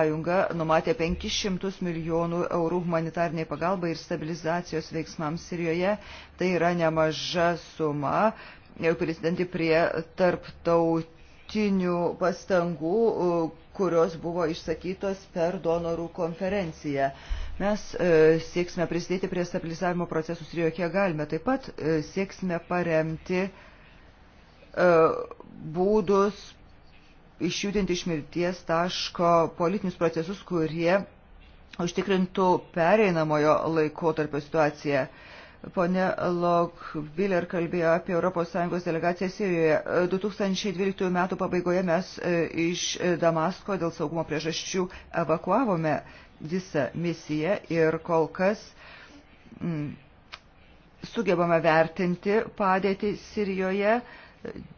numatė 500 milijonų eurų humanitarniai pagalbai ir stabilizacijos veiksmams Sirijoje. Tai yra nemaža suma, prisidinti prie tarptautinių pastangų, kurios buvo išsakytos per donorų konferenciją. Mes e, sieksime prisidėti prie stabilizavimo procesų Sirijoje, kiek galime. Taip pat e, sieksime paremti e, būdus išjudinti iš mirties taško politinius procesus, kurie užtikrintų pereinamojo laiko tarpio situaciją. Pone Lokbiller kalbėjo apie ES delegaciją Sirijoje. 2012 e, metų pabaigoje mes e, iš Damasko dėl saugumo priežasčių evakuavome visą misiją ir kol kas mm, sugebame vertinti padėtį Sirijoje.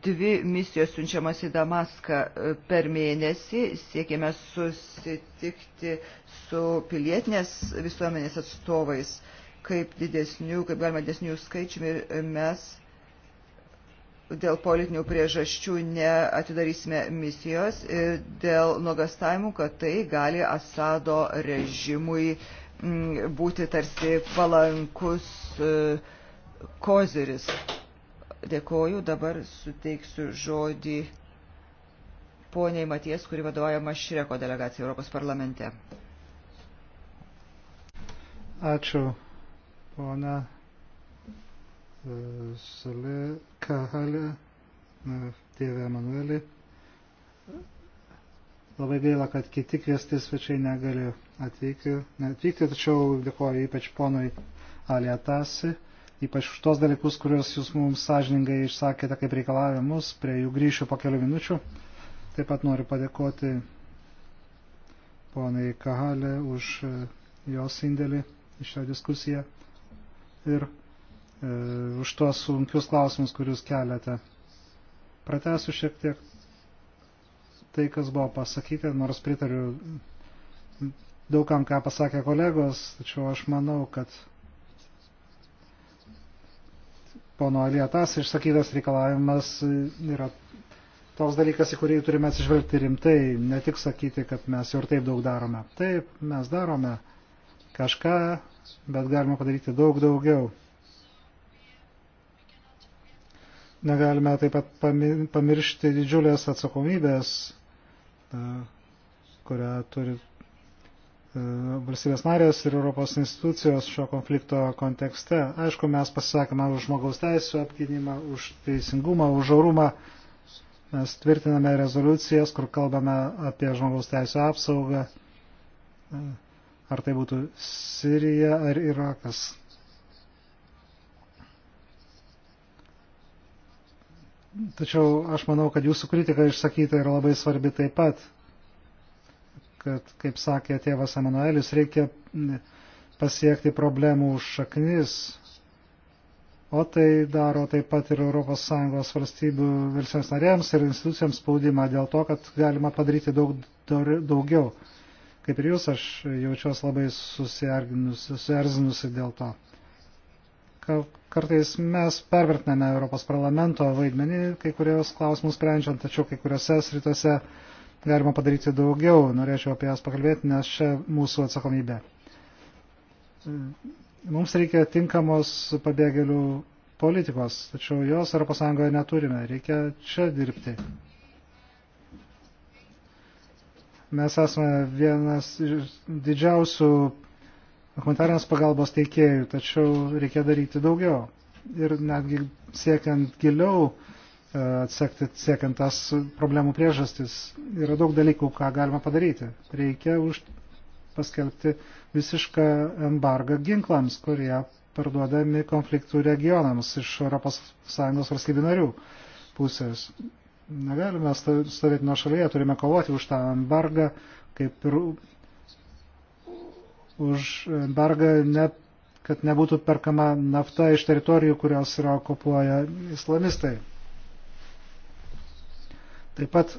Dvi misijos siunčiamas į Damaską e, per mėnesį. Siekėme susitikti su pilietinės visuomenės atstovais kaip didesnių, kaip galima didesnių skaičiumi ir mes dėl politinių priežasčių neatidarysime misijos ir dėl nuogastavimų, kad tai gali Asado režimui mm, būti tarsi palankus e, koziris. Dėkoju, dabar suteiksiu žodį poniai Maties, kuri vadovaujama Šreko delegacija Europos parlamente. Ačiū poną e, Salė Kahalė, e, tėvę Emanuelį. Labai gaila, kad kiti kviesti svečiai negali atvykti, neatvykti, tačiau dėkoju ypač ponui Alietasi, ypač už tos dalykus, kuriuos jūs mums sąžiningai išsakėte kaip reikalavimus, prie jų grįšiu po kelių minučių. Taip pat noriu padėkoti ponai Kahalė už e, jos indėlį į šią diskusiją ir e, už tuos sunkius klausimus, kurius keliate. Pratesiu šiek tiek tai, kas buvo pasakyti, nors pritariu daugam, ką pasakė kolegos, tačiau aš manau, kad pono Alietas išsakytas reikalavimas yra toks dalykas, į kurį turime atsižvelgti rimtai, ne tik sakyti, kad mes jau ir taip daug darome. Taip, mes darome kažką, bet galima padaryti daug daugiau. Negalime taip pat pamiršti didžiulės atsakomybės, e, kurią turi e, valstybės narės ir Europos institucijos šio konflikto kontekste. Aišku, mes pasisakėme už žmogaus teisų apginimą, už teisingumą, už orumą. Mes tvirtiname rezoliucijas, kur kalbame apie žmogaus teisų apsaugą. E, ar tai būtų Sirija ar Irakas. Tačiau aš manau, kad jūsų kritika išsakyta yra labai svarbi taip pat, kad, kaip sakė tėvas Emanuelis, reikia pasiekti problemų šaknis, o tai daro taip pat ir ES valstybių valstybės narėms ir institucijams spaudimą dėl to, kad galima padaryti daug daugiau. Kaip ir jūs, aš jaučiuosi labai susierzinusi dėl to. Kartais mes pervertiname Europos parlamento vaidmenį, kai kurios klausimus sprendžiant, tačiau kai kuriuose sritose galima padaryti daugiau. Norėčiau apie jas pakalbėti, nes čia mūsų atsakomybė. Mums reikia tinkamos pabėgėlių politikos, tačiau jos ES neturime, reikia čia dirbti. Mes esame vienas iš didžiausių humanitarinės pagalbos teikėjų, tačiau reikia daryti daugiau. Ir netgi siekiant giliau e, atsekti, siekiant tas problemų priežastis, yra daug dalykų, ką galima padaryti. Reikia už paskelbti visišką embargą ginklams, kurie parduodami konfliktų regionams iš ES valstybių narių pusės. Negalime stovėti nuo šalyje, turime kovoti už tą embargą, kaip ir už embargą, ne, kad nebūtų perkama nafta iš teritorijų, kurios yra okupuoja islamistai. Taip pat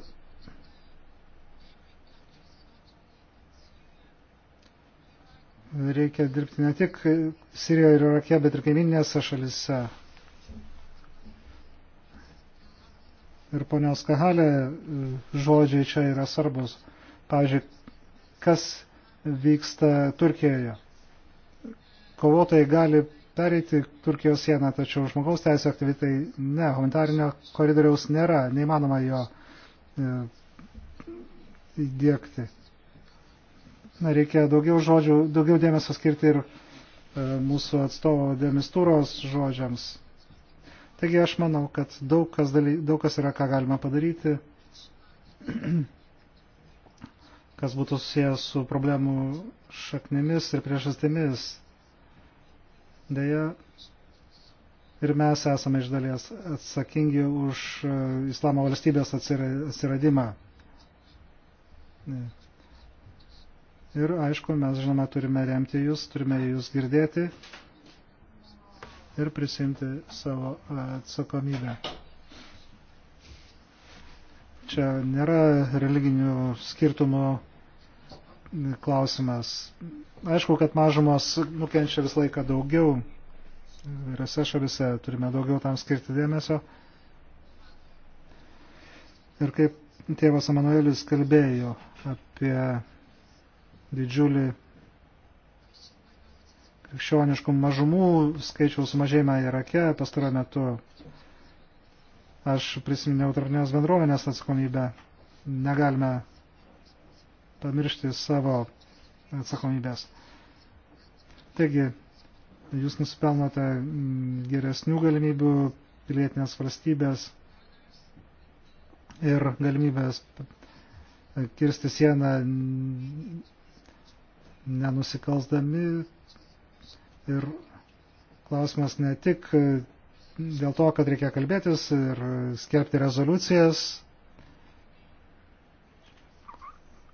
reikia dirbti ne tik Sirijoje ir Irake, bet ir kaiminėse šalise. ir ponios Kahalė e, žodžiai čia yra svarbus. Pavyzdžiui, kas vyksta Turkijoje. Kovotojai gali pereiti Turkijos sieną, tačiau žmogaus teisų aktyvitai ne, humanitarinio koridoriaus nėra, neįmanoma jo e, įdėkti. Na, reikia daugiau žodžių, daugiau dėmesio skirti ir e, mūsų atstovo demistūros žodžiams. Taigi aš manau, kad daug kas, daly, daug kas yra, ką galima padaryti, (clears throat) kas būtų susijęs su problemų šaknimis ir priežastimis. Deja, ir mes esame iš dalies atsakingi už e, islamo valstybės atsiradimą. Ir aišku, mes žinoma turime remti jūs, turime jūs girdėti ir prisimti savo e, atsakomybę. Čia nėra religinių skirtumų klausimas. Aišku, kad mažumos nukenčia visą laiką daugiau. Vėliose šalise turime daugiau tam skirti dėmesio. Ir kaip tėvas Emanuelis kalbėjo apie didžiulį krikščioniškų mažumų skaičiaus sumažėjimą Irake pastaruoju metu. Aš prisiminiau tarpinės bendruomenės atsakomybę. Negalime pamiršti savo atsakomybės. Taigi, jūs nusipelnote mm, geresnių galimybių pilietinės valstybės ir galimybės kirsti sieną nenusikalsdami Ir klausimas ne tik dėl to, kad reikia kalbėtis ir skelbti rezoliucijas.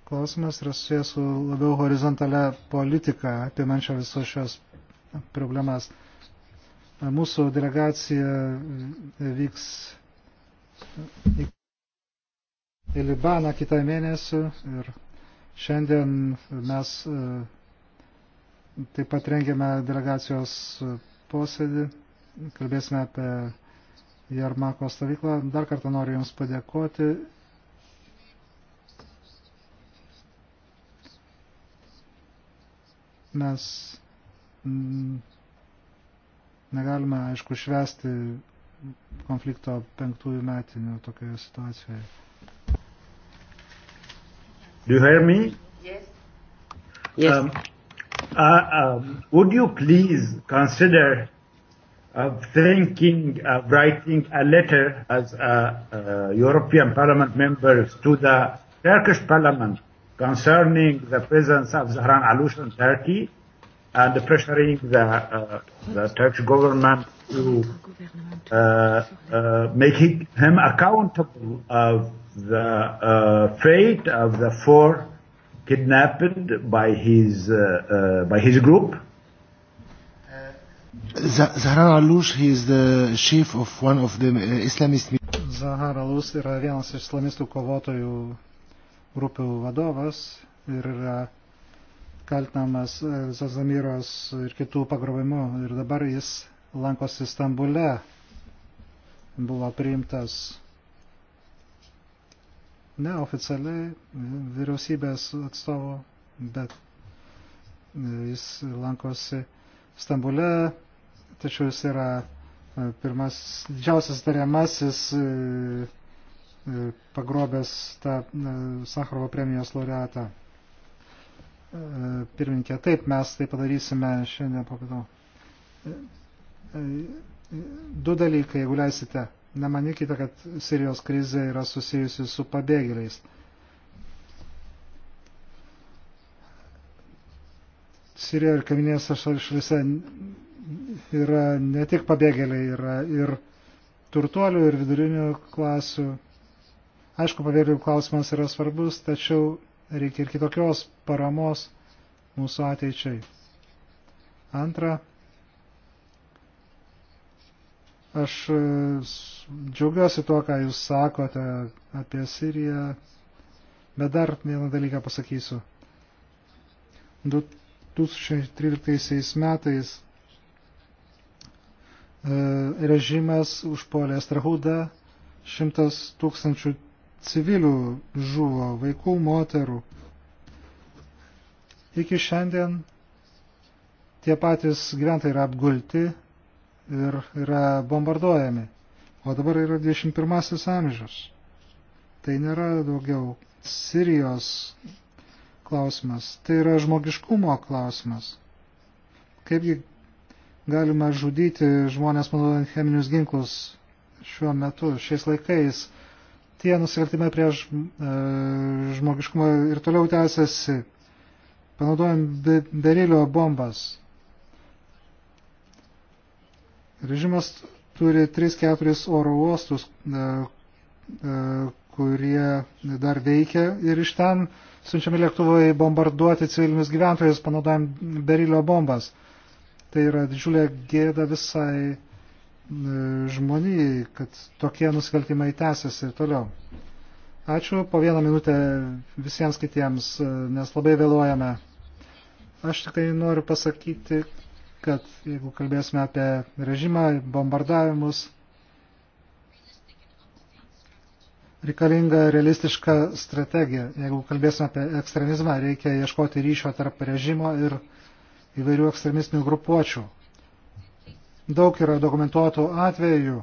Klausimas yra susijęs su labiau horizontalia politika, apimančia visos šios problemas. Mūsų delegacija vyks į Libaną kitą mėnesį ir šiandien mes Taip pat rengiame delegacijos posėdį, kalbėsime apie Jarmako stovyklą. Dar kartą noriu Jums padėkoti. Mes mm, negalime, aišku, švesti konflikto penktųjų metinių tokioje situacijoje. Do you hear me? Yes. Um, yes. Um, Uh, um, would you please consider of uh, thinking of uh, writing a letter as a, a European Parliament members to the Turkish Parliament concerning the presence of Zahran Alush in Turkey and pressuring the, uh, the Turkish government to uh, uh, make him accountable of the uh, fate of the four kidnapped by his, uh, uh, by his group. Uh, Zahar al-Lush, he is the chief of one of the uh, Islamist. Zahar al-Lush yra vienas iš islamistų kovotojų grupių vadovas ir yra kaltinamas uh, Zazamiros ir kitų pagrobimu. Ir dabar jis lankosi Stambule, buvo priimtas neoficialiai vyriausybės atstovo, bet e, jis lankosi Stambule, tačiau jis yra e, pirmas didžiausias tariamasis e, pagrobęs tą Sakrovo premijos laureatą. Pirminkė, taip, mes tai padarysime šiandien po pietų. Du dalykai, jeigu leisite nemanykite, kad Sirijos krizė yra susijusi su pabėgėliais. Sirijoje ir kaiminėse šalise yra ne tik pabėgėliai, yra ir turtuolių, ir vidurinių klasių. Aišku, pabėgėlių klausimas yra svarbus, tačiau reikia ir kitokios paramos mūsų ateičiai. Antra, Aš e, džiaugiuosi tuo, ką jūs sakote apie Siriją, bet dar vieną dalyką pasakysiu. 2013 metais e, režimas užpuolė Strahudą, šimtas tūkstančių civilių žuvo, vaikų, moterų. Iki šiandien tie patys gyventojai yra apgulti ir yra bombarduojami. O dabar yra 21 amžius. Tai nėra daugiau Sirijos klausimas, tai yra žmogiškumo klausimas. Kaipgi galima žudyti žmonės naudojant cheminius ginklus šiuo metu, šiais laikais. Tie nusikaltimai prieš e, žmogiškumą ir toliau tęsiasi, panaudojant berilio bombas. Režimas turi 3-4 oro uostus, e, e, kurie dar veikia ir iš ten siunčiami lėktuvai bombarduoti civilinius gyventojus, panaudojant berilio bombas. Tai yra didžiulė gėda visai e, žmonijai, kad tokie nusikaltimai tęsiasi ir toliau. Ačiū po vieną minutę visiems kitiems, nes labai vėluojame. Aš tik tai noriu pasakyti, kad jeigu kalbėsime apie režimą, bombardavimus, reikalinga realistiška strategija. Jeigu kalbėsime apie ekstremizmą, reikia ieškoti ryšio tarp režimo ir įvairių ekstremistinių grupuočių. Daug yra dokumentuotų atvejų,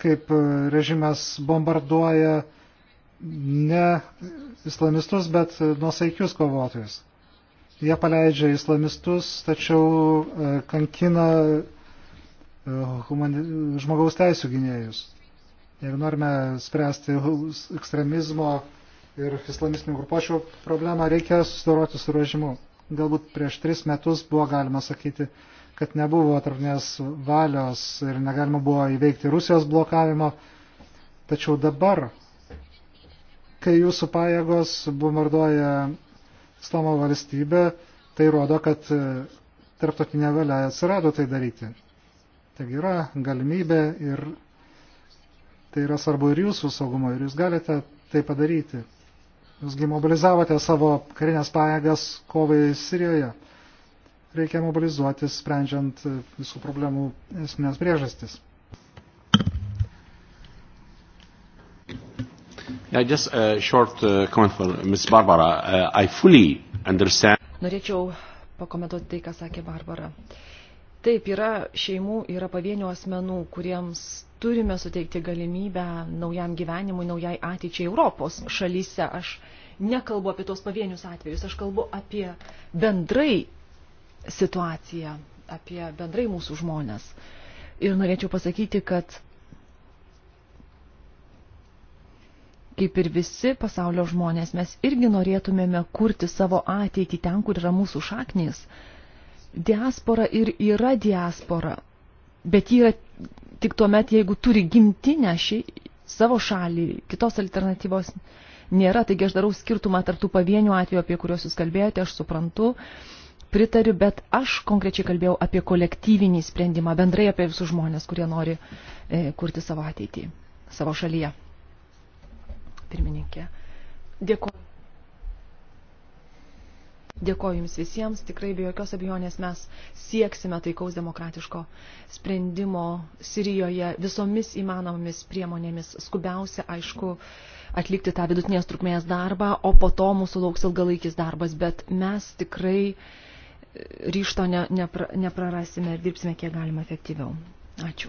kaip režimas bombarduoja ne islamistus, bet nusaikius kovotojus. Jie paleidžia islamistus, tačiau e, kankina e, humani... žmogaus teisų gynėjus. Jeigu norime spręsti ekstremizmo ir islamistinių grupuočių problemą, reikia susidoroti su režimu. Galbūt prieš tris metus buvo galima sakyti, kad nebuvo tarpinės valios ir negalima buvo įveikti Rusijos blokavimo. Tačiau dabar, kai jūsų pajėgos bombarduoja islamo valstybę, tai rodo, kad e, tarptautinė valia atsirado tai daryti. Taigi yra galimybė ir tai yra svarbu ir jūsų saugumo, ir jūs galite tai padaryti. Jūsgi mobilizavote savo karinės pajėgas kovai Sirijoje. Reikia mobilizuotis, sprendžiant e, visų problemų esminės priežastis. Yeah, just a short uh, comment for Ms. Barbara. Uh, I fully understand. Norėčiau pakomentuoti tai, ką sakė Barbara. Taip, yra šeimų, yra pavienių asmenų, kuriems turime suteikti galimybę naujam gyvenimui, naujai ateičiai Europos šalyse. Aš nekalbu apie tos pavienius atvejus, aš kalbu apie bendrai situaciją, apie bendrai mūsų žmonės. Ir norėčiau pasakyti, kad kaip ir visi pasaulio žmonės, mes irgi norėtumėme kurti savo ateitį ten, kur yra mūsų šaknys. Diaspora ir yra diaspora, bet ji yra tik tuo met, jeigu turi gimtinę šį savo šalį, kitos alternatyvos nėra. Taigi aš darau skirtumą tarptų pavienių atvejų, apie kuriuos jūs kalbėjote, aš suprantu, pritariu, bet aš konkrečiai kalbėjau apie kolektyvinį sprendimą, bendrai apie visus žmonės, kurie nori e, kurti savo ateitį savo šalyje pirmininkė. Dėkuoju. Dėkoju Jums visiems, tikrai be jokios abejonės mes sieksime taikaus demokratiško sprendimo Sirijoje visomis įmanomomis priemonėmis. Skubiausia, aišku, atlikti tą vidutinės trukmės darbą, o po to mūsų lauks ilgalaikis darbas, bet mes tikrai e, ryšto ne, nepra, neprarasime ir dirbsime kiek galima efektyviau. Ačiū.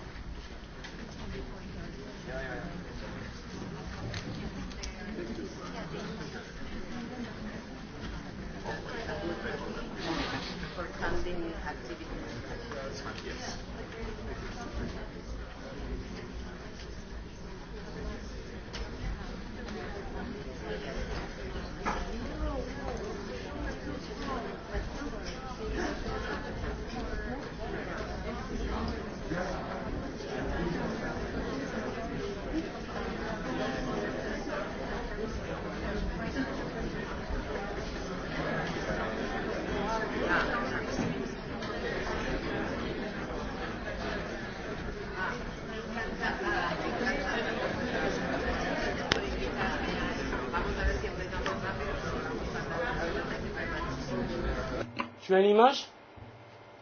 Tu as une image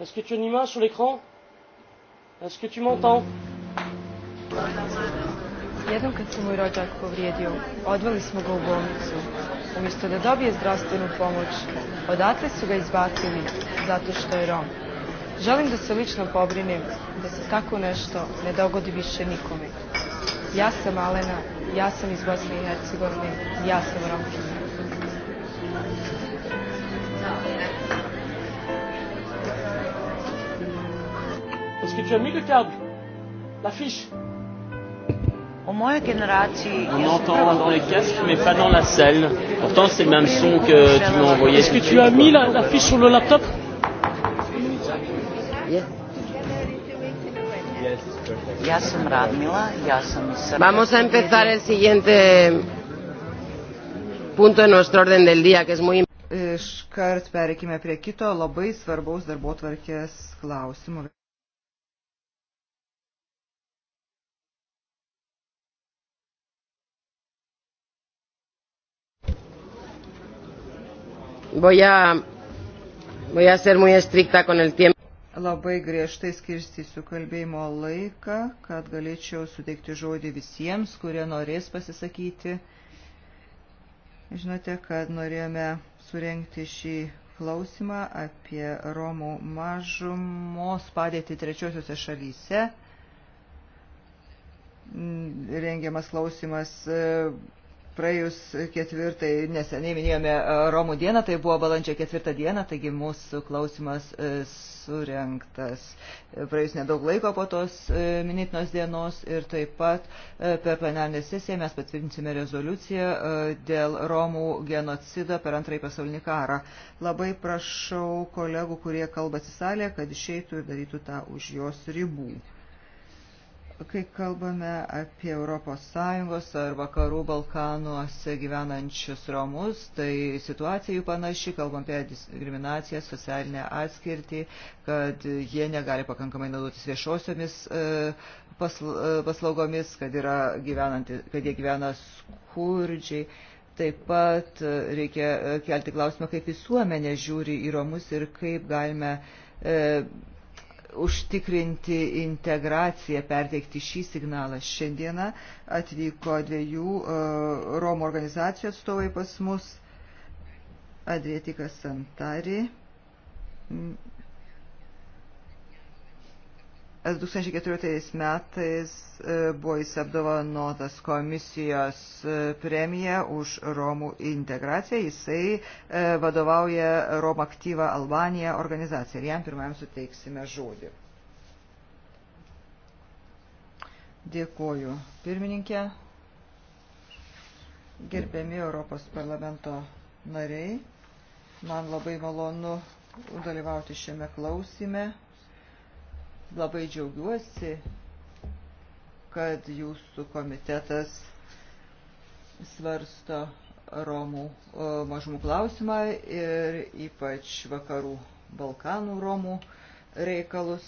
Est-ce que tu as une image sur l'écran Est-ce que tu m'entends Jednom kad se moj rođak povrijedio, odveli smo ga u bolnicu. Umjesto da dobije zdravstvenu pomoć, odatle su ga izbacili zato što je Rom. Želim da se lično pobrinem da se tako nešto ne dogodi više nikome. Ja sam Alena, ja sam iz Bosne i Hercegovine, ja sam Romkinja. Parce que tu as mis le câble, l'affiche. Au moins, génération. On entend dans les casques, mais pas dans la salle. Pourtant, c'est le même son que tu m'as envoyé. Est-ce que tu as mis l'affiche sur le laptop yeah. Ya sam Radmila, ya sam Isabel. Vamos a empezar el siguiente punto en nuestro orden del día, que es muy Iškart pereikime prie kito labai svarbaus darbo tvarkės klausimų. Voy a, voy a ser muy estricta con el tiempo. Labai griežtai skirstysiu kalbėjimo laiką, kad galėčiau suteikti žodį visiems, kurie norės pasisakyti. Žinote, kad norėjome surenkti šį klausimą apie Romų mažumos padėtį trečiosiuose šalyse. Rengiamas klausimas praėjus ketvirtai, neseniai minėjome e, Romų dieną, tai buvo balandžio ketvirtą dieną, taigi mūsų klausimas e, surinktas e, praėjus nedaug laiko po tos minėtinos dienos ir taip pat per plenarinę sesiją mes patvirtinsime rezoliuciją dėl Romų genocido per antrąjį pasaulinį karą. Labai prašau kolegų, kurie kalba atsisalė, kad išeitų ir darytų tą už jos ribų kai kalbame apie ES ar vakarų Balkanuose gyvenančius romus, tai situacija jų panaši, kalbam apie diskriminaciją, socialinę atskirtį, kad jie negali pakankamai naudotis viešosiomis e, e, paslaugomis, kad, kad jie gyvena skurdžiai. Taip pat e, reikia kelti klausimą, kaip visuomenė žiūri į romus ir kaip galime užtikrinti integraciją, perteikti šį signalą. Šiandieną atvyko dviejų e, Romų organizacijų atstovai pas mus, Adrietikas Santari 2014 metais e, buvo jis apdovanotas komisijos e, premija už Romų integraciją. Jisai e, vadovauja Roma aktyvą Albaniją organizaciją ir jam pirmajam suteiksime žodį. Dėkuoju pirmininkė, gerbiami Europos parlamento nariai. Man labai malonu dalyvauti šiame klausime. Labai džiaugiuosi, kad jūsų komitetas svarsto Romų mažumų klausimą ir ypač vakarų Balkanų Romų reikalus.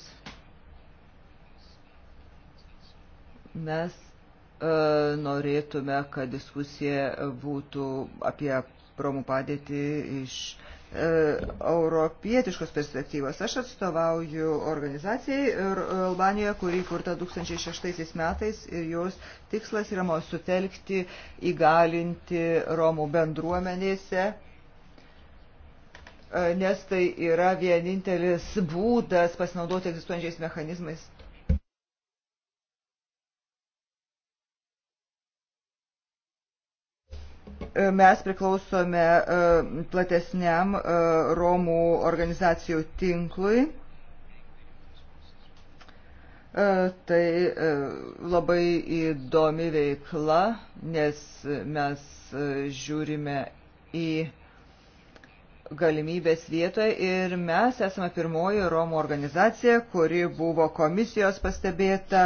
Mes e, norėtume, kad diskusija būtų apie Romų padėtį iš e, E, europietiškos perspektyvos. Aš atstovauju organizacijai ir Albanijoje, kuri kurta 2006 metais ir jos tikslas yra mūsų sutelkti, įgalinti Romų bendruomenėse, e, nes tai yra vienintelis būdas pasinaudoti egzistuojančiais mechanizmais E, mes priklausome e, platesniam e, Romų organizacijų tinklui. Tai labai įdomi veikla, nes mes žiūrime į galimybės vietoje ir mes esame pirmoji Romų organizacija, kuri buvo komisijos pastebėta,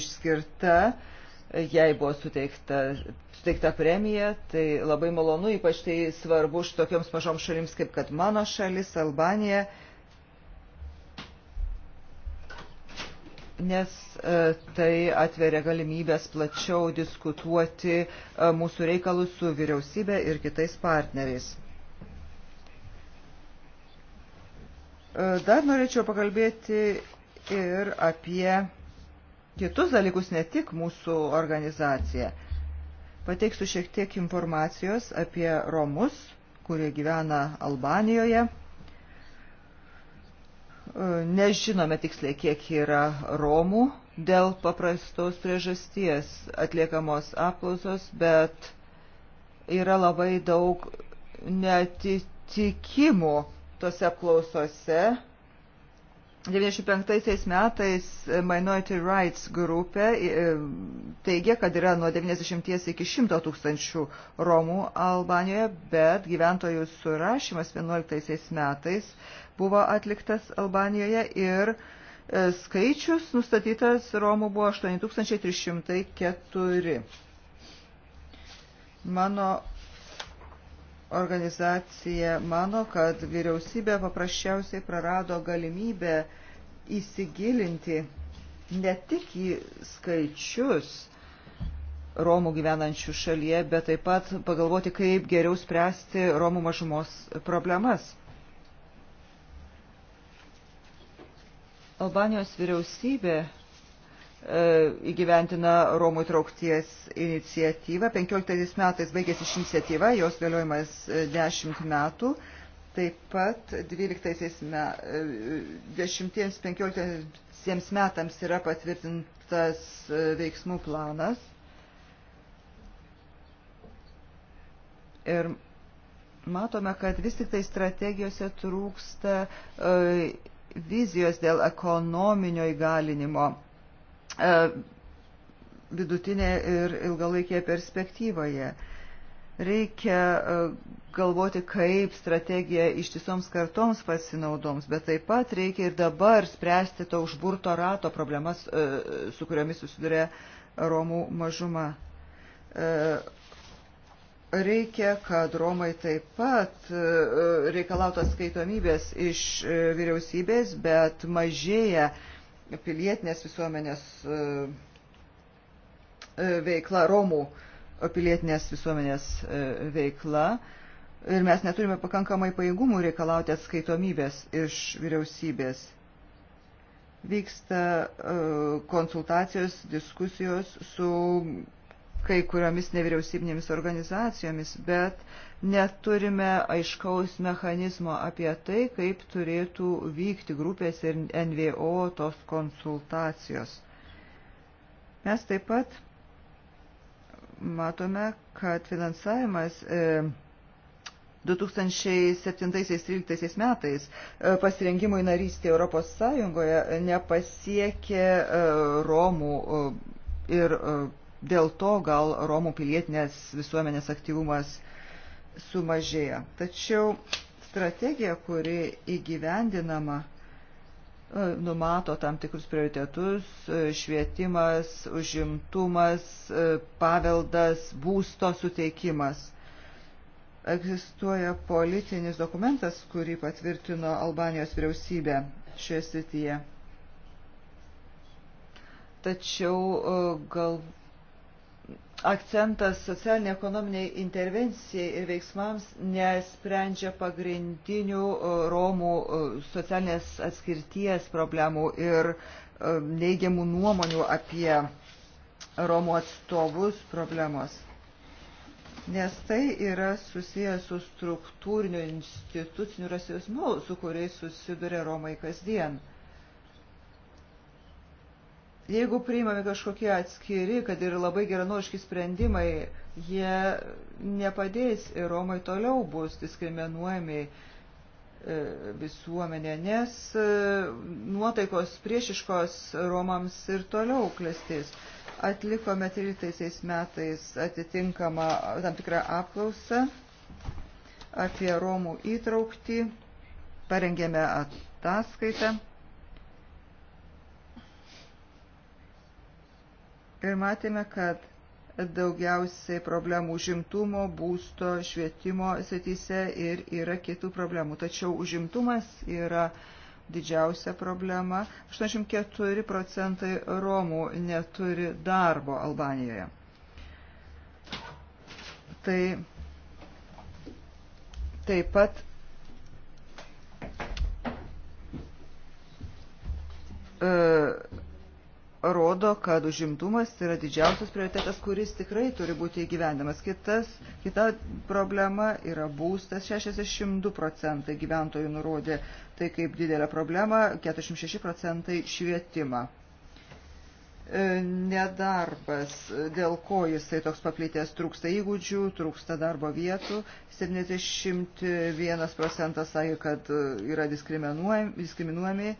išskirta, jai buvo suteikta suteikta premija, tai labai malonu, ypač tai svarbu šitokioms mažoms šalims kaip kad mano šalis, Albanija, nes e, tai atveria galimybės plačiau diskutuoti e, mūsų reikalus su vyriausybė ir kitais partneriais. E, dar norėčiau pakalbėti ir apie kitus dalykus, ne tik mūsų organizaciją. Pateiksiu šiek tiek informacijos apie Romus, kurie gyvena Albanijoje. E, nežinome tiksliai, kiek yra Romų dėl paprastos priežasties atliekamos aplausos, bet yra labai daug netitikimų tose apklausose 95 metais Minority Rights grupė e, teigia, kad yra nuo 90 iki 100 tūkstančių Romų Albanijoje, bet gyventojų surašymas 11 metais buvo atliktas Albanijoje ir e, skaičius nustatytas Romų buvo 8304. Mano organizacija mano, kad vyriausybė paprasčiausiai prarado galimybę įsigilinti ne tik į skaičius Romų gyvenančių šalyje, bet taip pat pagalvoti, kaip geriau spręsti Romų mažumos problemas. Albanijos vyriausybė E, įgyventina Romų traukties iniciatyvą. 15 metais baigėsi ši iniciatyva, jos galiojimas 10 e, metų. Taip pat 10-15 e, metams yra patvirtintas veiksmų planas. Ir matome, kad vis tik tai strategijose trūksta vizijos dėl ekonominio įgalinimo E, vidutinė ir ilgalaikėje perspektyvoje. Reikia e, galvoti, kaip strategija ištisoms kartoms pasinaudoms, bet taip pat reikia ir dabar spręsti to užburto rato problemas, e, su kuriomis susiduria Romų mažuma. Reikia, kad Romai taip pat reikalautų atskaitomybės iš vyriausybės, bet mažėja pilietinės visuomenės e, e, veikla, Romų pilietinės visuomenės e, veikla. Ir mes neturime pakankamai pajėgumų reikalauti atskaitomybės iš vyriausybės. Vyksta konsultacijos, diskusijos su kai kuriomis nevyriausybinėmis organizacijomis, bet neturime aiškaus mechanizmo apie tai, kaip turėtų vykti grupės ir NVO tos konsultacijos. Mes taip pat matome, kad finansavimas 2007-2013 e, metais e, pasirengimui narystė Europos Sąjungoje e, nepasiekė Romų ir dėl to gal Romų pilietinės visuomenės aktyvumas sumažėjo. Tačiau strategija, kuri įgyvendinama, e, numato tam tikrus prioritetus e, - švietimas, užimtumas, e, paveldas, būsto suteikimas. Egzistuoja politinis dokumentas, kurį patvirtino Albanijos vyriausybė šioje srityje. Tačiau gal akcentas socialiniai ekonominiai intervencijai ir veiksmams nesprendžia pagrindinių e, Romų e, socialinės atskirties problemų ir e, neigiamų nuomonių apie Romų atstovus problemos. Nes tai yra susijęs su struktūriniu instituciniu rasizmu, su kuriais susiduria Romai kasdien. Jeigu priimami kažkokie atskiri, kad ir labai geranoriški sprendimai, jie nepadės ir Romai toliau bus diskriminuojami e, visuomenė, nes e, nuotaikos priešiškos Romams ir toliau klestės. Atlikome 13 metais atitinkamą tam tikrą apklausą apie Romų įtraukti, parengėme ataskaitą. Ir matėme, kad daugiausiai problemų užimtumo, būsto, švietimo srityse ir yra kitų problemų. Tačiau užimtumas yra didžiausia problema. 84 procentai Romų neturi darbo Albanijoje. Tai taip pat uh, rodo, kad užimtumas yra didžiausias prioritetas, kuris tikrai turi būti įgyvendamas. Kitas, kita problema yra būstas. 62 procentai gyventojų nurodė tai kaip didelę problemą, 46 procentai švietimą. E, nedarbas, dėl ko jisai toks paplitęs, trūksta įgūdžių, trūksta darbo vietų. 71 procentas sakė, kad yra diskriminuojami. diskriminuojami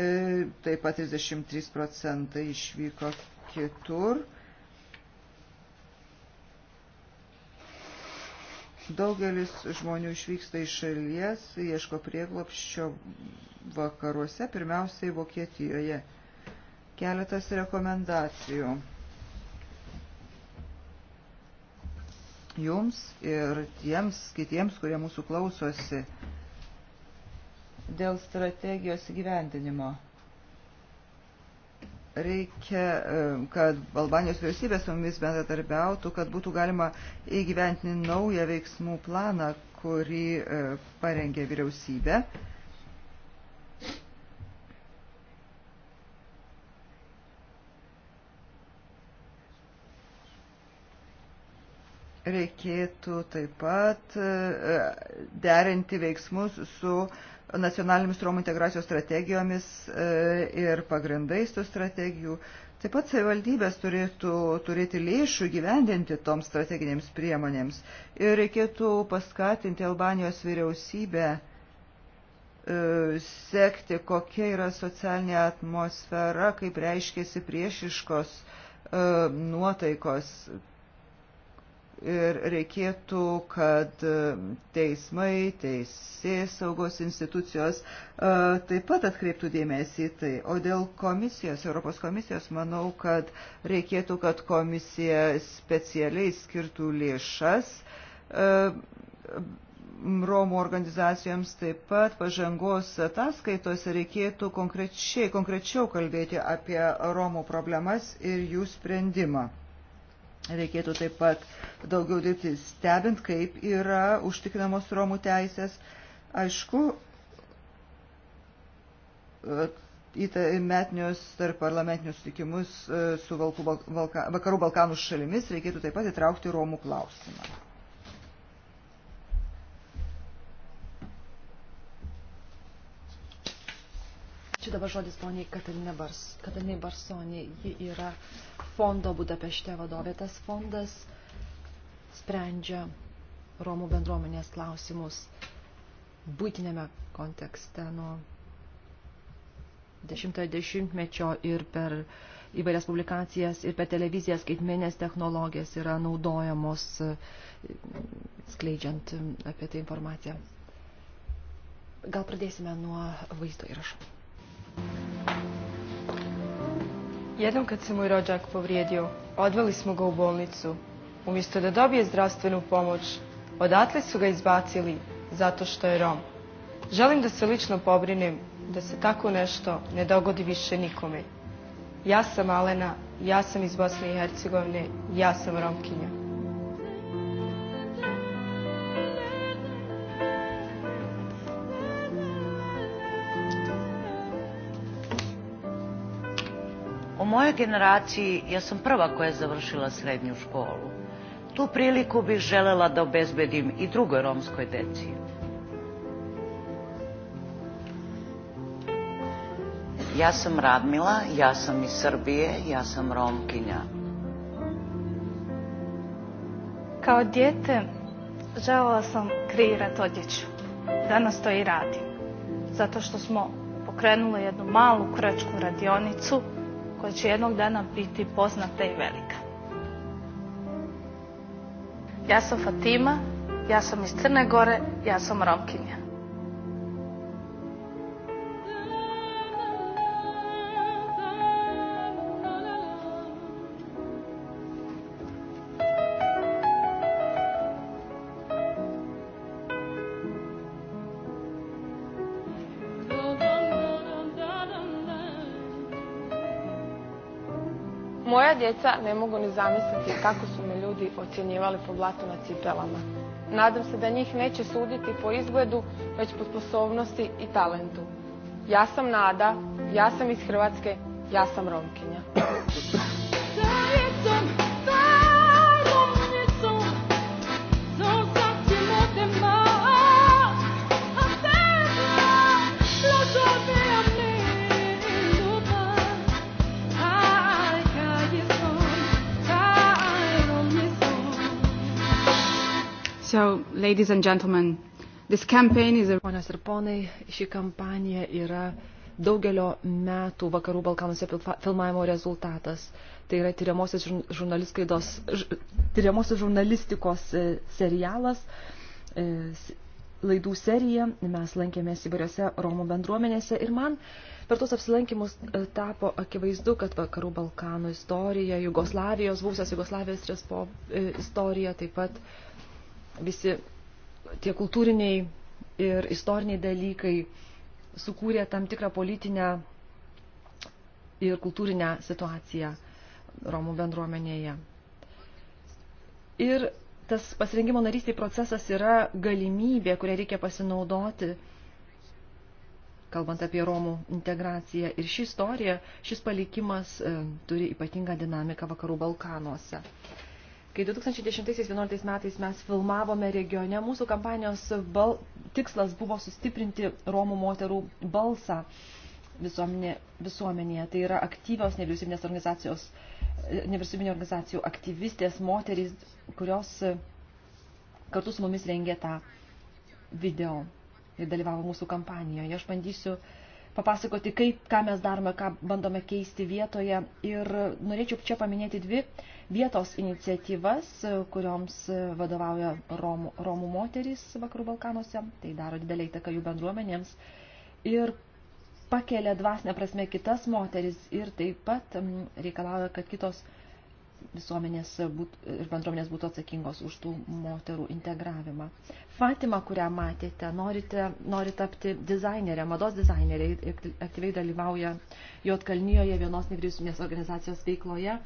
E, taip pat 33 procentai išvyko kitur. Daugelis žmonių išvyksta iš šalies, ieško prieglopščio vakaruose, pirmiausiai Vokietijoje. Keletas rekomendacijų. Jums ir tiems kitiems, kurie mūsų klausosi dėl strategijos įgyvendinimo. Reikia, e, kad Albanijos vyriausybė su mumis bendradarbiautų, kad būtų galima įgyventinti naują veiksmų planą, kurį e, parengė vyriausybė. reikėtų taip pat e, derinti veiksmus su nacionalinėmis Romų integracijos strategijomis e, ir pagrindais tų strategijų. Taip pat savivaldybės turėtų turėti lėšų gyvendinti toms strateginėms priemonėms. Ir reikėtų paskatinti Albanijos vyriausybę e, sekti, kokia yra socialinė atmosfera, kaip reiškėsi priešiškos nuotaikos ir reikėtų, kad um, teismai, teisės saugos institucijos uh, taip pat atkreiptų dėmesį į tai. O dėl komisijos, Europos komisijos, manau, kad reikėtų, kad komisija specialiai skirtų lėšas uh, Romų organizacijoms taip pat pažangos ataskaitose reikėtų konkrečiai, konkrečiau kalbėti apie Romų problemas ir jų sprendimą. Reikėtų taip pat daugiau dirbti stebint, kaip yra užtikrinamos Romų teisės. Aišku, į metinius tarp parlamentinius sutikimus e, su Valkų, Balka, Vakarų Balkanų šalimis reikėtų taip pat įtraukti Romų klausimą. Čia dabar žodis poniai Katalinai Bars, Barson, Barsonė. Ji yra uh, fondo Budapešte vadovė. Tas fondas sprendžia Romų bendruomenės klausimus būtinėme kontekste nuo 10-mečio ir per įvairias publikacijas ir per televiziją skaitmenės technologijas yra naudojamos skleidžiant apie tai informaciją. Gal pradėsime nuo vaizdo įrašo. Thank you. Jednom kad se moj rođak povrijedio, odveli smo ga u bolnicu. Umjesto da dobije zdravstvenu pomoć, odatle su ga izbacili zato što je Rom. Želim da se lično pobrinem da se tako nešto ne dogodi više nikome. Ja sam Alena, ja sam iz Bosne i Hercegovine, ja sam Romkinja. mojoj generaciji ja sam prva koja je završila srednju školu. Tu priliku bih želela da obezbedim i drugoj romskoj deci. Ja sam Radmila, ja sam iz Srbije, ja sam Romkinja. Kao dijete želela sam kreirati odjeću. Danas to i radim. Zato što smo pokrenuli jednu malu kročku radionicu koja će jednog dana biti poznata i velika. Ja sam Fatima, ja sam iz Crne Gore, ja sam Romkinja. djeca ne mogu ni zamisliti kako su me ljudi ocjenjivali po blatu na cipelama. Nadam se da njih neće suditi po izgledu, već po sposobnosti i talentu. Ja sam Nada, ja sam iz Hrvatske, ja sam Romkinja. ladies and gentlemen, this campaign is a... Ponios ir ponai, ši kampanija yra daugelio metų Vakarų Balkanuose filmavimo rezultatas. Tai yra tyriamosios, tyriamosios žurnalistikos e, serialas, e, laidų serija. Mes lankėmės įvairiose Romų bendruomenėse ir man per tos apsilankimus e, tapo akivaizdu, kad Vakarų Balkanų istorija, Jugoslavijos, buvusios Jugoslavijos respo, istorija taip pat visi tie kultūriniai ir istoriniai dalykai sukūrė tam tikrą politinę ir kultūrinę situaciją Romų bendruomenėje. Ir tas pasirengimo narystiai procesas yra galimybė, kurią reikia pasinaudoti, kalbant apie Romų integraciją. Ir ši istorija, šis palikimas e, turi ypatingą dinamiką Vakarų Balkanuose. Kai 2010-2011 metais mes filmavome regione, mūsų kampanijos bal... tikslas buvo sustiprinti Romų moterų balsą visuomenė, visuomenėje. Tai yra aktyvios nevyriausybinės organizacijos, nevyriausybinio organizacijų aktyvistės, moterys, kurios kartu su mumis rengė tą video ir dalyvavo mūsų kampanijoje. Aš bandysiu uh, papasakoti, kaip, ką mes darome, ką bandome keisti vietoje. Ir norėčiau čia paminėti dvi vietos iniciatyvas, kurioms vadovauja Romų, Romų moterys Vakarų Balkanuose. Tai daro didelį įtaką jų bendruomenėms. Ir pakelia dvasinę prasme kitas moteris ir taip pat mm, reikalauja, kad kitos moteris visuomenės būt, ir bendruomenės būtų atsakingos už tų moterų integravimą. Fatima, kurią matėte, norite, nori tapti dizainerė, mados dizainerė, aktyviai dalyvauja Jotkalnyjoje vienos nevyriausybinės organizacijos veikloje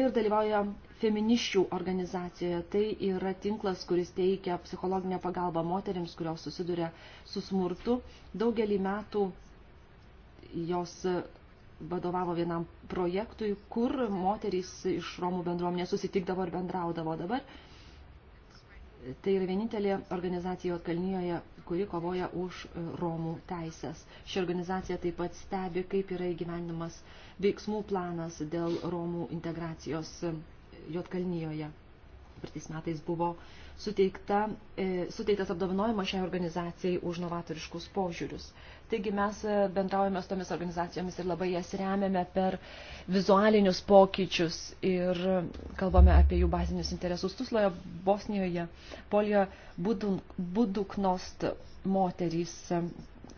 ir dalyvauja feminiščių organizacijoje. Tai yra tinklas, kuris teikia psichologinę pagalbą moteriams, kurios susiduria su smurtu. Daugelį metų jos vadovavo vienam projektui, kur moterys iš Romų bendruomenės susitikdavo ir bendraudavo dabar. Tai yra vienintelė organizacija Jotkalnyjoje, kuri kovoja už Romų teisės. Ši organizacija taip pat stebi, kaip yra įgyvenimas veiksmų planas dėl Romų integracijos Jotkalnyjoje. Praeitais metais buvo suteikta, e, suteiktas apdovanojimas šiai organizacijai už novatoriškus požiūrius. E, Taigi mes e, bendraujame su tomis organizacijomis ir labai jas remiame per vizualinius pokyčius ir kalbame apie jų bazinius interesus. Tusloje, Bosnijoje, Polijoje buduknost moterys, e,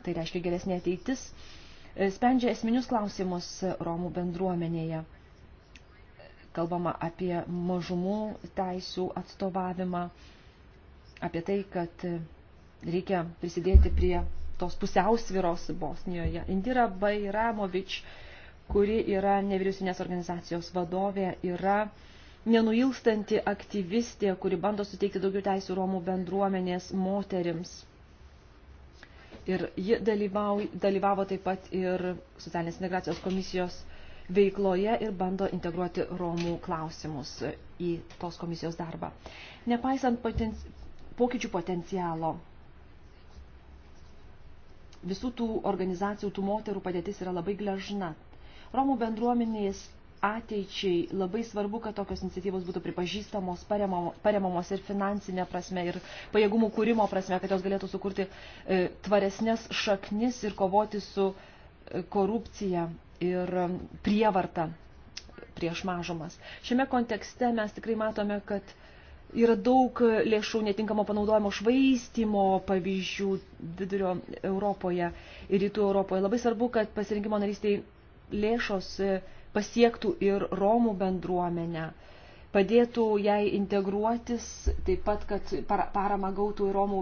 tai reiškia geresnė ateitis, e, sprendžia esminius klausimus Romų bendruomenėje kalbama apie mažumų teisų atstovavimą, apie tai, kad reikia prisidėti prie tos pusiausviros Bosnijoje. Indira Bairamovič, kuri yra nevyriausinės organizacijos vadovė, yra nenuilstanti aktyvistė, kuri bando suteikti daugiau teisų Romų bendruomenės moterims. Ir ji dalyvau, dalyvavo taip pat ir socialinės integracijos komisijos veikloje ir bando integruoti Romų klausimus į tos komisijos darbą. Nepaisant poten... pokyčių potencialo, visų tų organizacijų, tų moterų padėtis yra labai gležna. Romų bendruomenės ateičiai labai svarbu, kad tokios iniciatyvos būtų pripažįstamos, paremamos ir finansinė prasme, ir pajėgumų kūrimo prasme, kad jos galėtų sukurti e, tvaresnės šaknis ir kovoti su e, korupcija ir e, prievarta prieš mažumas. Šiame kontekste mes tikrai matome, kad Yra daug lėšų netinkamo panaudojimo švaistimo pavyzdžių vidurio Europoje ir rytų Europoje. Labai svarbu, kad pasirinkimo narystiai lėšos e, pasiektų ir Romų bendruomenę, padėtų jai integruotis, taip pat, kad parama gautų ir Romų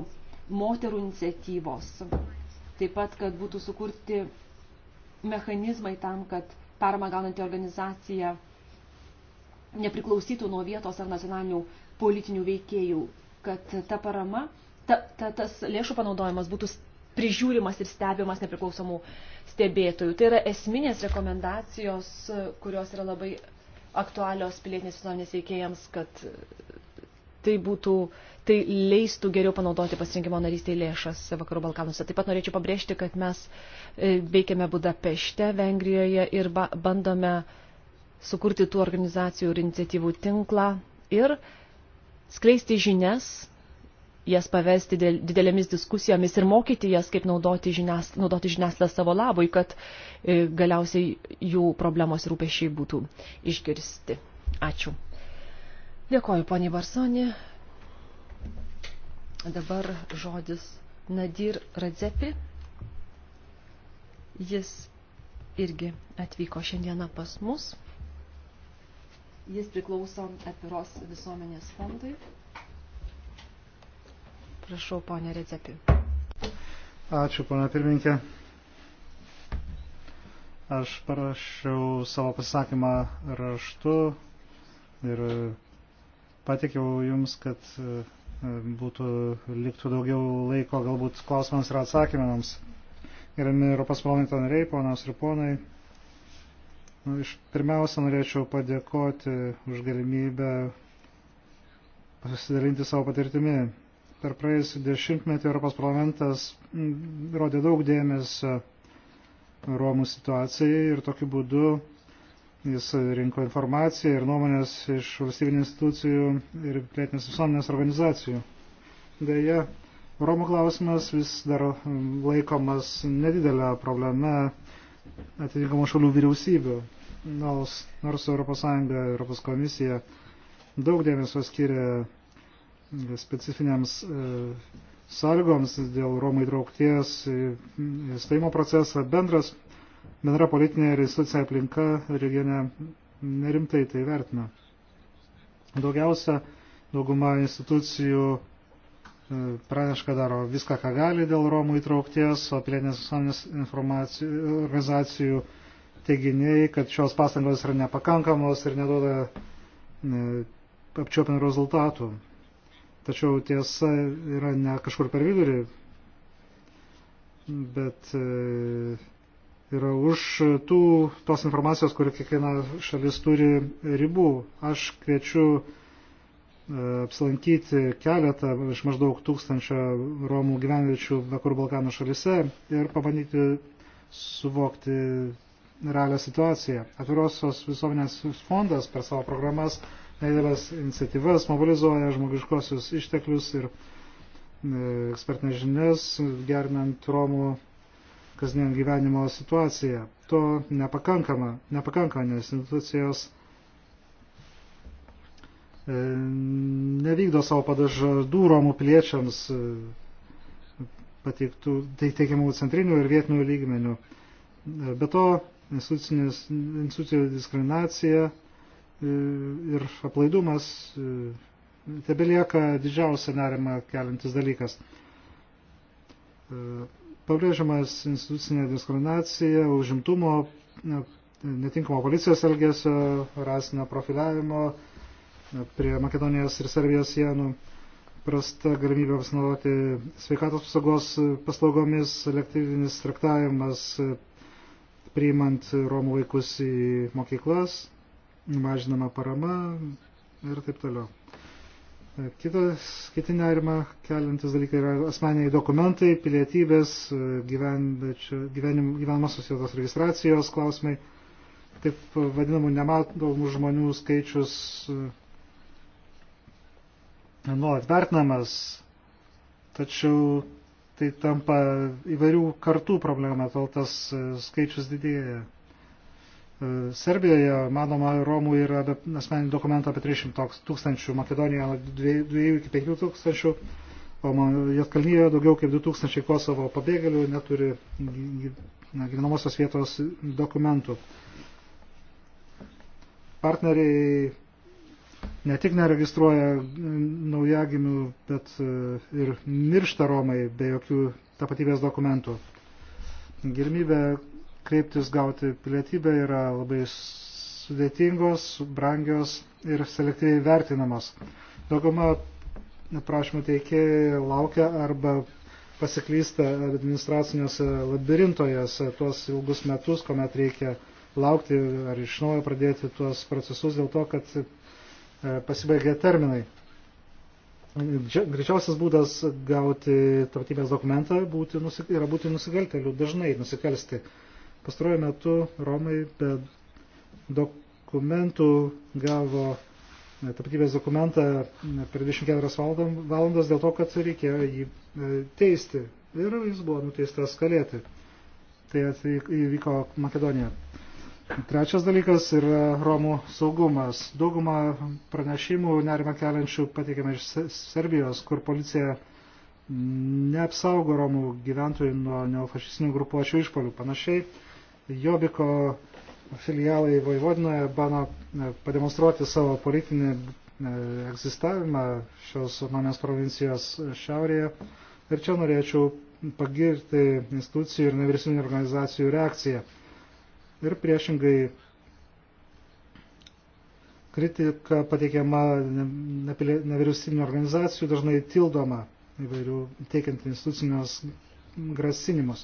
moterų iniciatyvos, taip pat, kad būtų sukurti mechanizmai tam, kad parama gaunanti organizacija nepriklausytų nuo vietos ar nacionalinių politinių veikėjų, kad ta parama, ta, ta, tas lėšų panaudojimas būtų prižiūrimas ir stebimas nepriklausomų stebėtojų. Tai yra esminės rekomendacijos, kurios yra labai aktualios pilietinės visuomenės veikėjams, kad tai būtų, tai leistų geriau panaudoti pasirinkimo narystėje lėšas Vakarų Balkanuose. Taip pat norėčiau pabrėžti, kad mes e, veikiame Budapešte, Vengrijoje ir bandome sukurti tų organizacijų ir iniciatyvų tinklą ir skleisti žinias, jas pavesti didelėmis diskusijomis ir mokyti jas, kaip naudoti, žinias, naudoti žiniasklaidą savo labui, kad e, galiausiai jų problemos ir rūpešiai būtų išgirsti. Ačiū. Dėkoju, poniai Varsonė. Dabar žodis Nadir Radzepi. Jis irgi atvyko šiandieną pas mus. Jis priklauso atviros visuomenės fondui. Prašau, ponė Recepi. Ačiū, ponė pirmininkė. Aš parašiau savo pasisakymą raštu ir patikiau jums, kad e, būtų liktų daugiau laiko galbūt klausimams ir atsakymams. Gerami Europos parlamento nariai, ponas ir ponai. Nu, iš pirmiausia, norėčiau padėkoti už galimybę pasidalinti savo patirtimi. Per praėjusį dešimtmetį Europos parlamentas rodė daug dėmesio Romų situacijai ir tokiu būdu jis rinko informaciją ir nuomonės iš valstybinių institucijų ir plėtinės visuomenės organizacijų. Deja, Romų klausimas vis dar laikomas nedidelę problemą atitinkamų šalių vyriausybių. Nors, nors ES ir ES komisija daug dėmesio skiria e, specifinėms e, sąlygoms dėl Romų įtraukties į stojimo procesą, bendras, bendra politinė ir institucinė aplinka regione nerimtai tai vertina. Daugiausia dauguma institucijų praneška daro viską, ką gali dėl Romų įtraukties, o pilietinės visuomenės organizacijų teiginiai, kad šios pastangos yra nepakankamos ir neduoda e, apčiopinų rezultatų. Tačiau tiesa yra ne kažkur per vidurį, bet e, yra už tų, tos informacijos, kurį kiekviena šalis turi ribų. Aš kviečiu apsilankyti keletą iš maždaug tūkstančio Romų gyvenviečių Vakarų Balkanų šalise ir pabandyti suvokti realią situaciją. Atvirosios visuomenės fondas per savo programas, nedėlės iniciatyvas mobilizuoja žmogiškosius išteklius ir e, ekspertinės žinias, gerinant Romų kasdien gyvenimo situaciją. To nepakankama, nepakanka, nes institucijos E, nevykdo savo padažadų Romų piliečiams e, pateiktų, teikiamų centrinių ir vietinių lygmenių. E, be to, institucijų diskriminacija ir aplaidumas tebelieka didžiausia nerima keliantis dalykas. Pabrėžiamas institucinė diskriminacija, užimtumo, netinkamo policijos elgesio, rasinio profiliavimo, prie Makedonijos ir Serbijos sienų, prasta galimybė apsinaudoti sveikatos apsaugos paslaugomis, selektyvinis traktavimas, priimant Romų vaikus į mokyklas, mažinama parama ir taip toliau. Kitas, kiti nerima keliantis dalykai yra asmeniai dokumentai, pilietybės, gyven, gyvenim, gyvenimo susijėtos registracijos klausimai, taip vadinamų nematomų žmonių skaičius nuolat vertinamas, tačiau tai tampa įvairių kartų problema, tol tas e, skaičius didėja. E, Serbijoje, manoma, Romų yra asmeninį dokumentą apie 300 tūkstančių, Makedonijoje nuo 2 iki 5 tūkstančių, o Jatkalnyje daugiau kaip 2 tūkstančiai Kosovo pabėgėlių neturi gyvenamosios vietos dokumentų. Partneriai ne tik neregistruoja e, naujagimių, bet e, ir miršta Romai be jokių tapatybės dokumentų. Girmybė kreiptis gauti pilietybę yra labai sudėtingos, brangios ir selektyviai vertinamos. Dauguma prašymų teikėjai laukia arba pasiklysta administraciniuose labirintojose tuos ilgus metus, kuomet reikia laukti ar iš naujo pradėti tuos procesus dėl to, kad E, pasibaigė terminai. Greičiausias būdas gauti tapatybės dokumentą būti, yra būti nusikalteliu, dažnai nusikalsti. Pastaruoju metu Romai be dokumentų gavo e, tapatybės dokumentą e, per 24 valandas dėl to, kad reikėjo jį teisti. Ir jis buvo nuteistas kalėti. Tai įvyko Makedonijoje. Trečias dalykas yra Romų saugumas. Dauguma pranešimų nerima keliančių patikėme iš Serbijos, kur policija neapsaugo Romų gyventojų nuo neofašistinių grupuočių išpolių. Panašiai, Jobiko filialai Vojvodinoje bano e, pademonstruoti savo politinį e, egzistavimą šios manęs provincijos šiaurėje. Ir čia norėčiau pagirti institucijų ir nevyriausybinių organizacijų reakciją ir priešingai kritika pateikiama nevyriausybinio organizacijų dažnai tildoma įvairių teikiant institucinius grasinimus.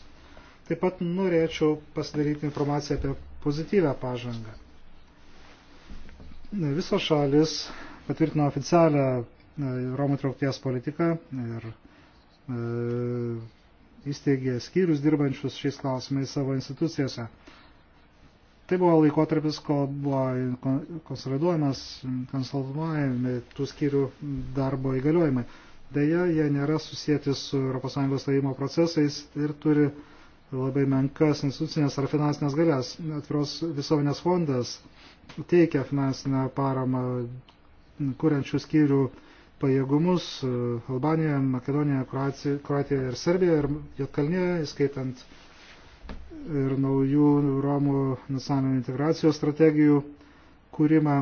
Taip pat norėčiau pasidaryti informaciją apie pozityvę pažangą. Visos šalis patvirtino oficialią e, Romų traukties politiką ir e, įsteigė skyrius dirbančius šiais klausimais savo institucijose. Tai buvo laikotarpis, kol buvo konsoliduojamas, konsultuojami tų skyrių darbo įgaliojimai. Deja, jie nėra susijęti su ES stojimo procesais ir turi labai menkas institucinės ar finansinės galės. Atviros visuomenės fondas teikia finansinę paramą kuriančių skyrių pajėgumus e, Albanijoje, Makedonijoje, Kroatijoje ir Serbijoje ir Jotkalnyje, įskaitant ir naujų Romų nacionalinių integracijos strategijų kūrimą.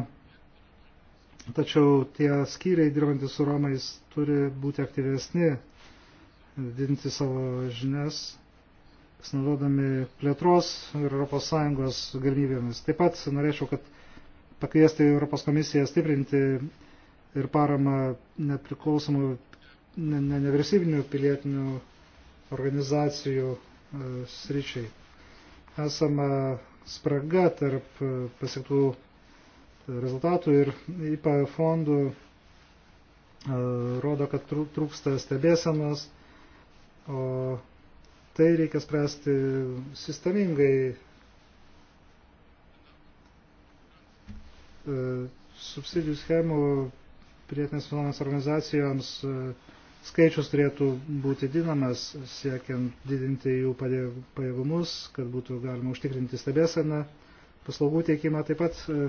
Tačiau tie skyriai dirbantys su Romais turi būti aktyvesni, didinti savo žinias, pasinaudodami plėtros ir ES galimybėmis. Taip pat norėčiau, kad pakviesti Europos komisiją stiprinti ir paramą nepriklausomų nevyriausybinių pilietinių organizacijų e, sričiai esama spraga tarp pasiektų rezultatų ir IPA fondų e, rodo, kad trūksta stebėsenos, o tai reikia spręsti sistemingai. E, subsidijų schemų prietinės finansinės organizacijoms e, skaičius turėtų būti dinamas, siekiant didinti jų pajėgumus, kad būtų galima užtikrinti stebėseną, paslaugų teikimą. Taip pat e,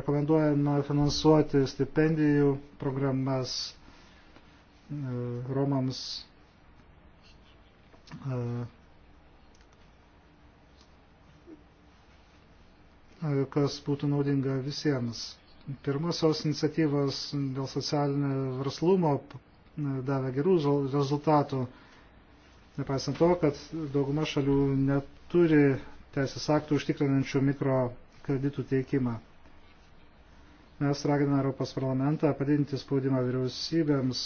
rekomenduojama finansuoti stipendijų programas e, Romams e, kas būtų naudinga visiems. Pirmosios iniciatyvos dėl socialinio verslumo davė gerų rezultatų, nepaisant to, kad dauguma šalių neturi teisės aktų užtikrinančių mikrokreditų teikimą. Mes raginame Europos parlamentą padidinti spaudimą vyriausybėms,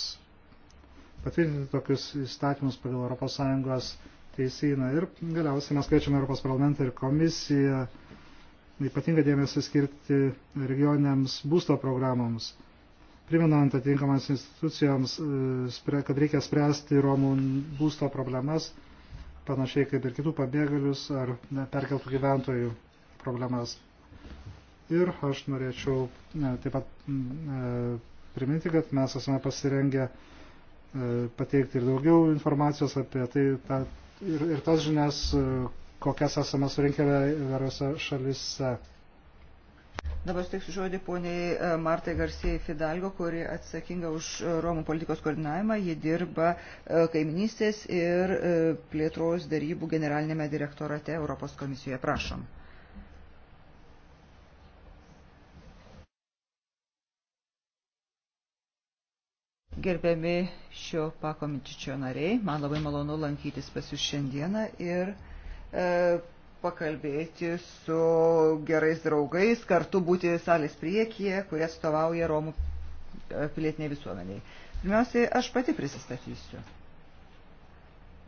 patvirtinti tokius įstatymus pagal ES teisyną ir galiausiai mes kviečiame Europos parlamentą ir komisiją ypatingą dėmesį skirti regioniniams būsto programoms priminant atitinkamas institucijoms, e, kad reikia spręsti Romų būsto problemas, panašiai kaip ir kitų pabėgėlius ar perkeltų gyventojų problemas. Ir aš norėčiau e, taip pat e, priminti, kad mes esame pasirengę pateikti ir daugiau informacijos apie tai ta, ir, ir tas žinias, kokias esame surinkę įvairiose šalise. Dabar steiksiu žodį poniai e, Martai Garsijai Fidalgo, kuri atsakinga už e, Romų politikos koordinavimą. Ji dirba e, kaiminystės ir plėtros darybų generalinėme direktorate Europos komisijoje. Prašom. Gerbiami šio pakomitičio nariai, man labai malonu lankytis pas jūs šiandieną ir e, pakalbėti su gerais draugais, kartu būti salės priekyje, kurie atstovauja Romų e, pilietiniai visuomeniai. Pirmiausiai, aš pati prisistatysiu.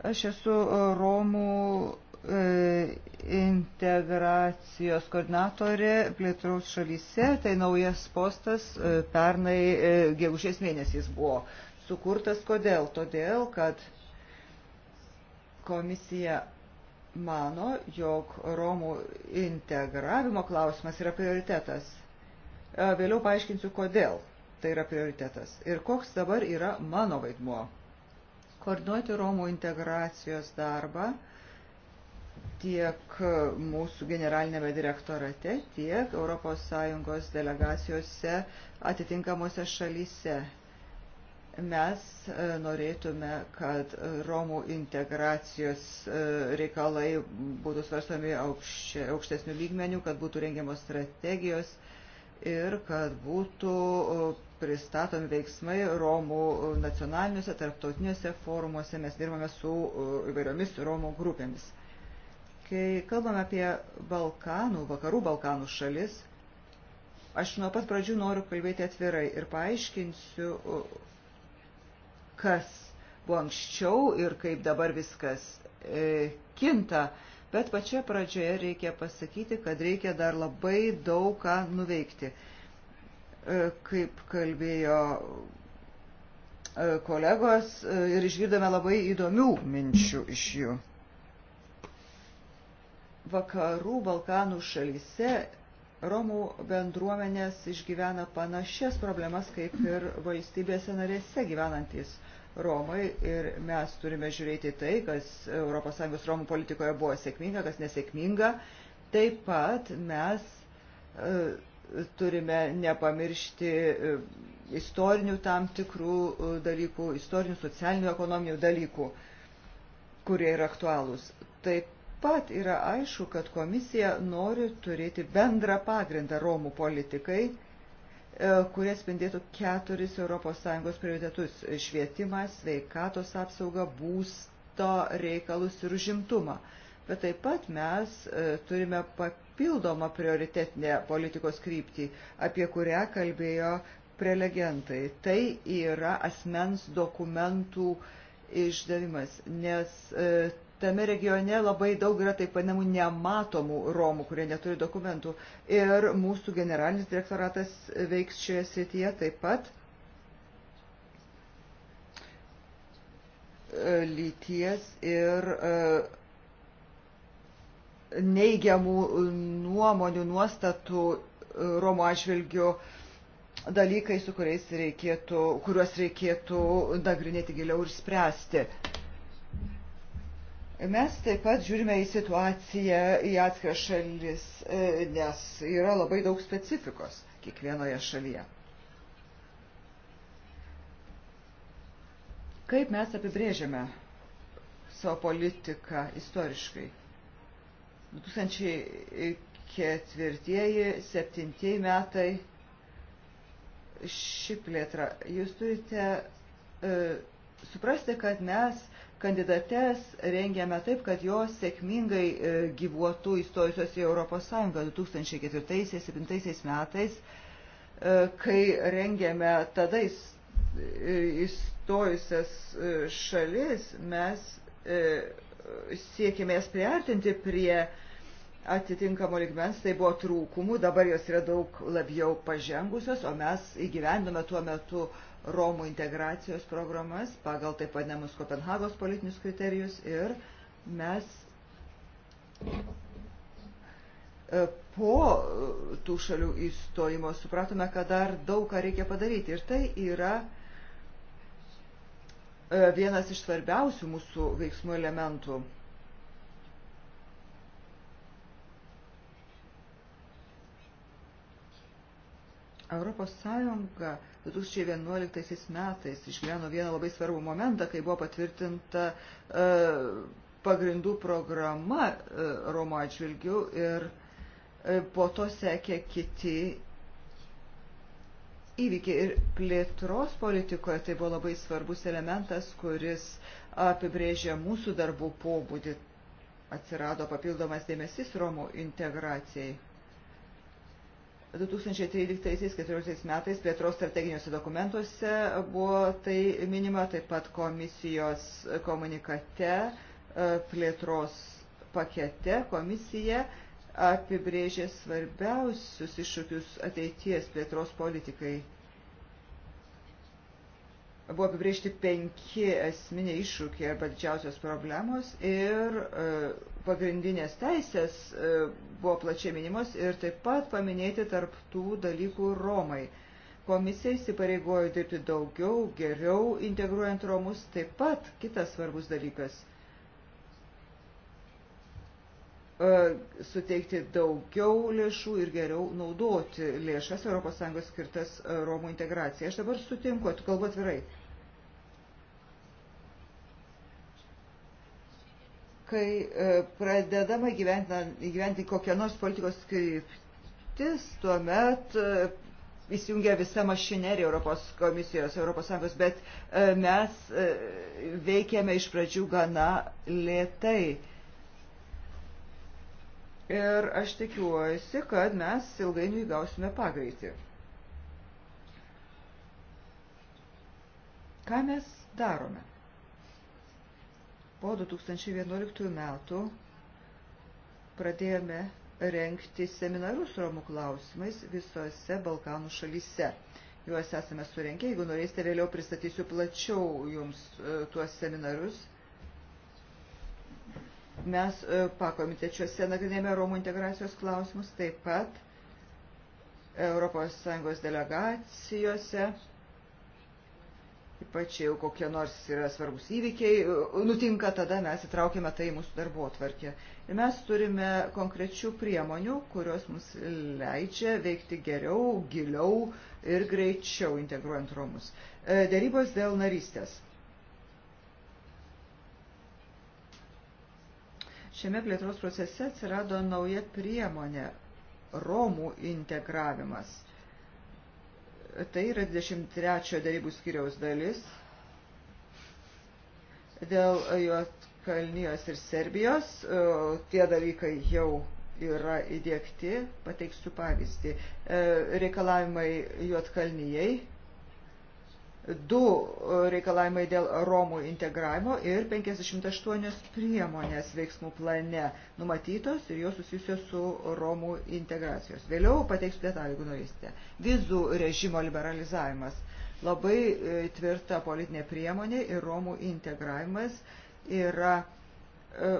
Aš esu Romų e, integracijos koordinatorė plėtros šalyse, tai naujas postas e, pernai gegužės mėnesiais buvo sukurtas. Kodėl? Todėl, kad komisija mano, jog Romų integravimo klausimas yra prioritetas. E, vėliau paaiškinsiu, kodėl tai yra prioritetas ir koks dabar yra mano vaidmuo. Koordinuoti Romų integracijos darbą tiek mūsų generalinėme direktorate, tiek ES delegacijose atitinkamuose šalyse. Mes e, norėtume, kad Romų integracijos e, reikalai būtų svarstami aukštesnių lygmenių, kad būtų rengiamos strategijos ir kad būtų e, pristatomi veiksmai Romų nacionaliniuose, tarptautiniuose forumuose. Mes dirbame su įvairiomis Romų grupėmis. Kai kalbame apie Balkanų, vakarų Balkanų šalis, aš nuo pat pradžių noriu kalbėti atvirai ir paaiškinsiu kas buvo anksčiau ir kaip dabar viskas e, kinta. Bet pačioje pradžioje reikia pasakyti, kad reikia dar labai daug ką nuveikti. E, kaip kalbėjo e, kolegos e, ir išgirdome labai įdomių minčių iš jų. Vakarų Balkanų šalyse Romų bendruomenės išgyvena panašias problemas kaip ir valstybėse narėse gyvenantis Romai ir mes turime žiūrėti tai, kas ES Romų politikoje buvo sėkminga, kas nesėkminga. Taip pat mes e, turime nepamiršti e, istorinių tam tikrų e, dalykų, istorinių, socialinių, ekonominių dalykų, kurie yra aktualūs. Taip pat yra aišku, kad komisija nori turėti bendrą pagrindą Romų politikai E, kurie spindėtų keturis ES prioritetus - švietimą, sveikatos apsaugą, būsto reikalus ir užimtumą. Bet taip pat mes e, turime papildomą prioritetinę politikos kryptį, apie kurią kalbėjo prelegentai. Tai yra asmens dokumentų išdavimas, nes e, tame regione labai daug yra taip vadinamų nematomų Romų, kurie neturi dokumentų. Ir mūsų generalinis direktoratas veiks šioje srityje taip pat. E, lyties ir e, neigiamų nuomonių, nuostatų e, Romų atžvilgių dalykai, su kuriais reikėtų, kuriuos reikėtų nagrinėti giliau ir spręsti. Mes taip pat žiūrime į situaciją į atskiras šalis, e, nes yra labai daug specifikos kiekvienoje šalyje. Kaip mes apibrėžiame savo politiką istoriškai? 2004-2007 metai ši plėtra. Jūs turite e, suprasti, kad mes e, kandidates rengėme taip, kad jos sėkmingai e, gyvuotų įstojusios į Europos Sąjungą 2004-2007 metais, e, kai rengėme tada e, įstojusias šalis, mes siekėme jas priartinti prie atitinkamo ligmens, tai buvo trūkumų, dabar jos yra daug labiau pažengusios, o mes įgyvendome tuo metu uh, Romų integracijos programas pagal taip vadinamus Kopenhagos politinius kriterijus ir mes e, po e, tų šalių įstojimo supratome, kad dar daug ką reikia padaryti. Ir tai yra e, vienas iš svarbiausių mūsų veiksmų elementų. Europos Sąjunga 2011 metais išgyveno vieną labai svarbų momentą, kai buvo patvirtinta e, pagrindų programa e, Romo atžvilgių ir e, po to sekė kiti įvykiai ir plėtros politikoje tai buvo labai svarbus elementas, kuris apibrėžė mūsų darbų pobūdį. Atsirado papildomas dėmesys Romų integracijai. 2013-2014 metais plėtros strateginiuose dokumentuose buvo tai minima, taip pat komisijos komunikate, e, plėtros pakete komisija apibrėžė svarbiausius iššūkius ateities plėtros politikai. Buvo apibrėžti penki esminiai iššūkiai arba didžiausios problemos ir uh, pagrindinės teisės e, buvo plačiai minimos ir taip pat paminėti tarp tų dalykų Romai. Komisija įsipareigojo dirbti daugiau, geriau integruojant Romus, taip pat kitas svarbus dalykas e, suteikti daugiau lėšų ir geriau naudoti lėšas ES skirtas e, Romų integracijai. Aš dabar sutinku, tu kalbu atvirai. kai e, pradedama gyventi kokią nors politikos kryptis, tuomet e, įsijungia visa mašinerija Europos komisijos, Europos Sąjungos, bet e, mes veikėme iš pradžių gana lėtai. Ir aš tikiuosi, kad mes ilgainiui gausime pagreitį. Ką mes darome? Po 2011 metų pradėjome rengti seminarus Romų klausimais visose Balkanų šalyse. Juos esame surengę, jeigu norėsite vėliau pristatysiu plačiau jums e, tuos seminarus. Mes e, pakomitečiuose nagrinėjame Romų integracijos klausimus, taip pat ES delegacijose ypač jau kokie nors yra svarbus įvykiai, e, nutinka tada mes įtraukime tai į mūsų darbo atvarkę. Ir mes turime konkrečių priemonių, kurios mums leidžia veikti geriau, giliau ir greičiau integruojant Romus. E, Dėrybos dėl narystės. Šiame plėtros procese atsirado nauja priemonė - Romų integravimas – Tai yra 23 darybų skiriaus dalis dėl Juotkalnijos ir Serbijos. Tie dalykai jau yra įdėkti. Pateiksiu pavyzdį. E, reikalavimai Juotkalnijai du reikalavimai dėl Romų integravimo ir 58 priemonės veiksmų plane numatytos ir jos susijusios su Romų integracijos. Vėliau pateiksiu detalį, jeigu norėsite. Vizų režimo liberalizavimas. Labai e, tvirta politinė priemonė ir Romų integravimas yra e,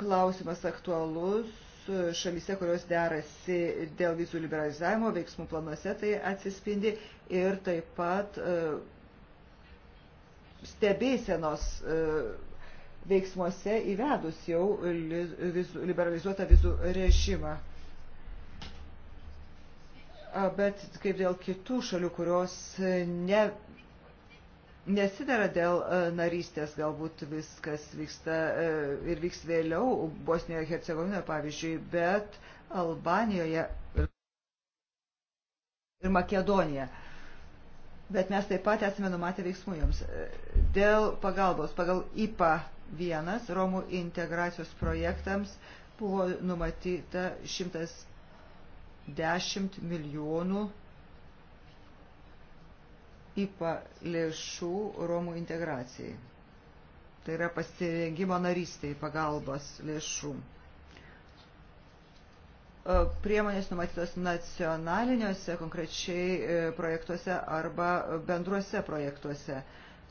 klausimas aktualus e, šalyse, kurios derasi dėl vizų liberalizavimo veiksmų planuose, tai atsispindi ir taip pat e, stebėsenos e, veiksmuose įvedus jau liberalizuotą vizų režimą. Bet kaip dėl kitų šalių, kurios ne, nesidara dėl e, narystės, galbūt viskas vyksta ir vyks vėliau, Bosnijoje, Hercegovinoje pavyzdžiui, bet Albanijoje ir Makedonijoje bet mes taip pat esame numatę veiksmų jums. Dėl pagalbos pagal IPA 1 Romų integracijos projektams buvo numatyta 110 milijonų IPA lėšų Romų integracijai. Tai yra pasirengimo narystiai pagalbos lėšų. E, priemonės numatytos nacionaliniuose konkrečiai e, projektuose arba bendruose projektuose.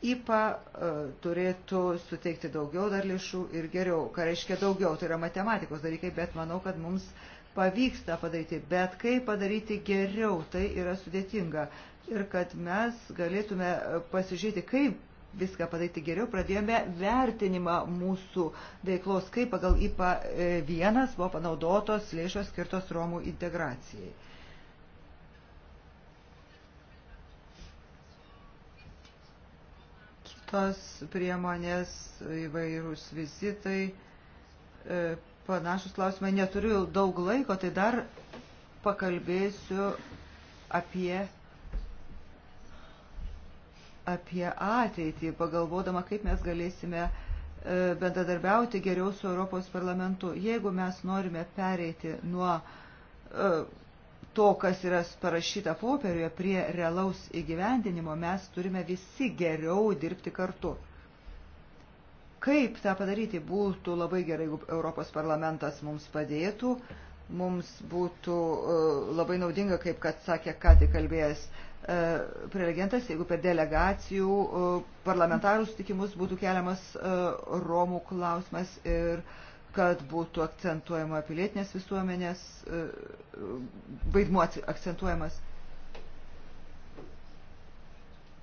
IPA e, turėtų suteikti daugiau dar lėšų ir geriau. Ką reiškia daugiau? Tai yra matematikos dalykai, bet manau, kad mums pavyksta padaryti. Bet kaip padaryti geriau, tai yra sudėtinga. Ir kad mes galėtume pasižiūrėti, kaip viską padaryti geriau, pradėjome vertinimą mūsų veiklos, kaip pagal IPA e, vienas buvo panaudotos lėšos skirtos Romų integracijai. Kitos priemonės, įvairūs vizitai, e, panašus klausimai. Neturiu daug laiko, tai dar pakalbėsiu apie apie ateitį, pagalvodama, kaip mes galėsime e, bendradarbiauti geriau su Europos parlamentu. Jeigu mes norime pereiti nuo e, to, kas yra parašyta popieriuje, prie realaus įgyvendinimo, mes turime visi geriau dirbti kartu. Kaip tą padaryti būtų labai gerai, jeigu Europos parlamentas mums padėtų, mums būtų e, labai naudinga, kaip kad sakė ką tik kalbėjęs E, prelegentas, jeigu per delegacijų e, parlamentarų sutikimus būtų keliamas e, Romų klausimas ir kad būtų akcentuojama pilietinės visuomenės, vaidmuo akcentuojamas.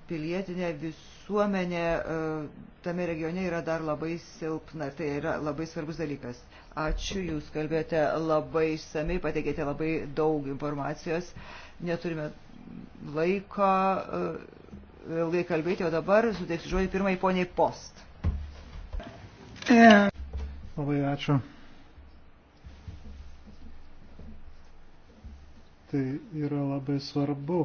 Pilietinė visuomenė tame regione yra dar labai silpna ir tai yra labai svarbus dalykas. Ačiū, jūs kalbėjote labai išsamei, pateikėte labai daug informacijos. Neturime laiko e, ilgai kalbėti, o dabar suteiksiu žodį pirmai poniai post. Labai ačiū. Tai yra labai svarbu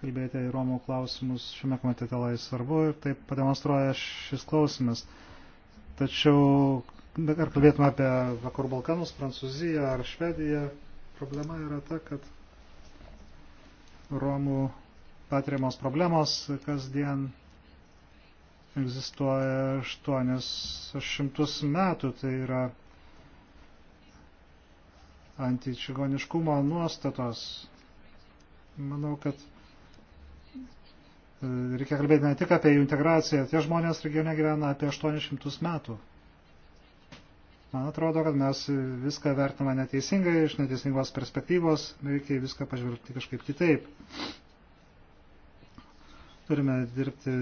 kalbėti į Romų klausimus šiame komitete labai svarbu ir taip pademonstruoja šis klausimas. Tačiau, ar kalbėtume apie Vakarų Balkanus, Prancūziją ar Švediją, problema yra ta, kad Romų patiriamos problemos kasdien egzistuoja 800 metų, tai yra antičigoniškumo nuostatos. Manau, kad e, reikia kalbėti ne tik apie jų integraciją, tie žmonės regione gyvena apie 800 metų. Man atrodo, kad mes viską vertame neteisingai, iš neteisingos perspektyvos, reikia viską pažvelgti kažkaip kitaip. Turime dirbti,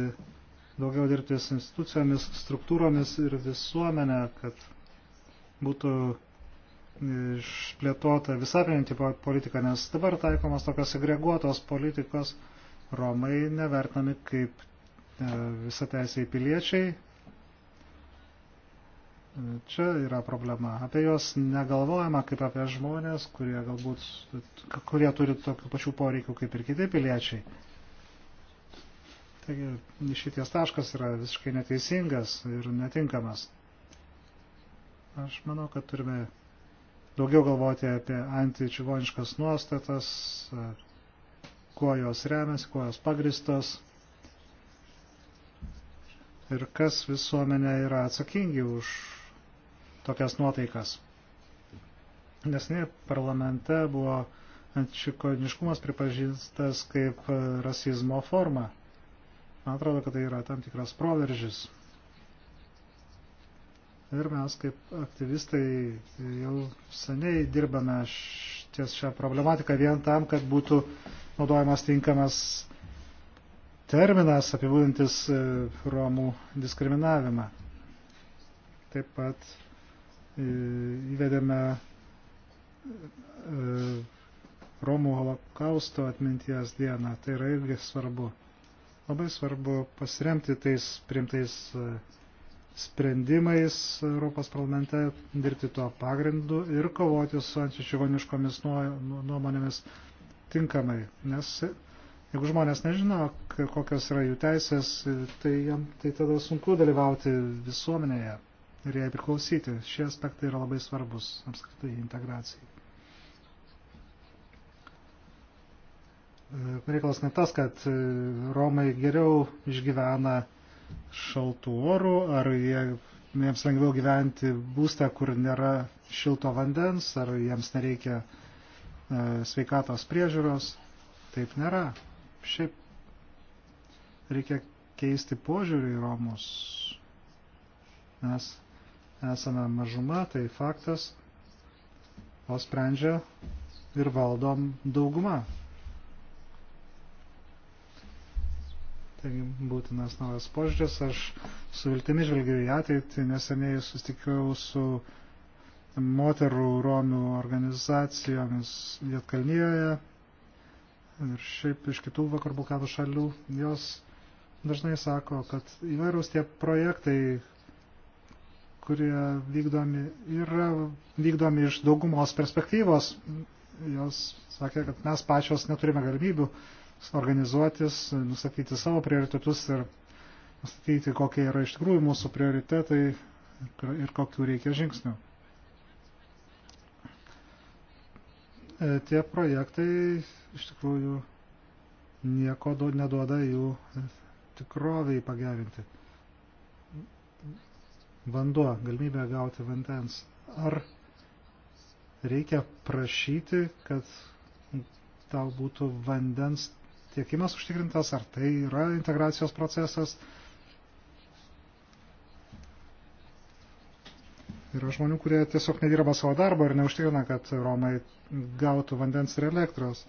daugiau dirbti su institucijomis, struktūromis ir visuomenė, kad būtų išplėtota visapimti politika, nes dabar taikomas tokios agreguotos politikos, Romai nevertinami kaip e, visateisiai piliečiai Čia yra problema. Apie juos negalvojama kaip apie žmonės, kurie galbūt, kurie turi tokių pačių poreikių kaip ir kiti piliečiai. Taigi šities taškas yra visiškai neteisingas ir netinkamas. Aš manau, kad turime daugiau galvoti apie antičivoniškas nuostatas, kuo jos remiasi, kuo jos pagristos ir kas visuomenė yra atsakingi už tokias nuotaikas. Nesnė parlamente buvo antišikoniškumas pripažintas kaip rasizmo forma. Man atrodo, kad tai yra tam tikras proveržis. Ir mes kaip aktyvistai jau seniai dirbame ties šią problematiką vien tam, kad būtų naudojamas tinkamas terminas apibūdintis e, Romų diskriminavimą. Taip pat įvedėme e, Romų holokausto atminties dieną. Tai yra irgi svarbu. Labai svarbu pasiremti tais primtais e, sprendimais Europos parlamente, dirbti tuo pagrindu ir kovoti su antičigoniškomis nuomonėmis tinkamai. Nes jeigu žmonės nežino, kokios yra jų teisės, tai, jam, tai tada sunku dalyvauti visuomenėje ir jai priklausyti. Šie aspektai yra labai svarbus apskritai integracijai. Reikalas ne tas, kad e, Romai geriau išgyvena šaltų orų, ar jie, jiems lengviau gyventi būstą, kur nėra šilto vandens, ar jiems nereikia e, sveikatos priežiūros. Taip nėra. Šiaip reikia keisti požiūrį į Romus, nes esame mažuma, tai faktas, o sprendžia ir valdom dauguma. Taigi būtinas naujas požiūris, aš su viltimi žvelgiu į ateitį, neseniai susitikau su moterų romių organizacijomis Lietkalnyjoje ir šiaip iš kitų vakarų Balkanų šalių. Jos dažnai sako, kad įvairūs tie projektai, kurie vykdomi, yra vykdomi iš daugumos perspektyvos. Jos sakė, kad mes pačios neturime galimybių organizuotis, nustatyti savo prioritetus ir nustatyti, kokie yra iš tikrųjų mūsų prioritetai ir kokių reikia žingsnių. E, tie projektai iš tikrųjų nieko neduoda jų tikroviai pagerinti vanduo, galimybė gauti vandens. Ar reikia prašyti, kad tau būtų vandens tiekimas užtikrintas, ar tai yra integracijos procesas? Yra žmonių, kurie tiesiog nedirba savo darbo ir neužtikrina, kad Romai gautų vandens ir elektros.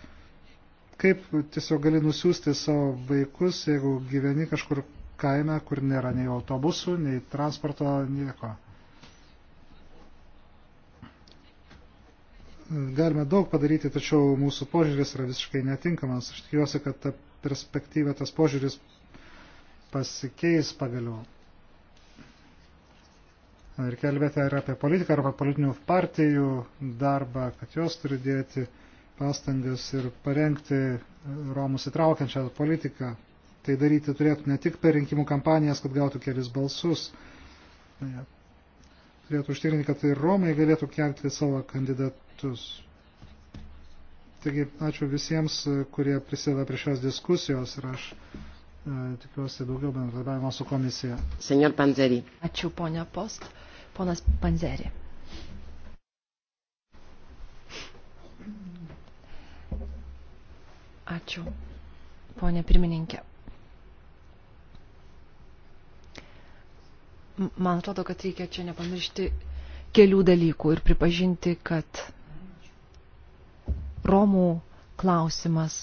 Kaip tiesiog gali nusiųsti savo vaikus, jeigu gyveni kažkur kaime, kur nėra nei autobusų, nei transporto, nieko. Galime daug padaryti, tačiau mūsų požiūris yra visiškai netinkamas. Aš tikiuosi, kad ta perspektyva, tas požiūris pasikeis pagaliau. Ir kalbėti ir apie politiką, arba politinių partijų darbą, kad jos turi dėti pastangas ir parengti Romus įtraukiančią politiką tai daryti turėtų ne tik per rinkimų kampanijas, kad gautų kelis balsus. Turėtų užtikrinti, kad ir tai Romai galėtų kelti savo kandidatus. Taigi, ačiū visiems, kurie prisideda prie šios diskusijos ir aš e, tikiuosi daugiau bendradarbiavimo su komisija. Senior Panzeri. Ačiū, ponia Post. Ponas Panzeri. Ačiū, ponia pirmininkė. Man atrodo, kad reikia čia nepamiršti kelių dalykų ir pripažinti, kad Romų klausimas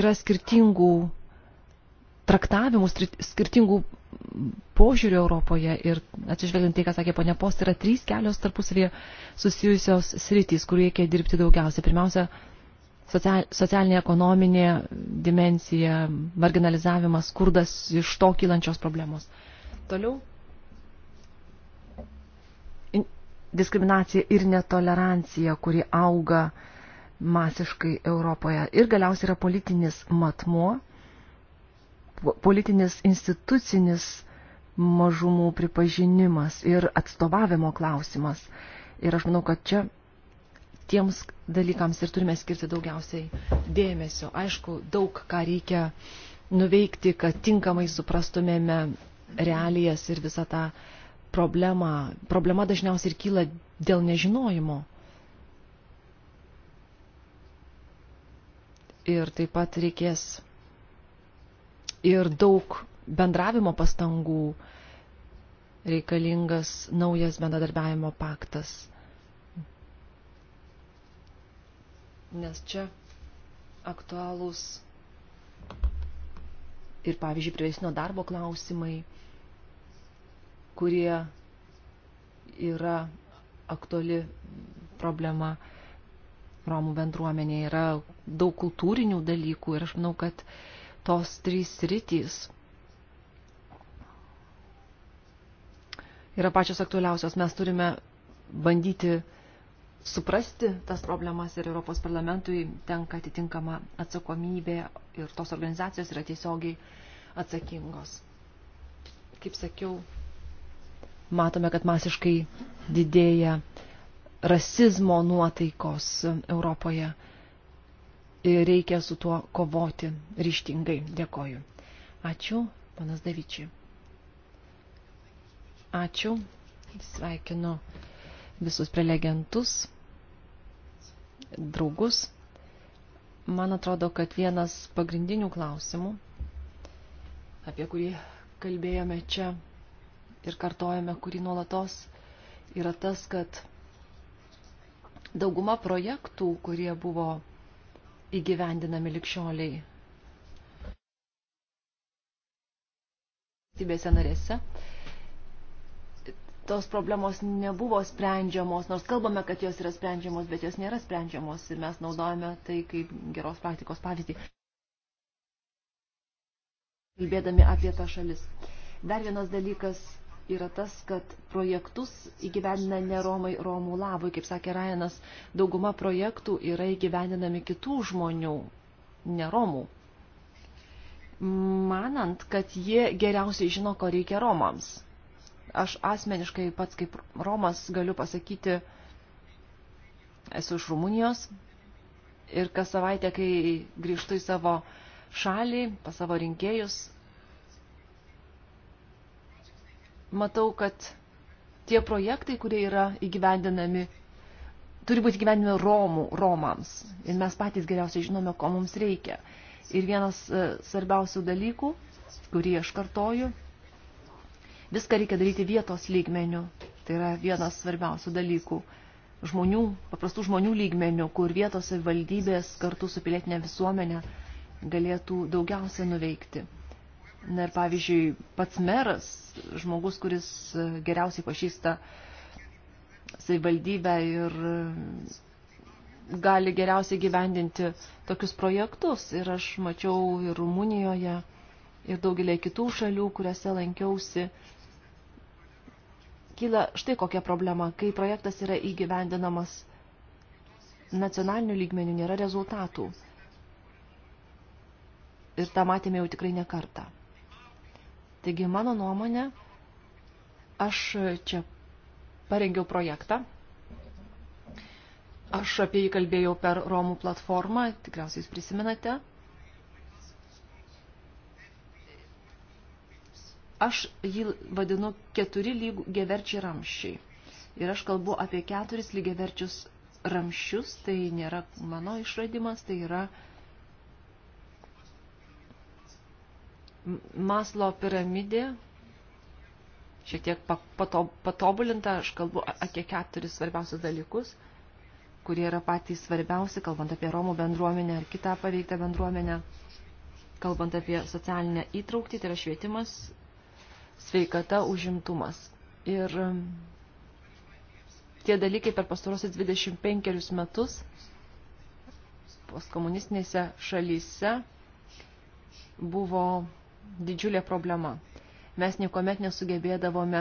yra skirtingų traktavimų, skirtingų požiūrių Europoje ir atsižvelgiant tai, ką sakė ponia Post, yra trys kelios tarpusavėje susijusios sritys, kur reikia dirbti daugiausia. Pirmiausia, socialinė ekonominė dimensija, marginalizavimas, skurdas iš to kylančios problemos. Toliau diskriminacija ir netolerancija, kuri auga masiškai Europoje. Ir galiausiai yra politinis matmuo, politinis institucinis mažumų pripažinimas ir atstovavimo klausimas. Ir aš manau, kad čia tiems dalykams ir turime skirti daugiausiai dėmesio. Aišku, daug ką reikia nuveikti, kad tinkamai suprastumėme realijas ir visą tą problemą. Problema dažniausiai ir kyla dėl nežinojimo. Ir taip pat reikės ir daug bendravimo pastangų reikalingas naujas bendradarbiavimo paktas nes čia aktualūs ir, pavyzdžiui, privesnio darbo klausimai, kurie yra aktuali problema Romų bendruomenė, yra daug kultūrinių dalykų ir aš manau, kad tos trys rytys yra pačios aktualiausios. Mes turime bandyti suprasti tas problemas ir Europos parlamentui tenka atitinkama atsakomybė ir tos organizacijos yra tiesiogiai atsakingos. Kaip sakiau, matome, kad masiškai didėja rasizmo nuotaikos Europoje ir reikia su tuo kovoti ryštingai. Dėkoju. Ačiū, panas Davičiai. Ačiū, sveikinu visus prelegentus draugus, man atrodo, kad vienas pagrindinių klausimų, apie kurį kalbėjome čia ir kartojame, kurį nuolatos, yra tas, kad dauguma projektų, kurie buvo įgyvendinami likščioliai valstybėse narėse, tos problemos nebuvo sprendžiamos, nors kalbame, kad jos yra sprendžiamos, bet jos nėra sprendžiamos ir mes naudojame tai kaip geros praktikos pavyzdį, kalbėdami apie tą šalis. Dar vienas dalykas yra tas, kad projektus įgyvendina ne Romai Romų labui, kaip sakė Rajanas, dauguma projektų yra įgyvendinami kitų žmonių, ne Romų. Manant, kad jie geriausiai žino, ko reikia Romams Aš asmeniškai pats kaip Romas galiu pasakyti, esu iš Rumunijos ir kas savaitę, kai grįžtu į savo šalį, pas savo rinkėjus, matau, kad tie projektai, kurie yra įgyvendinami, turi būti gyvenime Romų, Romams. Ir mes patys geriausiai žinome, ko mums reikia. Ir vienas e, svarbiausių dalykų, kurį aš kartoju, Viską reikia daryti vietos lygmenių. Tai yra vienas svarbiausių dalykų. Žmonių, paprastų žmonių lygmenių, kur vietos ir valdybės kartu su pilietinė visuomenė galėtų daugiausia nuveikti. Na ir pavyzdžiui, pats meras, žmogus, kuris geriausiai pažįsta savivaldybę ir gali geriausiai gyvendinti tokius projektus. Ir aš mačiau ir Rumunijoje, ir daugelį kitų šalių, kuriuose lankiausi, kyla štai kokia problema, kai projektas yra įgyvendinamas nacionaliniu lygmeniu, nėra rezultatų. Ir tą matėme jau tikrai ne kartą. Taigi, mano nuomonė, aš čia parengiau projektą. Aš apie jį kalbėjau per Romų platformą, tikriausiai jūs prisimenate. Aš jį vadinu keturi lygiaverčiai ramščiai. Ir aš kalbu apie keturis lygiaverčius ramščius, tai nėra mano išradimas, tai yra Maslo piramidė, šiek tiek patobulinta, aš kalbu apie keturis svarbiausius dalykus, kurie yra patys svarbiausi, kalbant apie Romų bendruomenę ar kitą paveiktą bendruomenę, kalbant apie socialinę įtraukti, tai yra švietimas, sveikata, užimtumas. Ir um, tie dalykai per pastarosius 25 metus postkomunistinėse šalyse buvo didžiulė problema. Mes niekuomet nesugebėdavome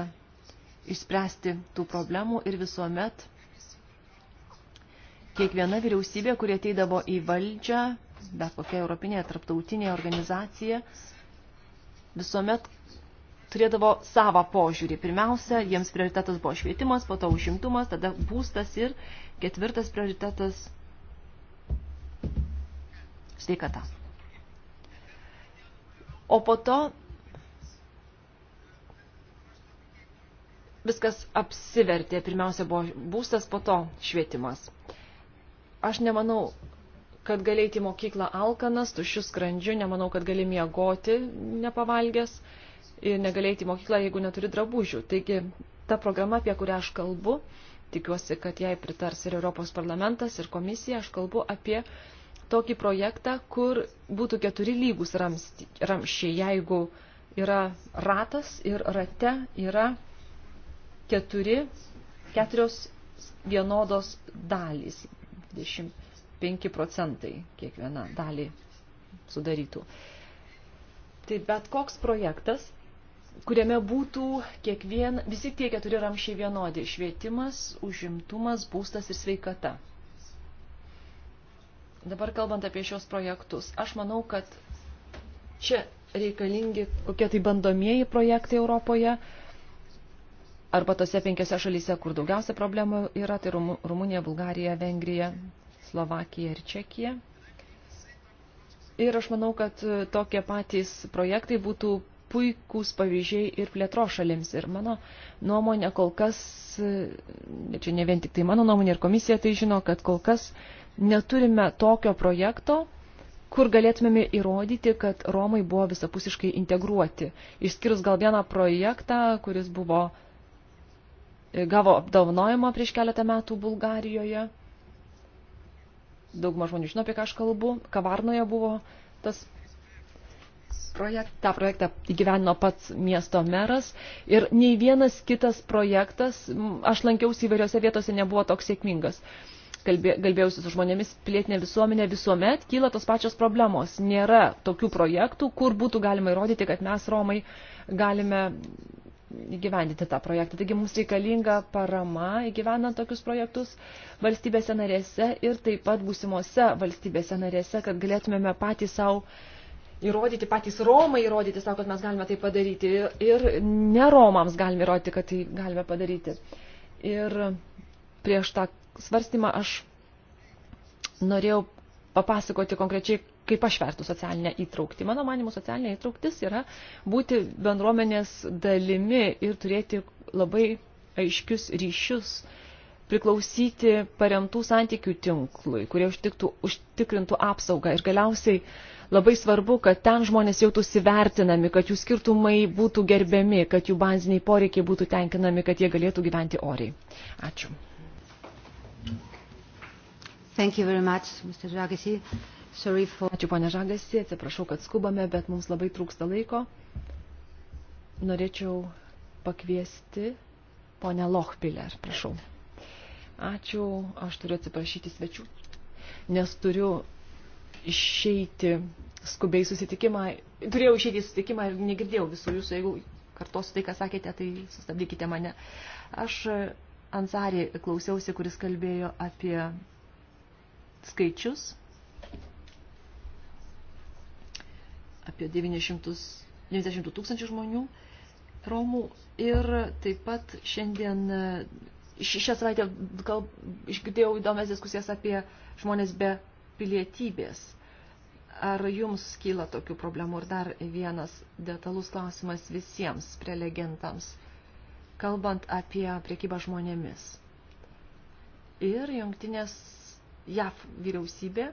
išspręsti tų problemų ir visuomet kiekviena vyriausybė, kurie ateidavo į valdžią, bet kokia europinė, tarptautinė organizacija, visuomet turėdavo savo požiūrį. Pirmiausia, jiems prioritetas buvo švietimas, po to užimtumas, tada būstas ir ketvirtas prioritetas sveikata. O po to viskas apsivertė. Pirmiausia buvo būstas, po to švietimas. Aš nemanau, kad gali eiti į mokyklą alkanas, tuščių skrandžių, nemanau, kad gali miegoti nepavalgęs. Uh, ir negalėjai į mokyklą, jeigu neturi drabužių. Taigi ta programa, apie kurią aš kalbu, tikiuosi, kad jai pritars ir Europos parlamentas, ir komisija, aš kalbu apie tokį projektą, kur būtų keturi lygus ramščiai, jeigu yra ratas ir rate yra keturi, keturios vienodos dalys, 25 procentai kiekviena dalį sudarytų. Tai bet koks projektas kuriame būtų kiekvien, visi tie keturi ramšiai vienodi - švietimas, užimtumas, būstas ir sveikata. Dabar kalbant apie šios projektus, aš manau, kad čia reikalingi kokie tai bandomieji projektai Europoje arba tose penkiose šalyse, kur daugiausia problemų yra, tai Rumunija, Bulgarija, Vengrija, Slovakija ir Čekija. Ir aš manau, kad tokie patys projektai būtų puikūs pavyzdžiai ir plėtros šalims. Ir mano nuomonė kol kas, e, čia ne vien tik tai mano nuomonė ir komisija tai žino, kad kol kas neturime tokio projekto, kur galėtumėme įrodyti, kad Romai buvo visapusiškai integruoti. Išskyrus gal vieną projektą, kuris buvo, e, gavo apdovanojimą prieš keletą metų Bulgarijoje. Daugma žmonių žino, apie ką aš kalbu. Kavarnoje buvo tas projekt, tą projektą įgyveno pats miesto meras ir nei vienas kitas projektas, aš lankiausi įvairiose vietose, nebuvo toks sėkmingas. Galbėjausi su žmonėmis, plėtinė visuomenė visuomet kyla tos pačios problemos. Nėra tokių projektų, kur būtų galima įrodyti, kad mes Romai galime įgyvendinti tą projektą. Taigi mums reikalinga parama įgyvendant tokius projektus valstybėse narėse ir taip pat būsimose valstybėse narėse, kad galėtumėme patys savo įrodyti, patys Romai įrodyti, sako, kad mes galime tai padaryti. Ir ne Romams galime įrodyti, kad tai galime padaryti. Ir prieš tą svarstymą aš norėjau papasakoti konkrečiai, kaip aš vertų socialinę įtraukti. Mano manimu, socialinė įtrauktis yra būti bendruomenės dalimi ir turėti labai aiškius ryšius priklausyti paremtų santykių tinklui, kurie užtiktų, užtikrintų apsaugą. Ir galiausiai uh, Labai svarbu, kad ten žmonės jautųsi vertinami, kad jų skirtumai būtų gerbiami, kad jų baziniai poreikiai būtų tenkinami, kad jie galėtų gyventi oriai. Ačiū. Thank you very much, Mr. Žagasi. Sorry for... Ačiū, ponė Žagasi, atsiprašau, kad skubame, bet mums labai trūksta laiko. Norėčiau pakviesti ponę Lochpiller, prašau. Ačiū, aš turiu atsiprašyti svečių, nes turiu išeiti skubiai susitikimą, turėjau išeiti į susitikimą ir negirdėjau visų jūsų, jeigu kartosiu tai, ką sakėte, tai sustabdykite mane. Aš e, Ansarį klausiausi, kuris kalbėjo apie skaičius, apie 900, 90 tūkstančių žmonių Romų ir taip pat šiandien e, šią savaitę kalb, išgirdėjau įdomias diskusijas apie žmonės be pilietybės. Ar jums kyla tokių problemų? Ir dar vienas detalus klausimas visiems prelegentams, kalbant apie priekybą žmonėmis. Ir jungtinės JAF vyriausybė,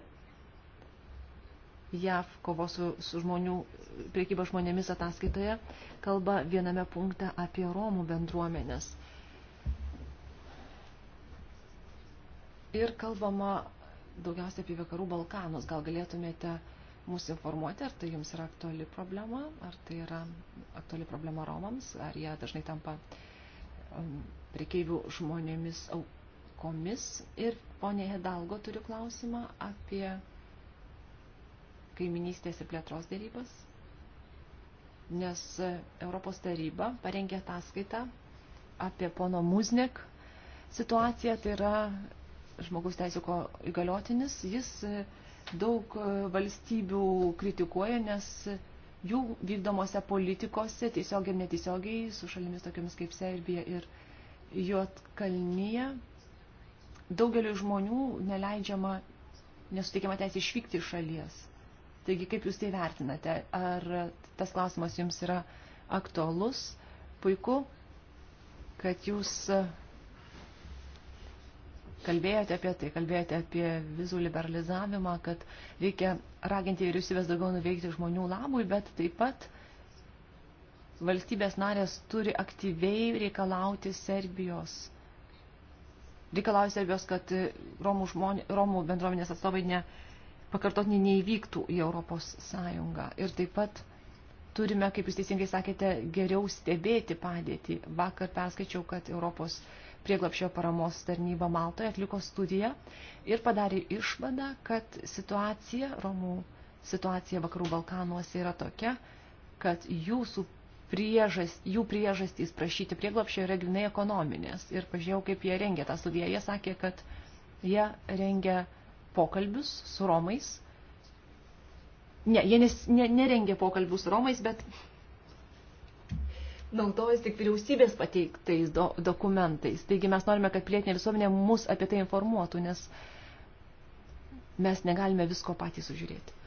JAF kovos su, su žmonių priekybą žmonėmis ataskaitoje, kalba viename punkte apie Romų bendruomenės. Ir kalbama daugiausia apie vakarų Balkanus. Gal galėtumėte mūsų informuoti, ar tai jums yra aktuali problema, ar tai yra aktuali problema Romams, ar jie dažnai tampa um, prekeivių žmonėmis aukomis. Ir ponė Hedalgo turiu klausimą apie kaiminystės ir plėtros dėrybas, nes Europos taryba parengė ataskaitą apie pono Muznik situaciją, tai yra žmogus teisų įgaliotinis, jis e, daug e, valstybių kritikuoja, nes jų vykdomose politikose tiesiogiai ir netiesiogiai su šalimis tokiamis kaip Serbija ir Juotkalnyje daugeliu žmonių neleidžiama, nesuteikiama teisė išvykti iš šalies. Taigi, kaip jūs tai vertinate? Ar tas klausimas jums yra aktualus? Puiku, kad jūs kalbėjote apie tai, kalbėjote apie vizų liberalizavimą, kad reikia raginti vyriausybės daugiau nuveikti žmonių labui, bet taip pat valstybės narės turi aktyviai reikalauti Serbijos. Reikalauja Serbijos, kad Romų, žmonė, Romų bendruomenės atstovai ne pakartotinį neįvyktų į Europos Sąjungą. Ir taip pat turime, kaip jūs teisingai sakėte, geriau stebėti padėtį. Vakar perskaičiau, kad Europos Sąjungos prieglapšio paramos tarnyba Maltoje atliko studiją ir padarė išvadą, kad situacija, Romų situacija Vakarų Balkanuose yra tokia, kad jūsų priežas, jų priežastys prašyti prieglapšio yra grinai ekonominės. Ir pažiūrėjau, kaip jie rengia tą studiją. Jie sakė, kad jie rengia pokalbius su Romais. Ne, jie nes, ne, nerengė pokalbių su Romais, bet naudojas tik vyriausybės pateiktais do, dokumentais. Taigi mes norime, kad pilietinė visuomenė mus apie tai informuotų, nes mes negalime visko patys sužiūrėti.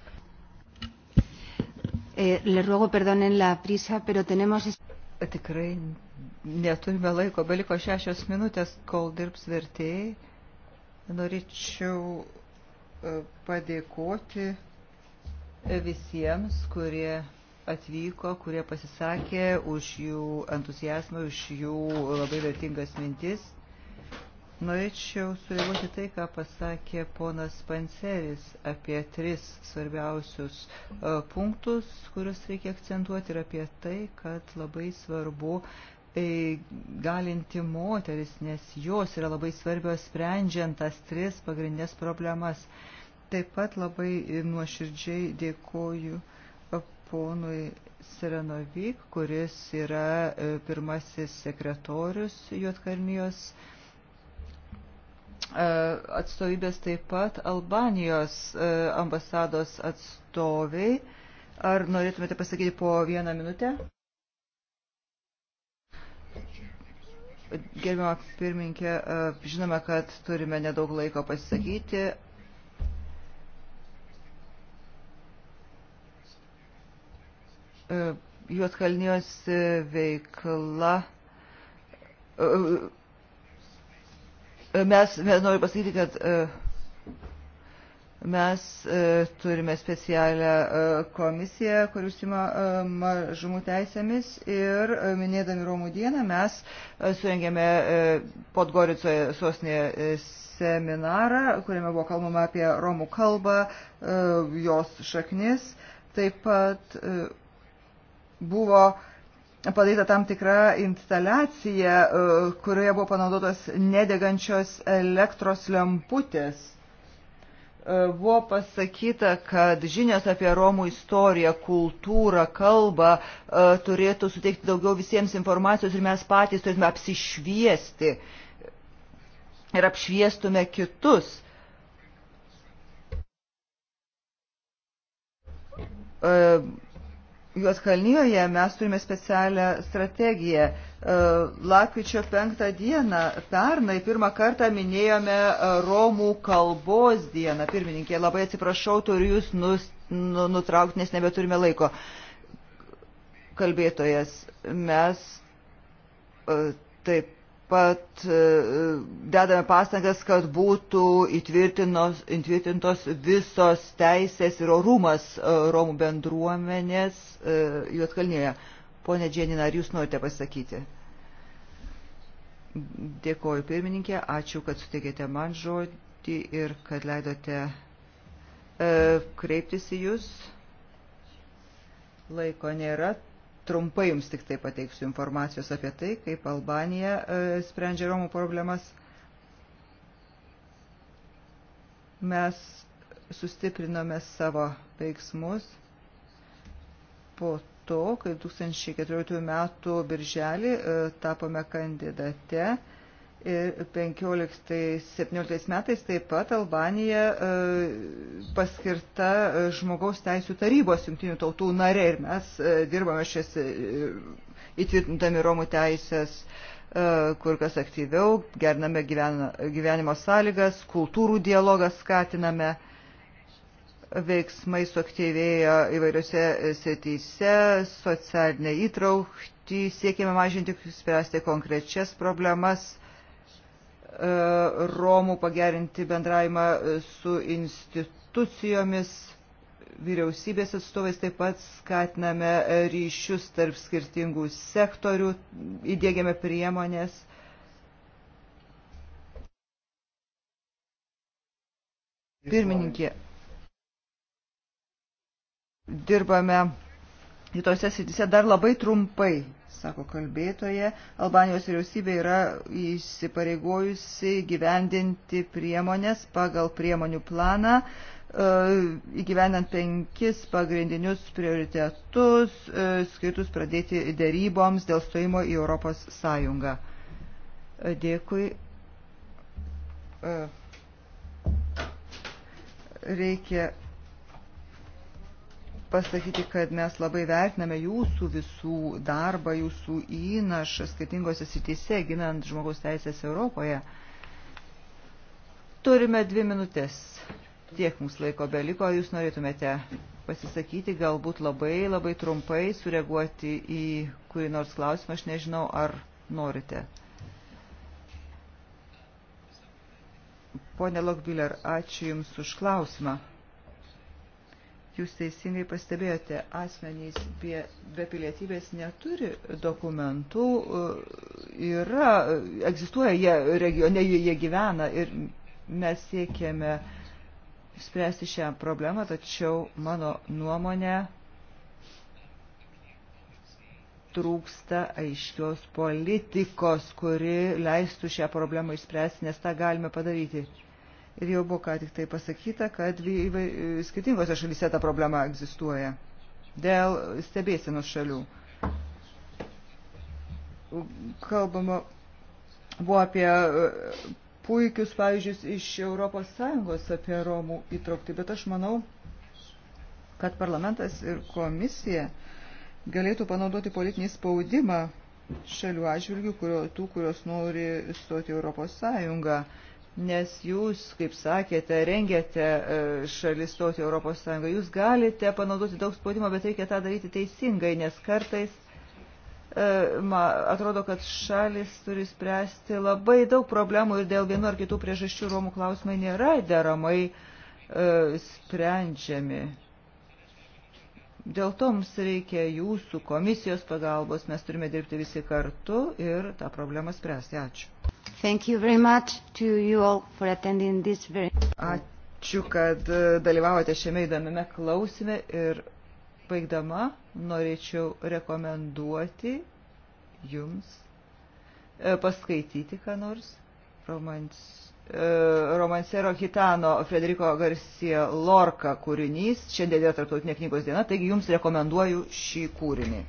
Eh, le ruego perdonen la prisa, pero tenemos... Eh, tikrai neturime laiko, beliko šešios minutės, kol dirbs vertėjai. Norėčiau eh, padėkoti eh, visiems, kurie atvyko, kurie pasisakė už jų entuzijazmą, už jų labai vertingas mintis. Norėčiau sureaguoti tai, ką pasakė ponas Panceris apie tris svarbiausius e, punktus, kuriuos reikia akcentuoti ir apie tai, kad labai svarbu e, galinti moteris, nes jos yra labai svarbios sprendžiant tas tris pagrindinės problemas. Taip pat labai nuoširdžiai dėkoju uh, ponui Siranovik, kuris yra e, pirmasis sekretorius Juotkalnijos e, atstovybės taip pat Albanijos e, ambasados atstoviai. Ar norėtumėte pasakyti po vieną minutę? Gerbiamą pirminkę, žinome, kad turime nedaug laiko pasisakyti. E, Juotkalnijos e, veikla. E, mes, mes noriu pasakyti, kad mes e, turime specialią e, komisiją, kuri užsima e, mažumų teisėmis ir e, minėdami Romų dieną mes e, surengėme e, Podgoricoje sosnėje e, seminarą, kuriame buvo kalbama apie Romų kalbą, e, jos šaknis, taip pat e, buvo padaryta tam tikra instaliacija, e, kurioje buvo panaudotos nedegančios elektros lemputės. E, buvo pasakyta, kad žinios apie Romų istoriją, kultūrą, kalbą e, turėtų suteikti daugiau visiems informacijos ir mes patys turėtume apsišviesti ir apšviestume kitus. E, Juotkalnyjoje mes turime specialią strategiją. E, Lakvičio penktą dieną pernai pirmą kartą minėjome e, Romų kalbos dieną. Pirmininkė, labai atsiprašau, turiu jūs nu, nutraukti, nes nebeturime laiko. Kalbėtojas, mes e, taip pat e, dedame pastangas, kad būtų įtvirtintos visos teisės ir orumas e, Romų bendruomenės e, Juotkalnėje. Pone Dženina, ar jūs norite pasakyti? Dėkoju pirmininkė, ačiū, kad suteikėte man žodį ir kad leidote e, kreiptis į jūs. Laiko nėra, Trumpai jums tik tai pateiksiu informacijos apie tai, kaip Albanija e, sprendžia Romų problemas. Mes sustiprinome savo veiksmus po to, kai 2014 m. birželį e, tapome kandidate Ir 15-17 metais taip pat Albanija e, paskirta e, žmogaus teisų tarybos jungtinių tautų narė ir mes e, dirbame šias įtvirtintami Romų teisės kur kas aktyviau, gername gyvenimo sąlygas, kultūrų dialogą skatiname veiksmai suaktyvėjo įvairiose srityse, socialinė įtraukti, siekime mažinti, spręsti konkrečias problemas, E, Romų pagerinti bendravimą su institucijomis, vyriausybės atstovais, taip pat skatiname ryšius tarp skirtingų sektorių, įdėgiame priemonės. Pirmininkė, dirbame į tose srityse dar labai trumpai sako kalbėtoje, Albanijos vyriausybė yra įsipareigojusi gyvendinti priemonės pagal priemonių planą, e, įgyvenant penkis pagrindinius prioritetus, e, skirtus pradėti dėryboms dėl stojimo į Europos Sąjungą. E, dėkui. Reikia pasakyti, kad mes labai vertiname jūsų visų darbą, jūsų įnašą skirtingose srityse, ginant žmogaus teisės Europoje. Turime dvi minutės. Tiek mums laiko beliko, jūs norėtumėte pasisakyti, galbūt labai labai trumpai sureaguoti į kurį nors klausimą, aš nežinau, ar norite. Pone Lokbiler, ačiū Jums už klausimą. Jūs teisingai pastebėjote, asmenys be, be pilietybės neturi dokumentų, e, yra, egzistuoja jie regione, jie, jie gyvena ir mes siekėme spręsti šią problemą, tačiau mano nuomonė trūksta aiškios politikos, kuri leistų šią problemą išspręsti, nes tą galime padaryti. Ir jau buvo ką tik tai pasakyta, kad skirtingose šalyse ta problema egzistuoja dėl stebėsinos šalių. Kalbama buvo apie e, puikius pavyzdžius iš Europos Sąjungos apie Romų įtraukti, bet aš manau, kad parlamentas ir komisija galėtų panaudoti politinį spaudimą šalių atžvilgių, kurio, tų, kurios nori stoti Europos Sąjungą nes jūs, kaip sakėte, rengiate e, šalis stoti Europos Sąjungą. Jūs galite panaudoti daug spaudimo, bet reikia tą daryti teisingai, nes kartais e, atrodo, kad šalis turi spręsti labai daug problemų ir dėl vienu ar kitų priežasčių Romų klausimai nėra deramai e, sprendžiami. Dėl to mums reikia jūsų komisijos pagalbos, mes turime dirbti visi kartu ir tą problemą spręsti. Ačiū. Very... Ačiū, kad e, dalyvavote šiame įdomiame klausime ir baigdama norėčiau rekomenduoti jums e, paskaityti ką nors romans E, romansero Hitano Frederiko Garcia Lorca kūrinys. Šiandien yra tarptautinė knygos diena, taigi jums rekomenduoju šį kūrinį.